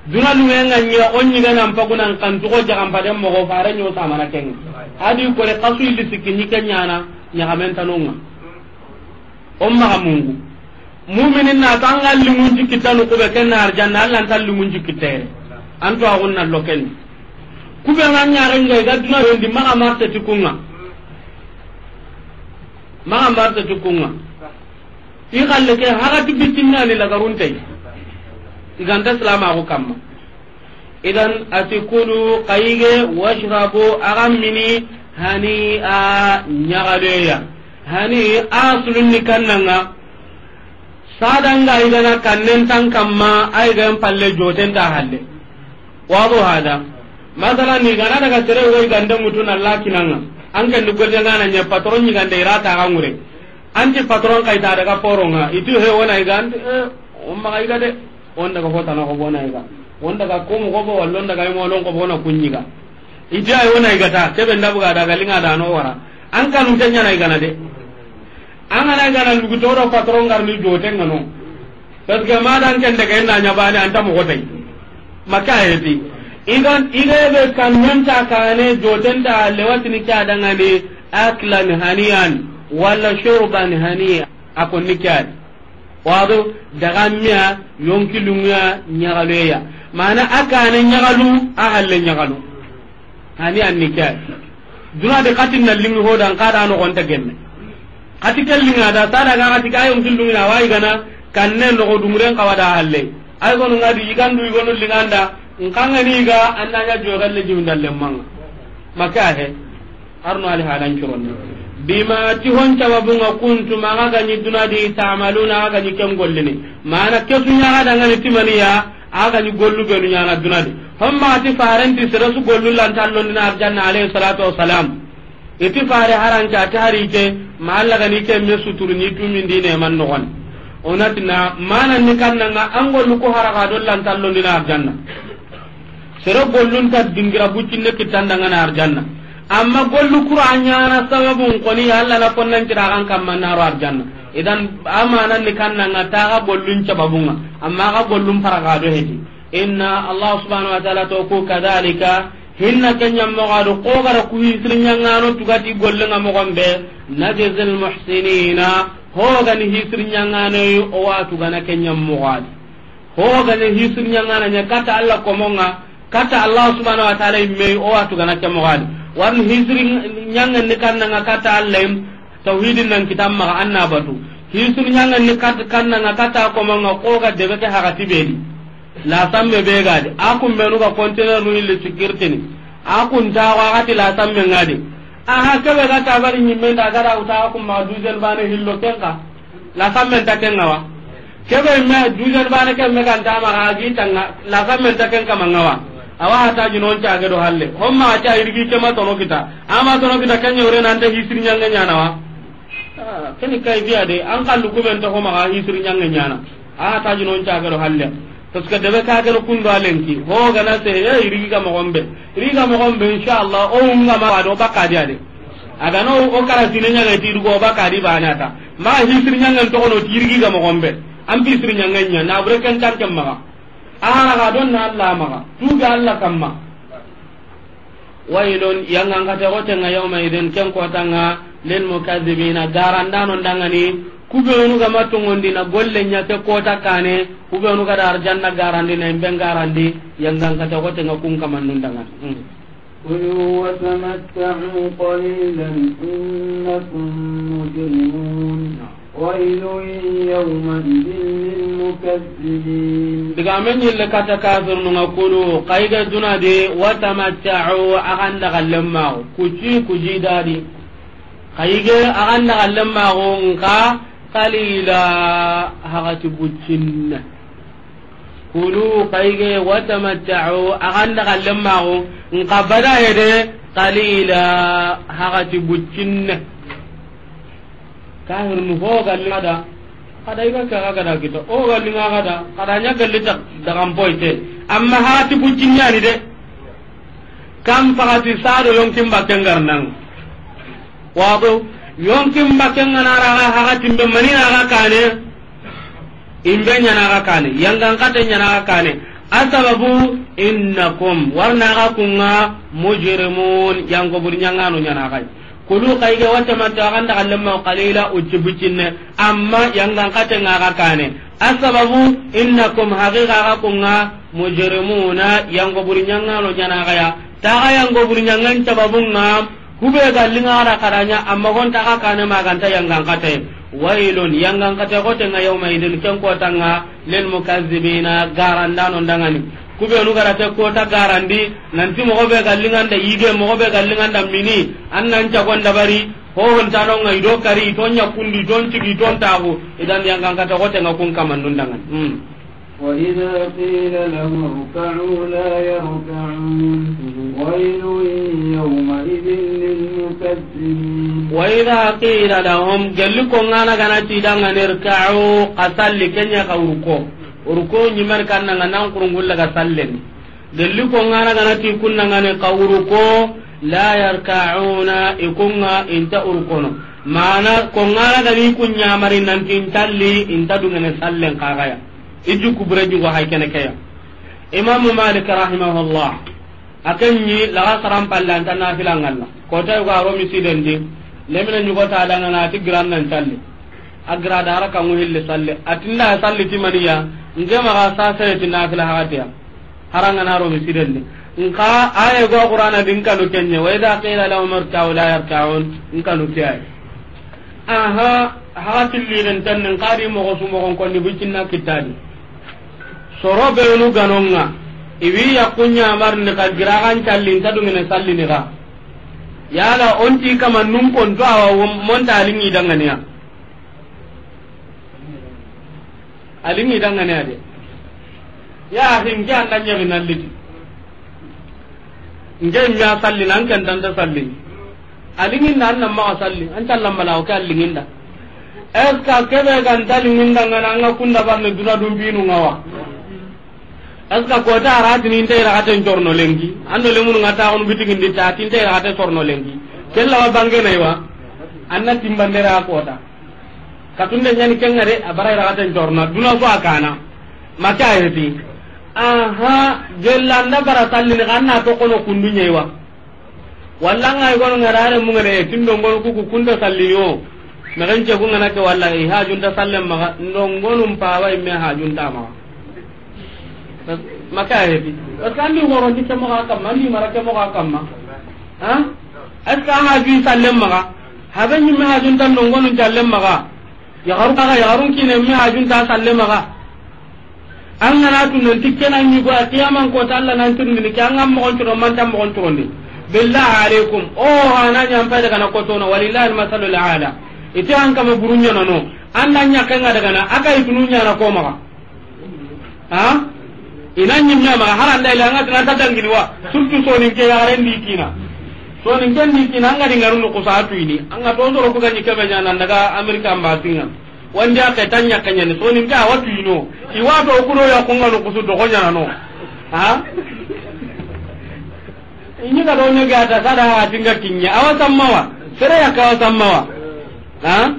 dunal wenga nya onni ga nan paguna kan tuko jagam padam mo go fare nyo samana ken adi ko le kasu ili sikinyi kenya na nya kamen tanonga umma ga mungu mu'minin na tanga lungun jikitanu ko be ken arjanna Allah tan lungun jikitare anto agunna loken kube nga ñarenga ga duna rendi maga marte tikunga maga marte tikunga i xalle ke hagati bittinnani lagaruntay iganta silamaku kamma idan ati kulu kayige washrabu aram mini hani a ya hani a ni kannanga sadanga idana kannen tan kamma ay igan palle ta halle wado hada masala ni gana daga sere woi gande mutu na lakinanga an kan dugo daga na nya patron ni gande irata ga ngure ci patron kai ta daga poronga itu he wona gande eh umma kai gade de on daga ko na ko bona ga on daga ko mu go wallon daga mo lon ko bona ga itu ay wona iga ta kebe ndabu ga daga linga da no wara an kan tanya na iga na de an ana gana na lugu toro patron gar ni jote ngano parce que ma dan kan daga ina nya bani ta mo gotai maka yeti idan igebe kannonta kane jotenta lewatini kadangani aklan haniyan walla shurban haniya akonni kadi wado dagammiya yonkilunguya ñagaloya mana akane ñagalu a halle ñagalu hani anni kadi dunadi katinna lingi hodan kada nogonta gemme kati kellinga da sada ga kati kayon killungina wayi gana kanne nogo dumuren kawada halle ay gonu ngadi yigandu yigonu linganda nkanga ni ga annanya jogalle jiminda lemmanga maka he arno ali halan curonni bima ti hon kuntu kuntum aga ni dunadi tamaluna aga ni kem gollini mana kesunya daga ni timaniya aga ni gollu benu nyana dunadi homma faran ti sirasu gollu ni arjanna alayhi salatu wassalam iti fare haran ta tarike ma alla gani ken me suturu ni tumindi neman nogoni onatina mana ni kannanga an gollu ko haraga dollan tallondina arjanna sere gollunta dingira buccinne kittandangana arjanna amma gollu kura ñana sababun koni allah na konnanciragan kamma naro arjanna idan amananni kannanga taga gollun cababunga amma aga gollun paragado heti inna allah subhanau wa taala to ku kadalika hinna keñammogaado kogara ku hisirñangano tugati gollenga mogon ɓe najzi lmuhsinina hogani hisir ñanganayi o watugana ke ñammogoadi hogani hisir ñangananya kata allah komonga kata allah subhanau wa taala immeyi o watugana ke mogoadi warni hisiri ñanganni kannanga kata allahim tawhidin nan kitan maga anna batu hisir ñanganni kannanga kata komonga koga debe ke hakati ɓeedi lasamme ɓe gadi a kumbenuga contener nu illi sikkirtini a kuntaxo axati lasamme ngadi aha ah, kebe ga tabari nyimme da gara uta ko ma dujel bane hillo kenka la kamen ta kenga wa kebe me dujel bane ke me kan ta ah, e ma ga gi tanga la kamen ta kenka mangawa awa hata ji non ta ga do halle ma ta irgi ke ma tono kita ama tono kita kan yore nan ta hisri nyanga nyana wa keni kai biya de an kallu kuben to ko ma hisri nyanga nyana aha ta ji non ta ga do halle parce que debe ka gel kundo alenki ho gana se ya irigi ga mogombe eh, irigi ga mogombe insha Allah o nga ma do baka dia de aga no o kara tinenya ga tiru go baka di bana ta ma hi hisri ngal to no tirigi ga mogombe am bi nyanga nya na bure kan kan kam ma a ga don na Allah ma ga tu ga Allah kam ma wailun yanga ngata rote nga yawma iden ken ko tanga len mukadzibina garandano dangani kube onu gama tongondi na golle nyate kota kane kube onu kada arjanna garandi na imben garandi yang mm. kata kota nga kung kaman nundangan digamen yille watamatta'u aganda gallemmao kuci kuji dadi kaige aganda gallemmao nka qalila hagati buccinna kulu kaige watamattau aganda kallemago nka bada hede qalila hagati buccinna kahirnu hogalnada kada iga kaga kada kita ogalinga kada kadanya galita dagampoite amma hagati buccinyani de kam pagati sado yonkin bakkengarnang wado yonkin bakken ngana raga haga timbe mani raga kane imbe nyana raga kane yangan kate nyana raga kane asababu innakum warna raga kunga mujrimun yango buri nyangano nyana raga kulu kaige wata mata ganda kallamma qalila ujibucinne amma yangan kate ngaga kane asababu innakum haqiqa raga kunga mujrimuna yango buri nyangano nyana raga ta ga yango buri nyangan cababunga kube ga gallingara karanya amma gonta ka kane maganta yangan kate wailun yangan kate gote nga yauma idin ken ko tanga lil mukazzibina non dangani kube nu garate ko ta garandi nanti mo gobe gallinganda yige mo gobe gallinganda mini annan ta gonda bari ho hon tano nga ido kari to nya kundi don tigi don tawo idan yangan kate gote nga kun kamandun ndangani mm. وإذا قيل لهم اركعوا لا يركعون ويل يومئذ وإذا قيل لهم gelli أنا كانت دان اركعوا قتل كنيا كوركو urko nyimar kanna nga nan kurungul laga sallen gelli ko ngana gana ti kunna ngane kawruko la yarkauna ikunga inta urkono mana ko ngana gani kunya mari nan tin talli inta dungane sallen kagaya iju kubreju go haykene kaya imamu malik rahimahullah akenyi laga saran palle anta nafila nganna kota yugo aro misidendi lemine ñugota adangana ati giran nan calli a gira dara kangu hilli salli atinda salli timaniya nke maga sasereti nafila hakatiya harangana aro misidendi nka aya go qur'ana din kanu kenye wa idha qila lahum irka'u la yarka'un nkanu kiyai aha hakilli den tan nka di mo go sumo kon ni bikinna kitani soro be nu ganonga iwi ya kunya mar ne ka giragan tallin ta dungene salli ne ka yala onti kama num kon to awa monta alingi dangania alingi dangania de ya ahin ja nan ya binalliti nge nya salli nan kan dan ta salli alingi nan nan ma salli an tallan malaw ka alingi da eska kebe kan talin nan nan nga kunda barne duna dum binu ngawa que kota aratini inte irakaten corno lengi ando lemunu ngata on bitigin ditta tinte irakate corno lengi kella wa bange wa anna timbandera kota katunde nyani kengare abara irakaten corno duna so akana maka yeti aha gella nda bara talli ni kanna to kono kundu nyewa walla ngai gono ngarare mu ngare tindo ngono kuku kundo salli yo me ce ku ngana ke walla i hajun ta sallem ndongonum ndongonu mpawa me hajun ta ma. maka hebi parce que andi ngorondi ke moga kamma ni mara ke moga kamma ha est ce que aha jui sallem maga habe ñimme hajun tan nongonu jallem maga yagaru kaga yagarun kine mi hajun ta sallem maga an gana tu non tikke nan ni ba kiyaman ko ta Allah nan tun ni kan am mogon turon man tam mogon turon ni billahi alaikum o ana nyam pa daga na ko to no walillahi almasalul ala ite an kama burunya no an nan nya kan daga na aka ibnu nya na ko maga. ha ina ma maga haranda ila anga tina ta dangini wa surtout soninke ni kina ken ndi kina anga di ngarundu kusa tuini anga to soro kuga ñi keɓe ñanan daga america ambasingan wandi a keta ñakkeñani soninke awa wato iwa to kuno yakunganu kusu dogo ñanano a iñiga ɗo ñoge ta sada tinga kinya awa sammawa sere yakka awa sammawa ha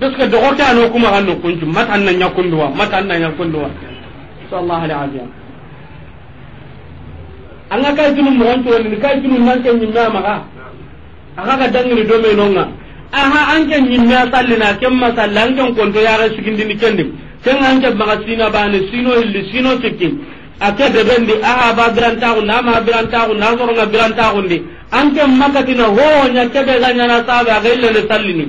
parce do ko ta no kuma hanno kunju kuncu matan na ñakkunduwa matan na ñakkunduwa sallallahu alaihi wasallam anga kay tunu mo on to ni kay tunu nan ken nyimma maka aga ga ni do me nonga aha an ken nyimma sallina ma sallan an ken konto ya ga sikindi ni ken dim ken an ken maka sina bane sino hilli sino sikki ake debendi aha ba birantaxu nda ama an nda soronga birantaxundi anke makatina howoña keɓe ga ñana saabe axa illene sallini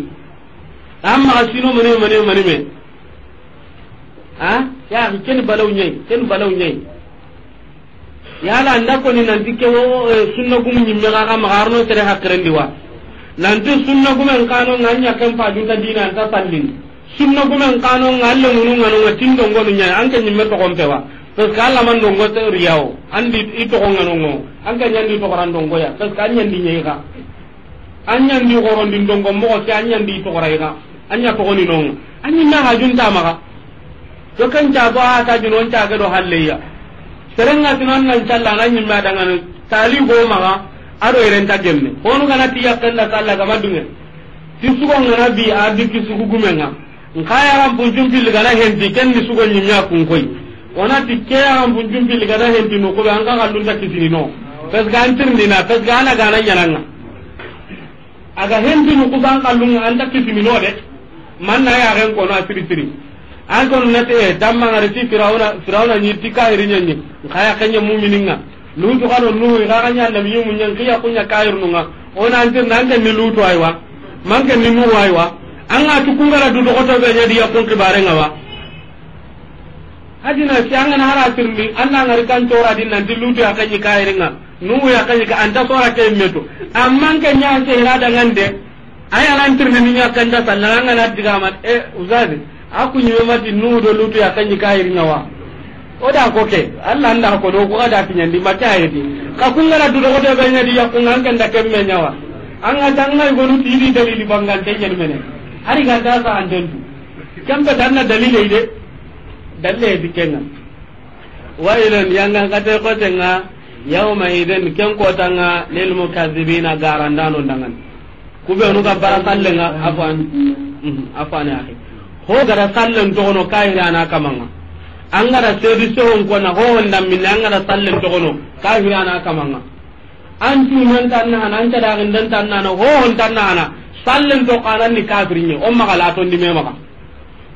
an maxa sino menime menime menime a ya ken balaw ñey ken balaw ya la anda ko ni nanti ke wo e, sunna gum ni me ga ma garno tere hakrendi wa nanti sunna gum en kano nganya ken pa junta dina ta sallin sunna gum en kano ngalle munu tin do ngol ñay an ken ni me to kompe wa to ka la man dongo te riyaw andi i to ngano ngo ñan nyandi to ran dongo ya ka ñan anyandi nyai ga anyandi do dongo mo ko di to rai ga ñan ko ni non anyi na ha junta ma to kan go ha ta ta ga do halleya serenga tinon nan challa nan nyimma daga nan tali go ga aro iren ta gemme honu kana ti yakkan da salla ga madunga ti go ngana bi a dikki in ka nkaya ran bunjum bil gana hen di ken ni sugo nyimya kun koy ona ti ke ran bunjum bil gana hen di no ko an ga kallun ta kisini no pes ga antir ni na pes ga na ga nan yananga aga hen di no ko ban kallun an ta kisini no de man na ya ren ko no asiri siri anton nete damma ngari ti firauna firauna ni ti kahiri nyenyi khaya kanya mu'mininga lutu kano nuhu kaka nya lam yumu nyen kiya kunya kahir nunga ona antir nange ni lutu aywa manke ni nuhu aywa anga tukungara dudu koto be nyadi ya kun kibare wa. hadina si anga na hara tirmi anna ngari kan tora din nanti lutu ya kanyi kahiri nga nuhu ya kanyi ka anta sora ke meto amman ke nya se hirada ngande ayala antir ni nya kanda sallanga na digamat e eh, uzazi aku nyime mati nudo lutu ya kanji kairi nawa oda koke Allah nda ko do ko ada kinyandi makaidi ka kungara du do ko benya di yakunga kan da kemme nyawa anga tanga go lutu idi di bangal tenya di mene hari ga da sa anden kambe tanna dalile ide dalle dikenga wa ilan yang yanga kate ko tenga yawma idan ken ko tanga lil mukazzibina garandano dangan kube onu ka barakallenga afan mhm, afan akhi ho gara sallen togono kahiri ana kamanga angara sedi sehon kona hohon damminne angara sallen togono kahiri ana kamanga an cumen na an cadaginden tannahana hohon na sallen to kananni kafirinye on maga latondi me maga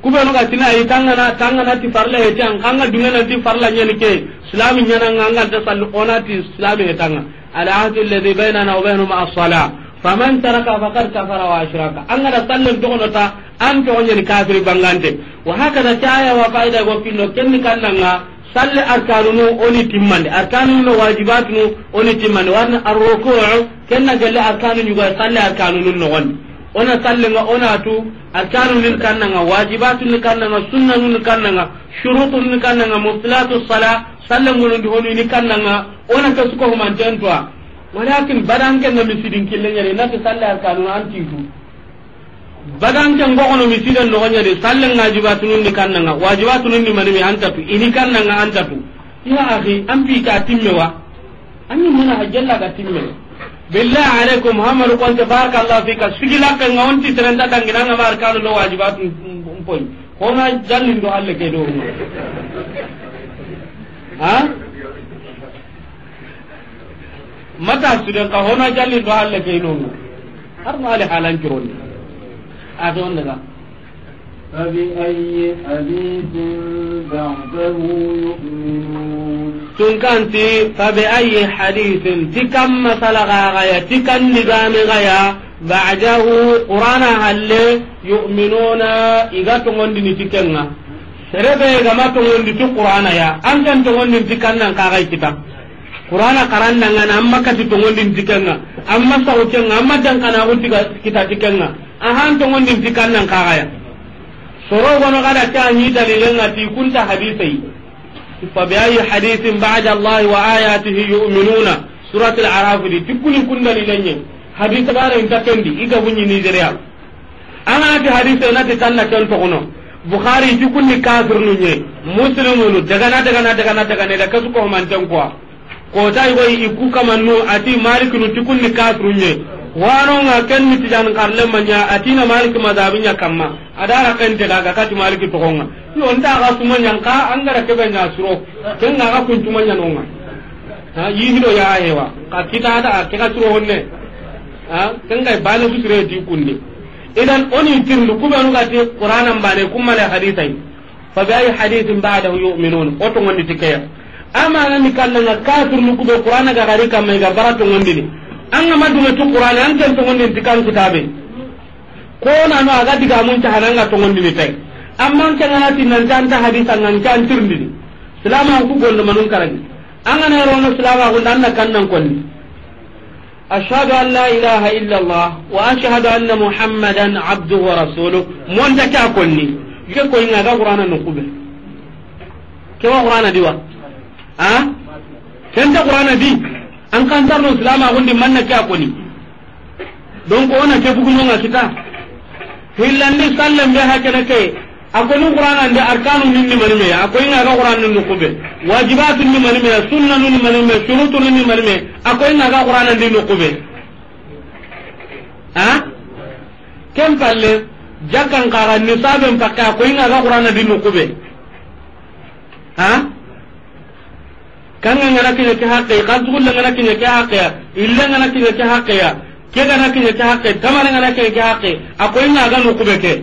kubenu ga tina yi tanga na ti farla he tan kanga na ti farla nyani ke islami nyana nganga ta sallu ona ti islami he tanga ala ahdi alladhi bainana wa bainahum as-salah faman taraka faqad kafara wa ashraka an gada sallen to ta an to ni kafiri bangande wa da taya wa faida go pinno kenni kannanga salli arkanu oni timmande arkanu no wajibatunu oni timmande warna arruku'u kenna galle arkanu nyuga salle arkanunu no wonni ona salli nga ona tu arkanu ni kannanga wajibatu ni kannanga sunnanu ni kannanga shurutu ni kannanga muslatu sala sallamu ni ndi ni kannanga ona kasuko humantentwa walakin badan ken na misidin kille nyere na ti salla kanu anti tu badan ken go kono misiden no nyere salla ngajibatunun ni kannanga wajibatunun ni manimi antatu ini kannanga antatu ya akhi an bi ka timmewa anni mana hajjalla ga timme billahi alaikum hamaru konte barakallahu fika sigila kan ngonti da dangina ngamar kanu no wajibatun poy kona jallin do alle ke do ha mata suden ka hona jalli to halle ke non har ma ali halan jironi a to abi ayi hadithin ba'dahu yu'minun tun kanti fabi ayi hadithin tikam ga ya tikan ligame ga ba'dahu qur'ana halle ngondi ni tikenga ga ngondi tu qur'ana ya an kan to ngondi ka ga kitab qur'ana qaranda ngana amma ka ti tongon din tikanga amma sa o kenga amma dan kana o uti kita tikanga ahan tongon to ngondin tikanna kagaya soro gono kada ta ni dalilan ati kunta hadisi fa bi ayi hadithin ba'da allah wa ayatihi yu'minuna surat al-araf di tikuni kundali lilanye hadis bare inta kendi iga bunyi ni jere jereal ana ati hadisai na ti tanna kan to kuno bukhari tikuni kafir nu nye muslimu nu daga na daga na daga na daga ne da kasu ko man tan kwa kotai go ikku nu ati malik nu tikunni kafirunye wano nga ken mi tijan karle manya ati na malik nya kamma adara ken te daga kati malik to gonga yo nda ga suma nyanka angara ke benya suro ken na ga tuma nya nonga ha yi hido ya hewa ka kita ada ke ka suro honne ha ken ga bale su sire di kunni idan oni tirndu kubanu ga te qur'anan bale kuma le hadithai fa bi ay hadithin ba'dahu yu'minun oto ngondi tikaya amana mi kallanga kafir nu kudo qur'ana ga gari kam ga baratu ngondini an ga madunga tu qur'ana an tan to ngondini tikam kitabe ko na no aga diga mun ta hananga to ngondini tay amma kan na tin nan tan ta an nan kan tirndini salama ku gondo manun karagi an ga ne rono salama ku dan kan nan konni أشهد أن لا إله إلا الله وأشهد أن محمدا عبده ورسوله من تكاكلني يقول إن هذا قرآن نقبل كما قرآن ديوان a kenta qur'ana di an kan tarno islama gundi manna ke akoni don ko ona ke bugun nga kita ni sallam be kene ke akoni qur'ana nde arkanu min ni manime ya akoni nga ga qur'an ni nukube wajibatun ni manime ya sunnanu ni manime shurutun ni manime akoni nga ga qur'an ni nukube a kem palle qara ni nisaben pakka akoni nga ga qur'an ni nukube ha kanga ngana kinya ke kan qazgul ngana kinya ke ya illa ngana kinya ke ya ke ngana kinya ke haqqe tamara ngana kinya ke hakke apo na ga nukube ke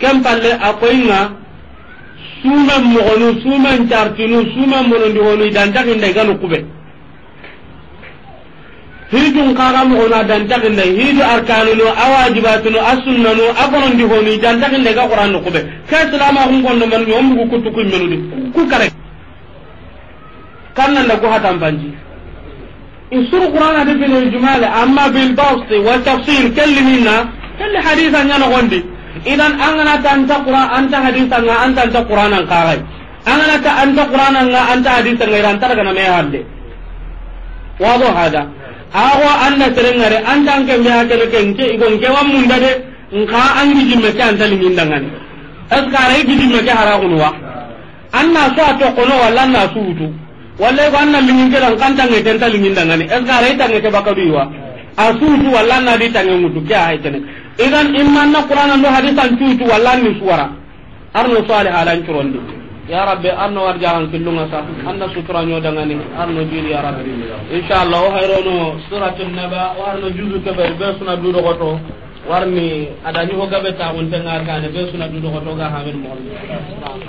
kam palle akoy na sumen mogonu sumen chartinu sumen monondi honu idan takin da ga nukube hirjun kaga mogona dantakinda hidu arkanuno awajibatuno asunnano agonondi honi qur'an nukube ke silama kungondo men mi ombugu kuttu kuimenudi ku kare kannanda ku hatampanji isur qur'an adi bil jumale amma bil wa tafsir hadisa nyanogondi idan angana tanta qur'an anta hadisa nga anta anta qur'an an kagai angana ta anta qur'an nga anta hadisa nga iranta daga na me hande wado hada ago anda terengare anda anke me hakele ke nke igo nke wa munda de nka angi jimme ke anta liminda ngani es ka rai gidi ke hara kunwa anna so ato kono wala na suutu wala ko anna liminge ngira kanta ngai tenta liminda ngani es ka rai tange ke bakadu iwa asuutu wala na di tange mutu ke ay tene idan imman na qur'ana no hadisan tuutu wala ni suwara arno salih alan churondi ya rabbi arno warjaxan killunga sa anna suturaño dangani arno jiri ya rabbi inchallah o oh hayrono suratu naba o oh harno jusu keɓe ɓe suna du duɗogoto warni ta gaɓe taxuntenga kane ɓe suna du ga hamen moxon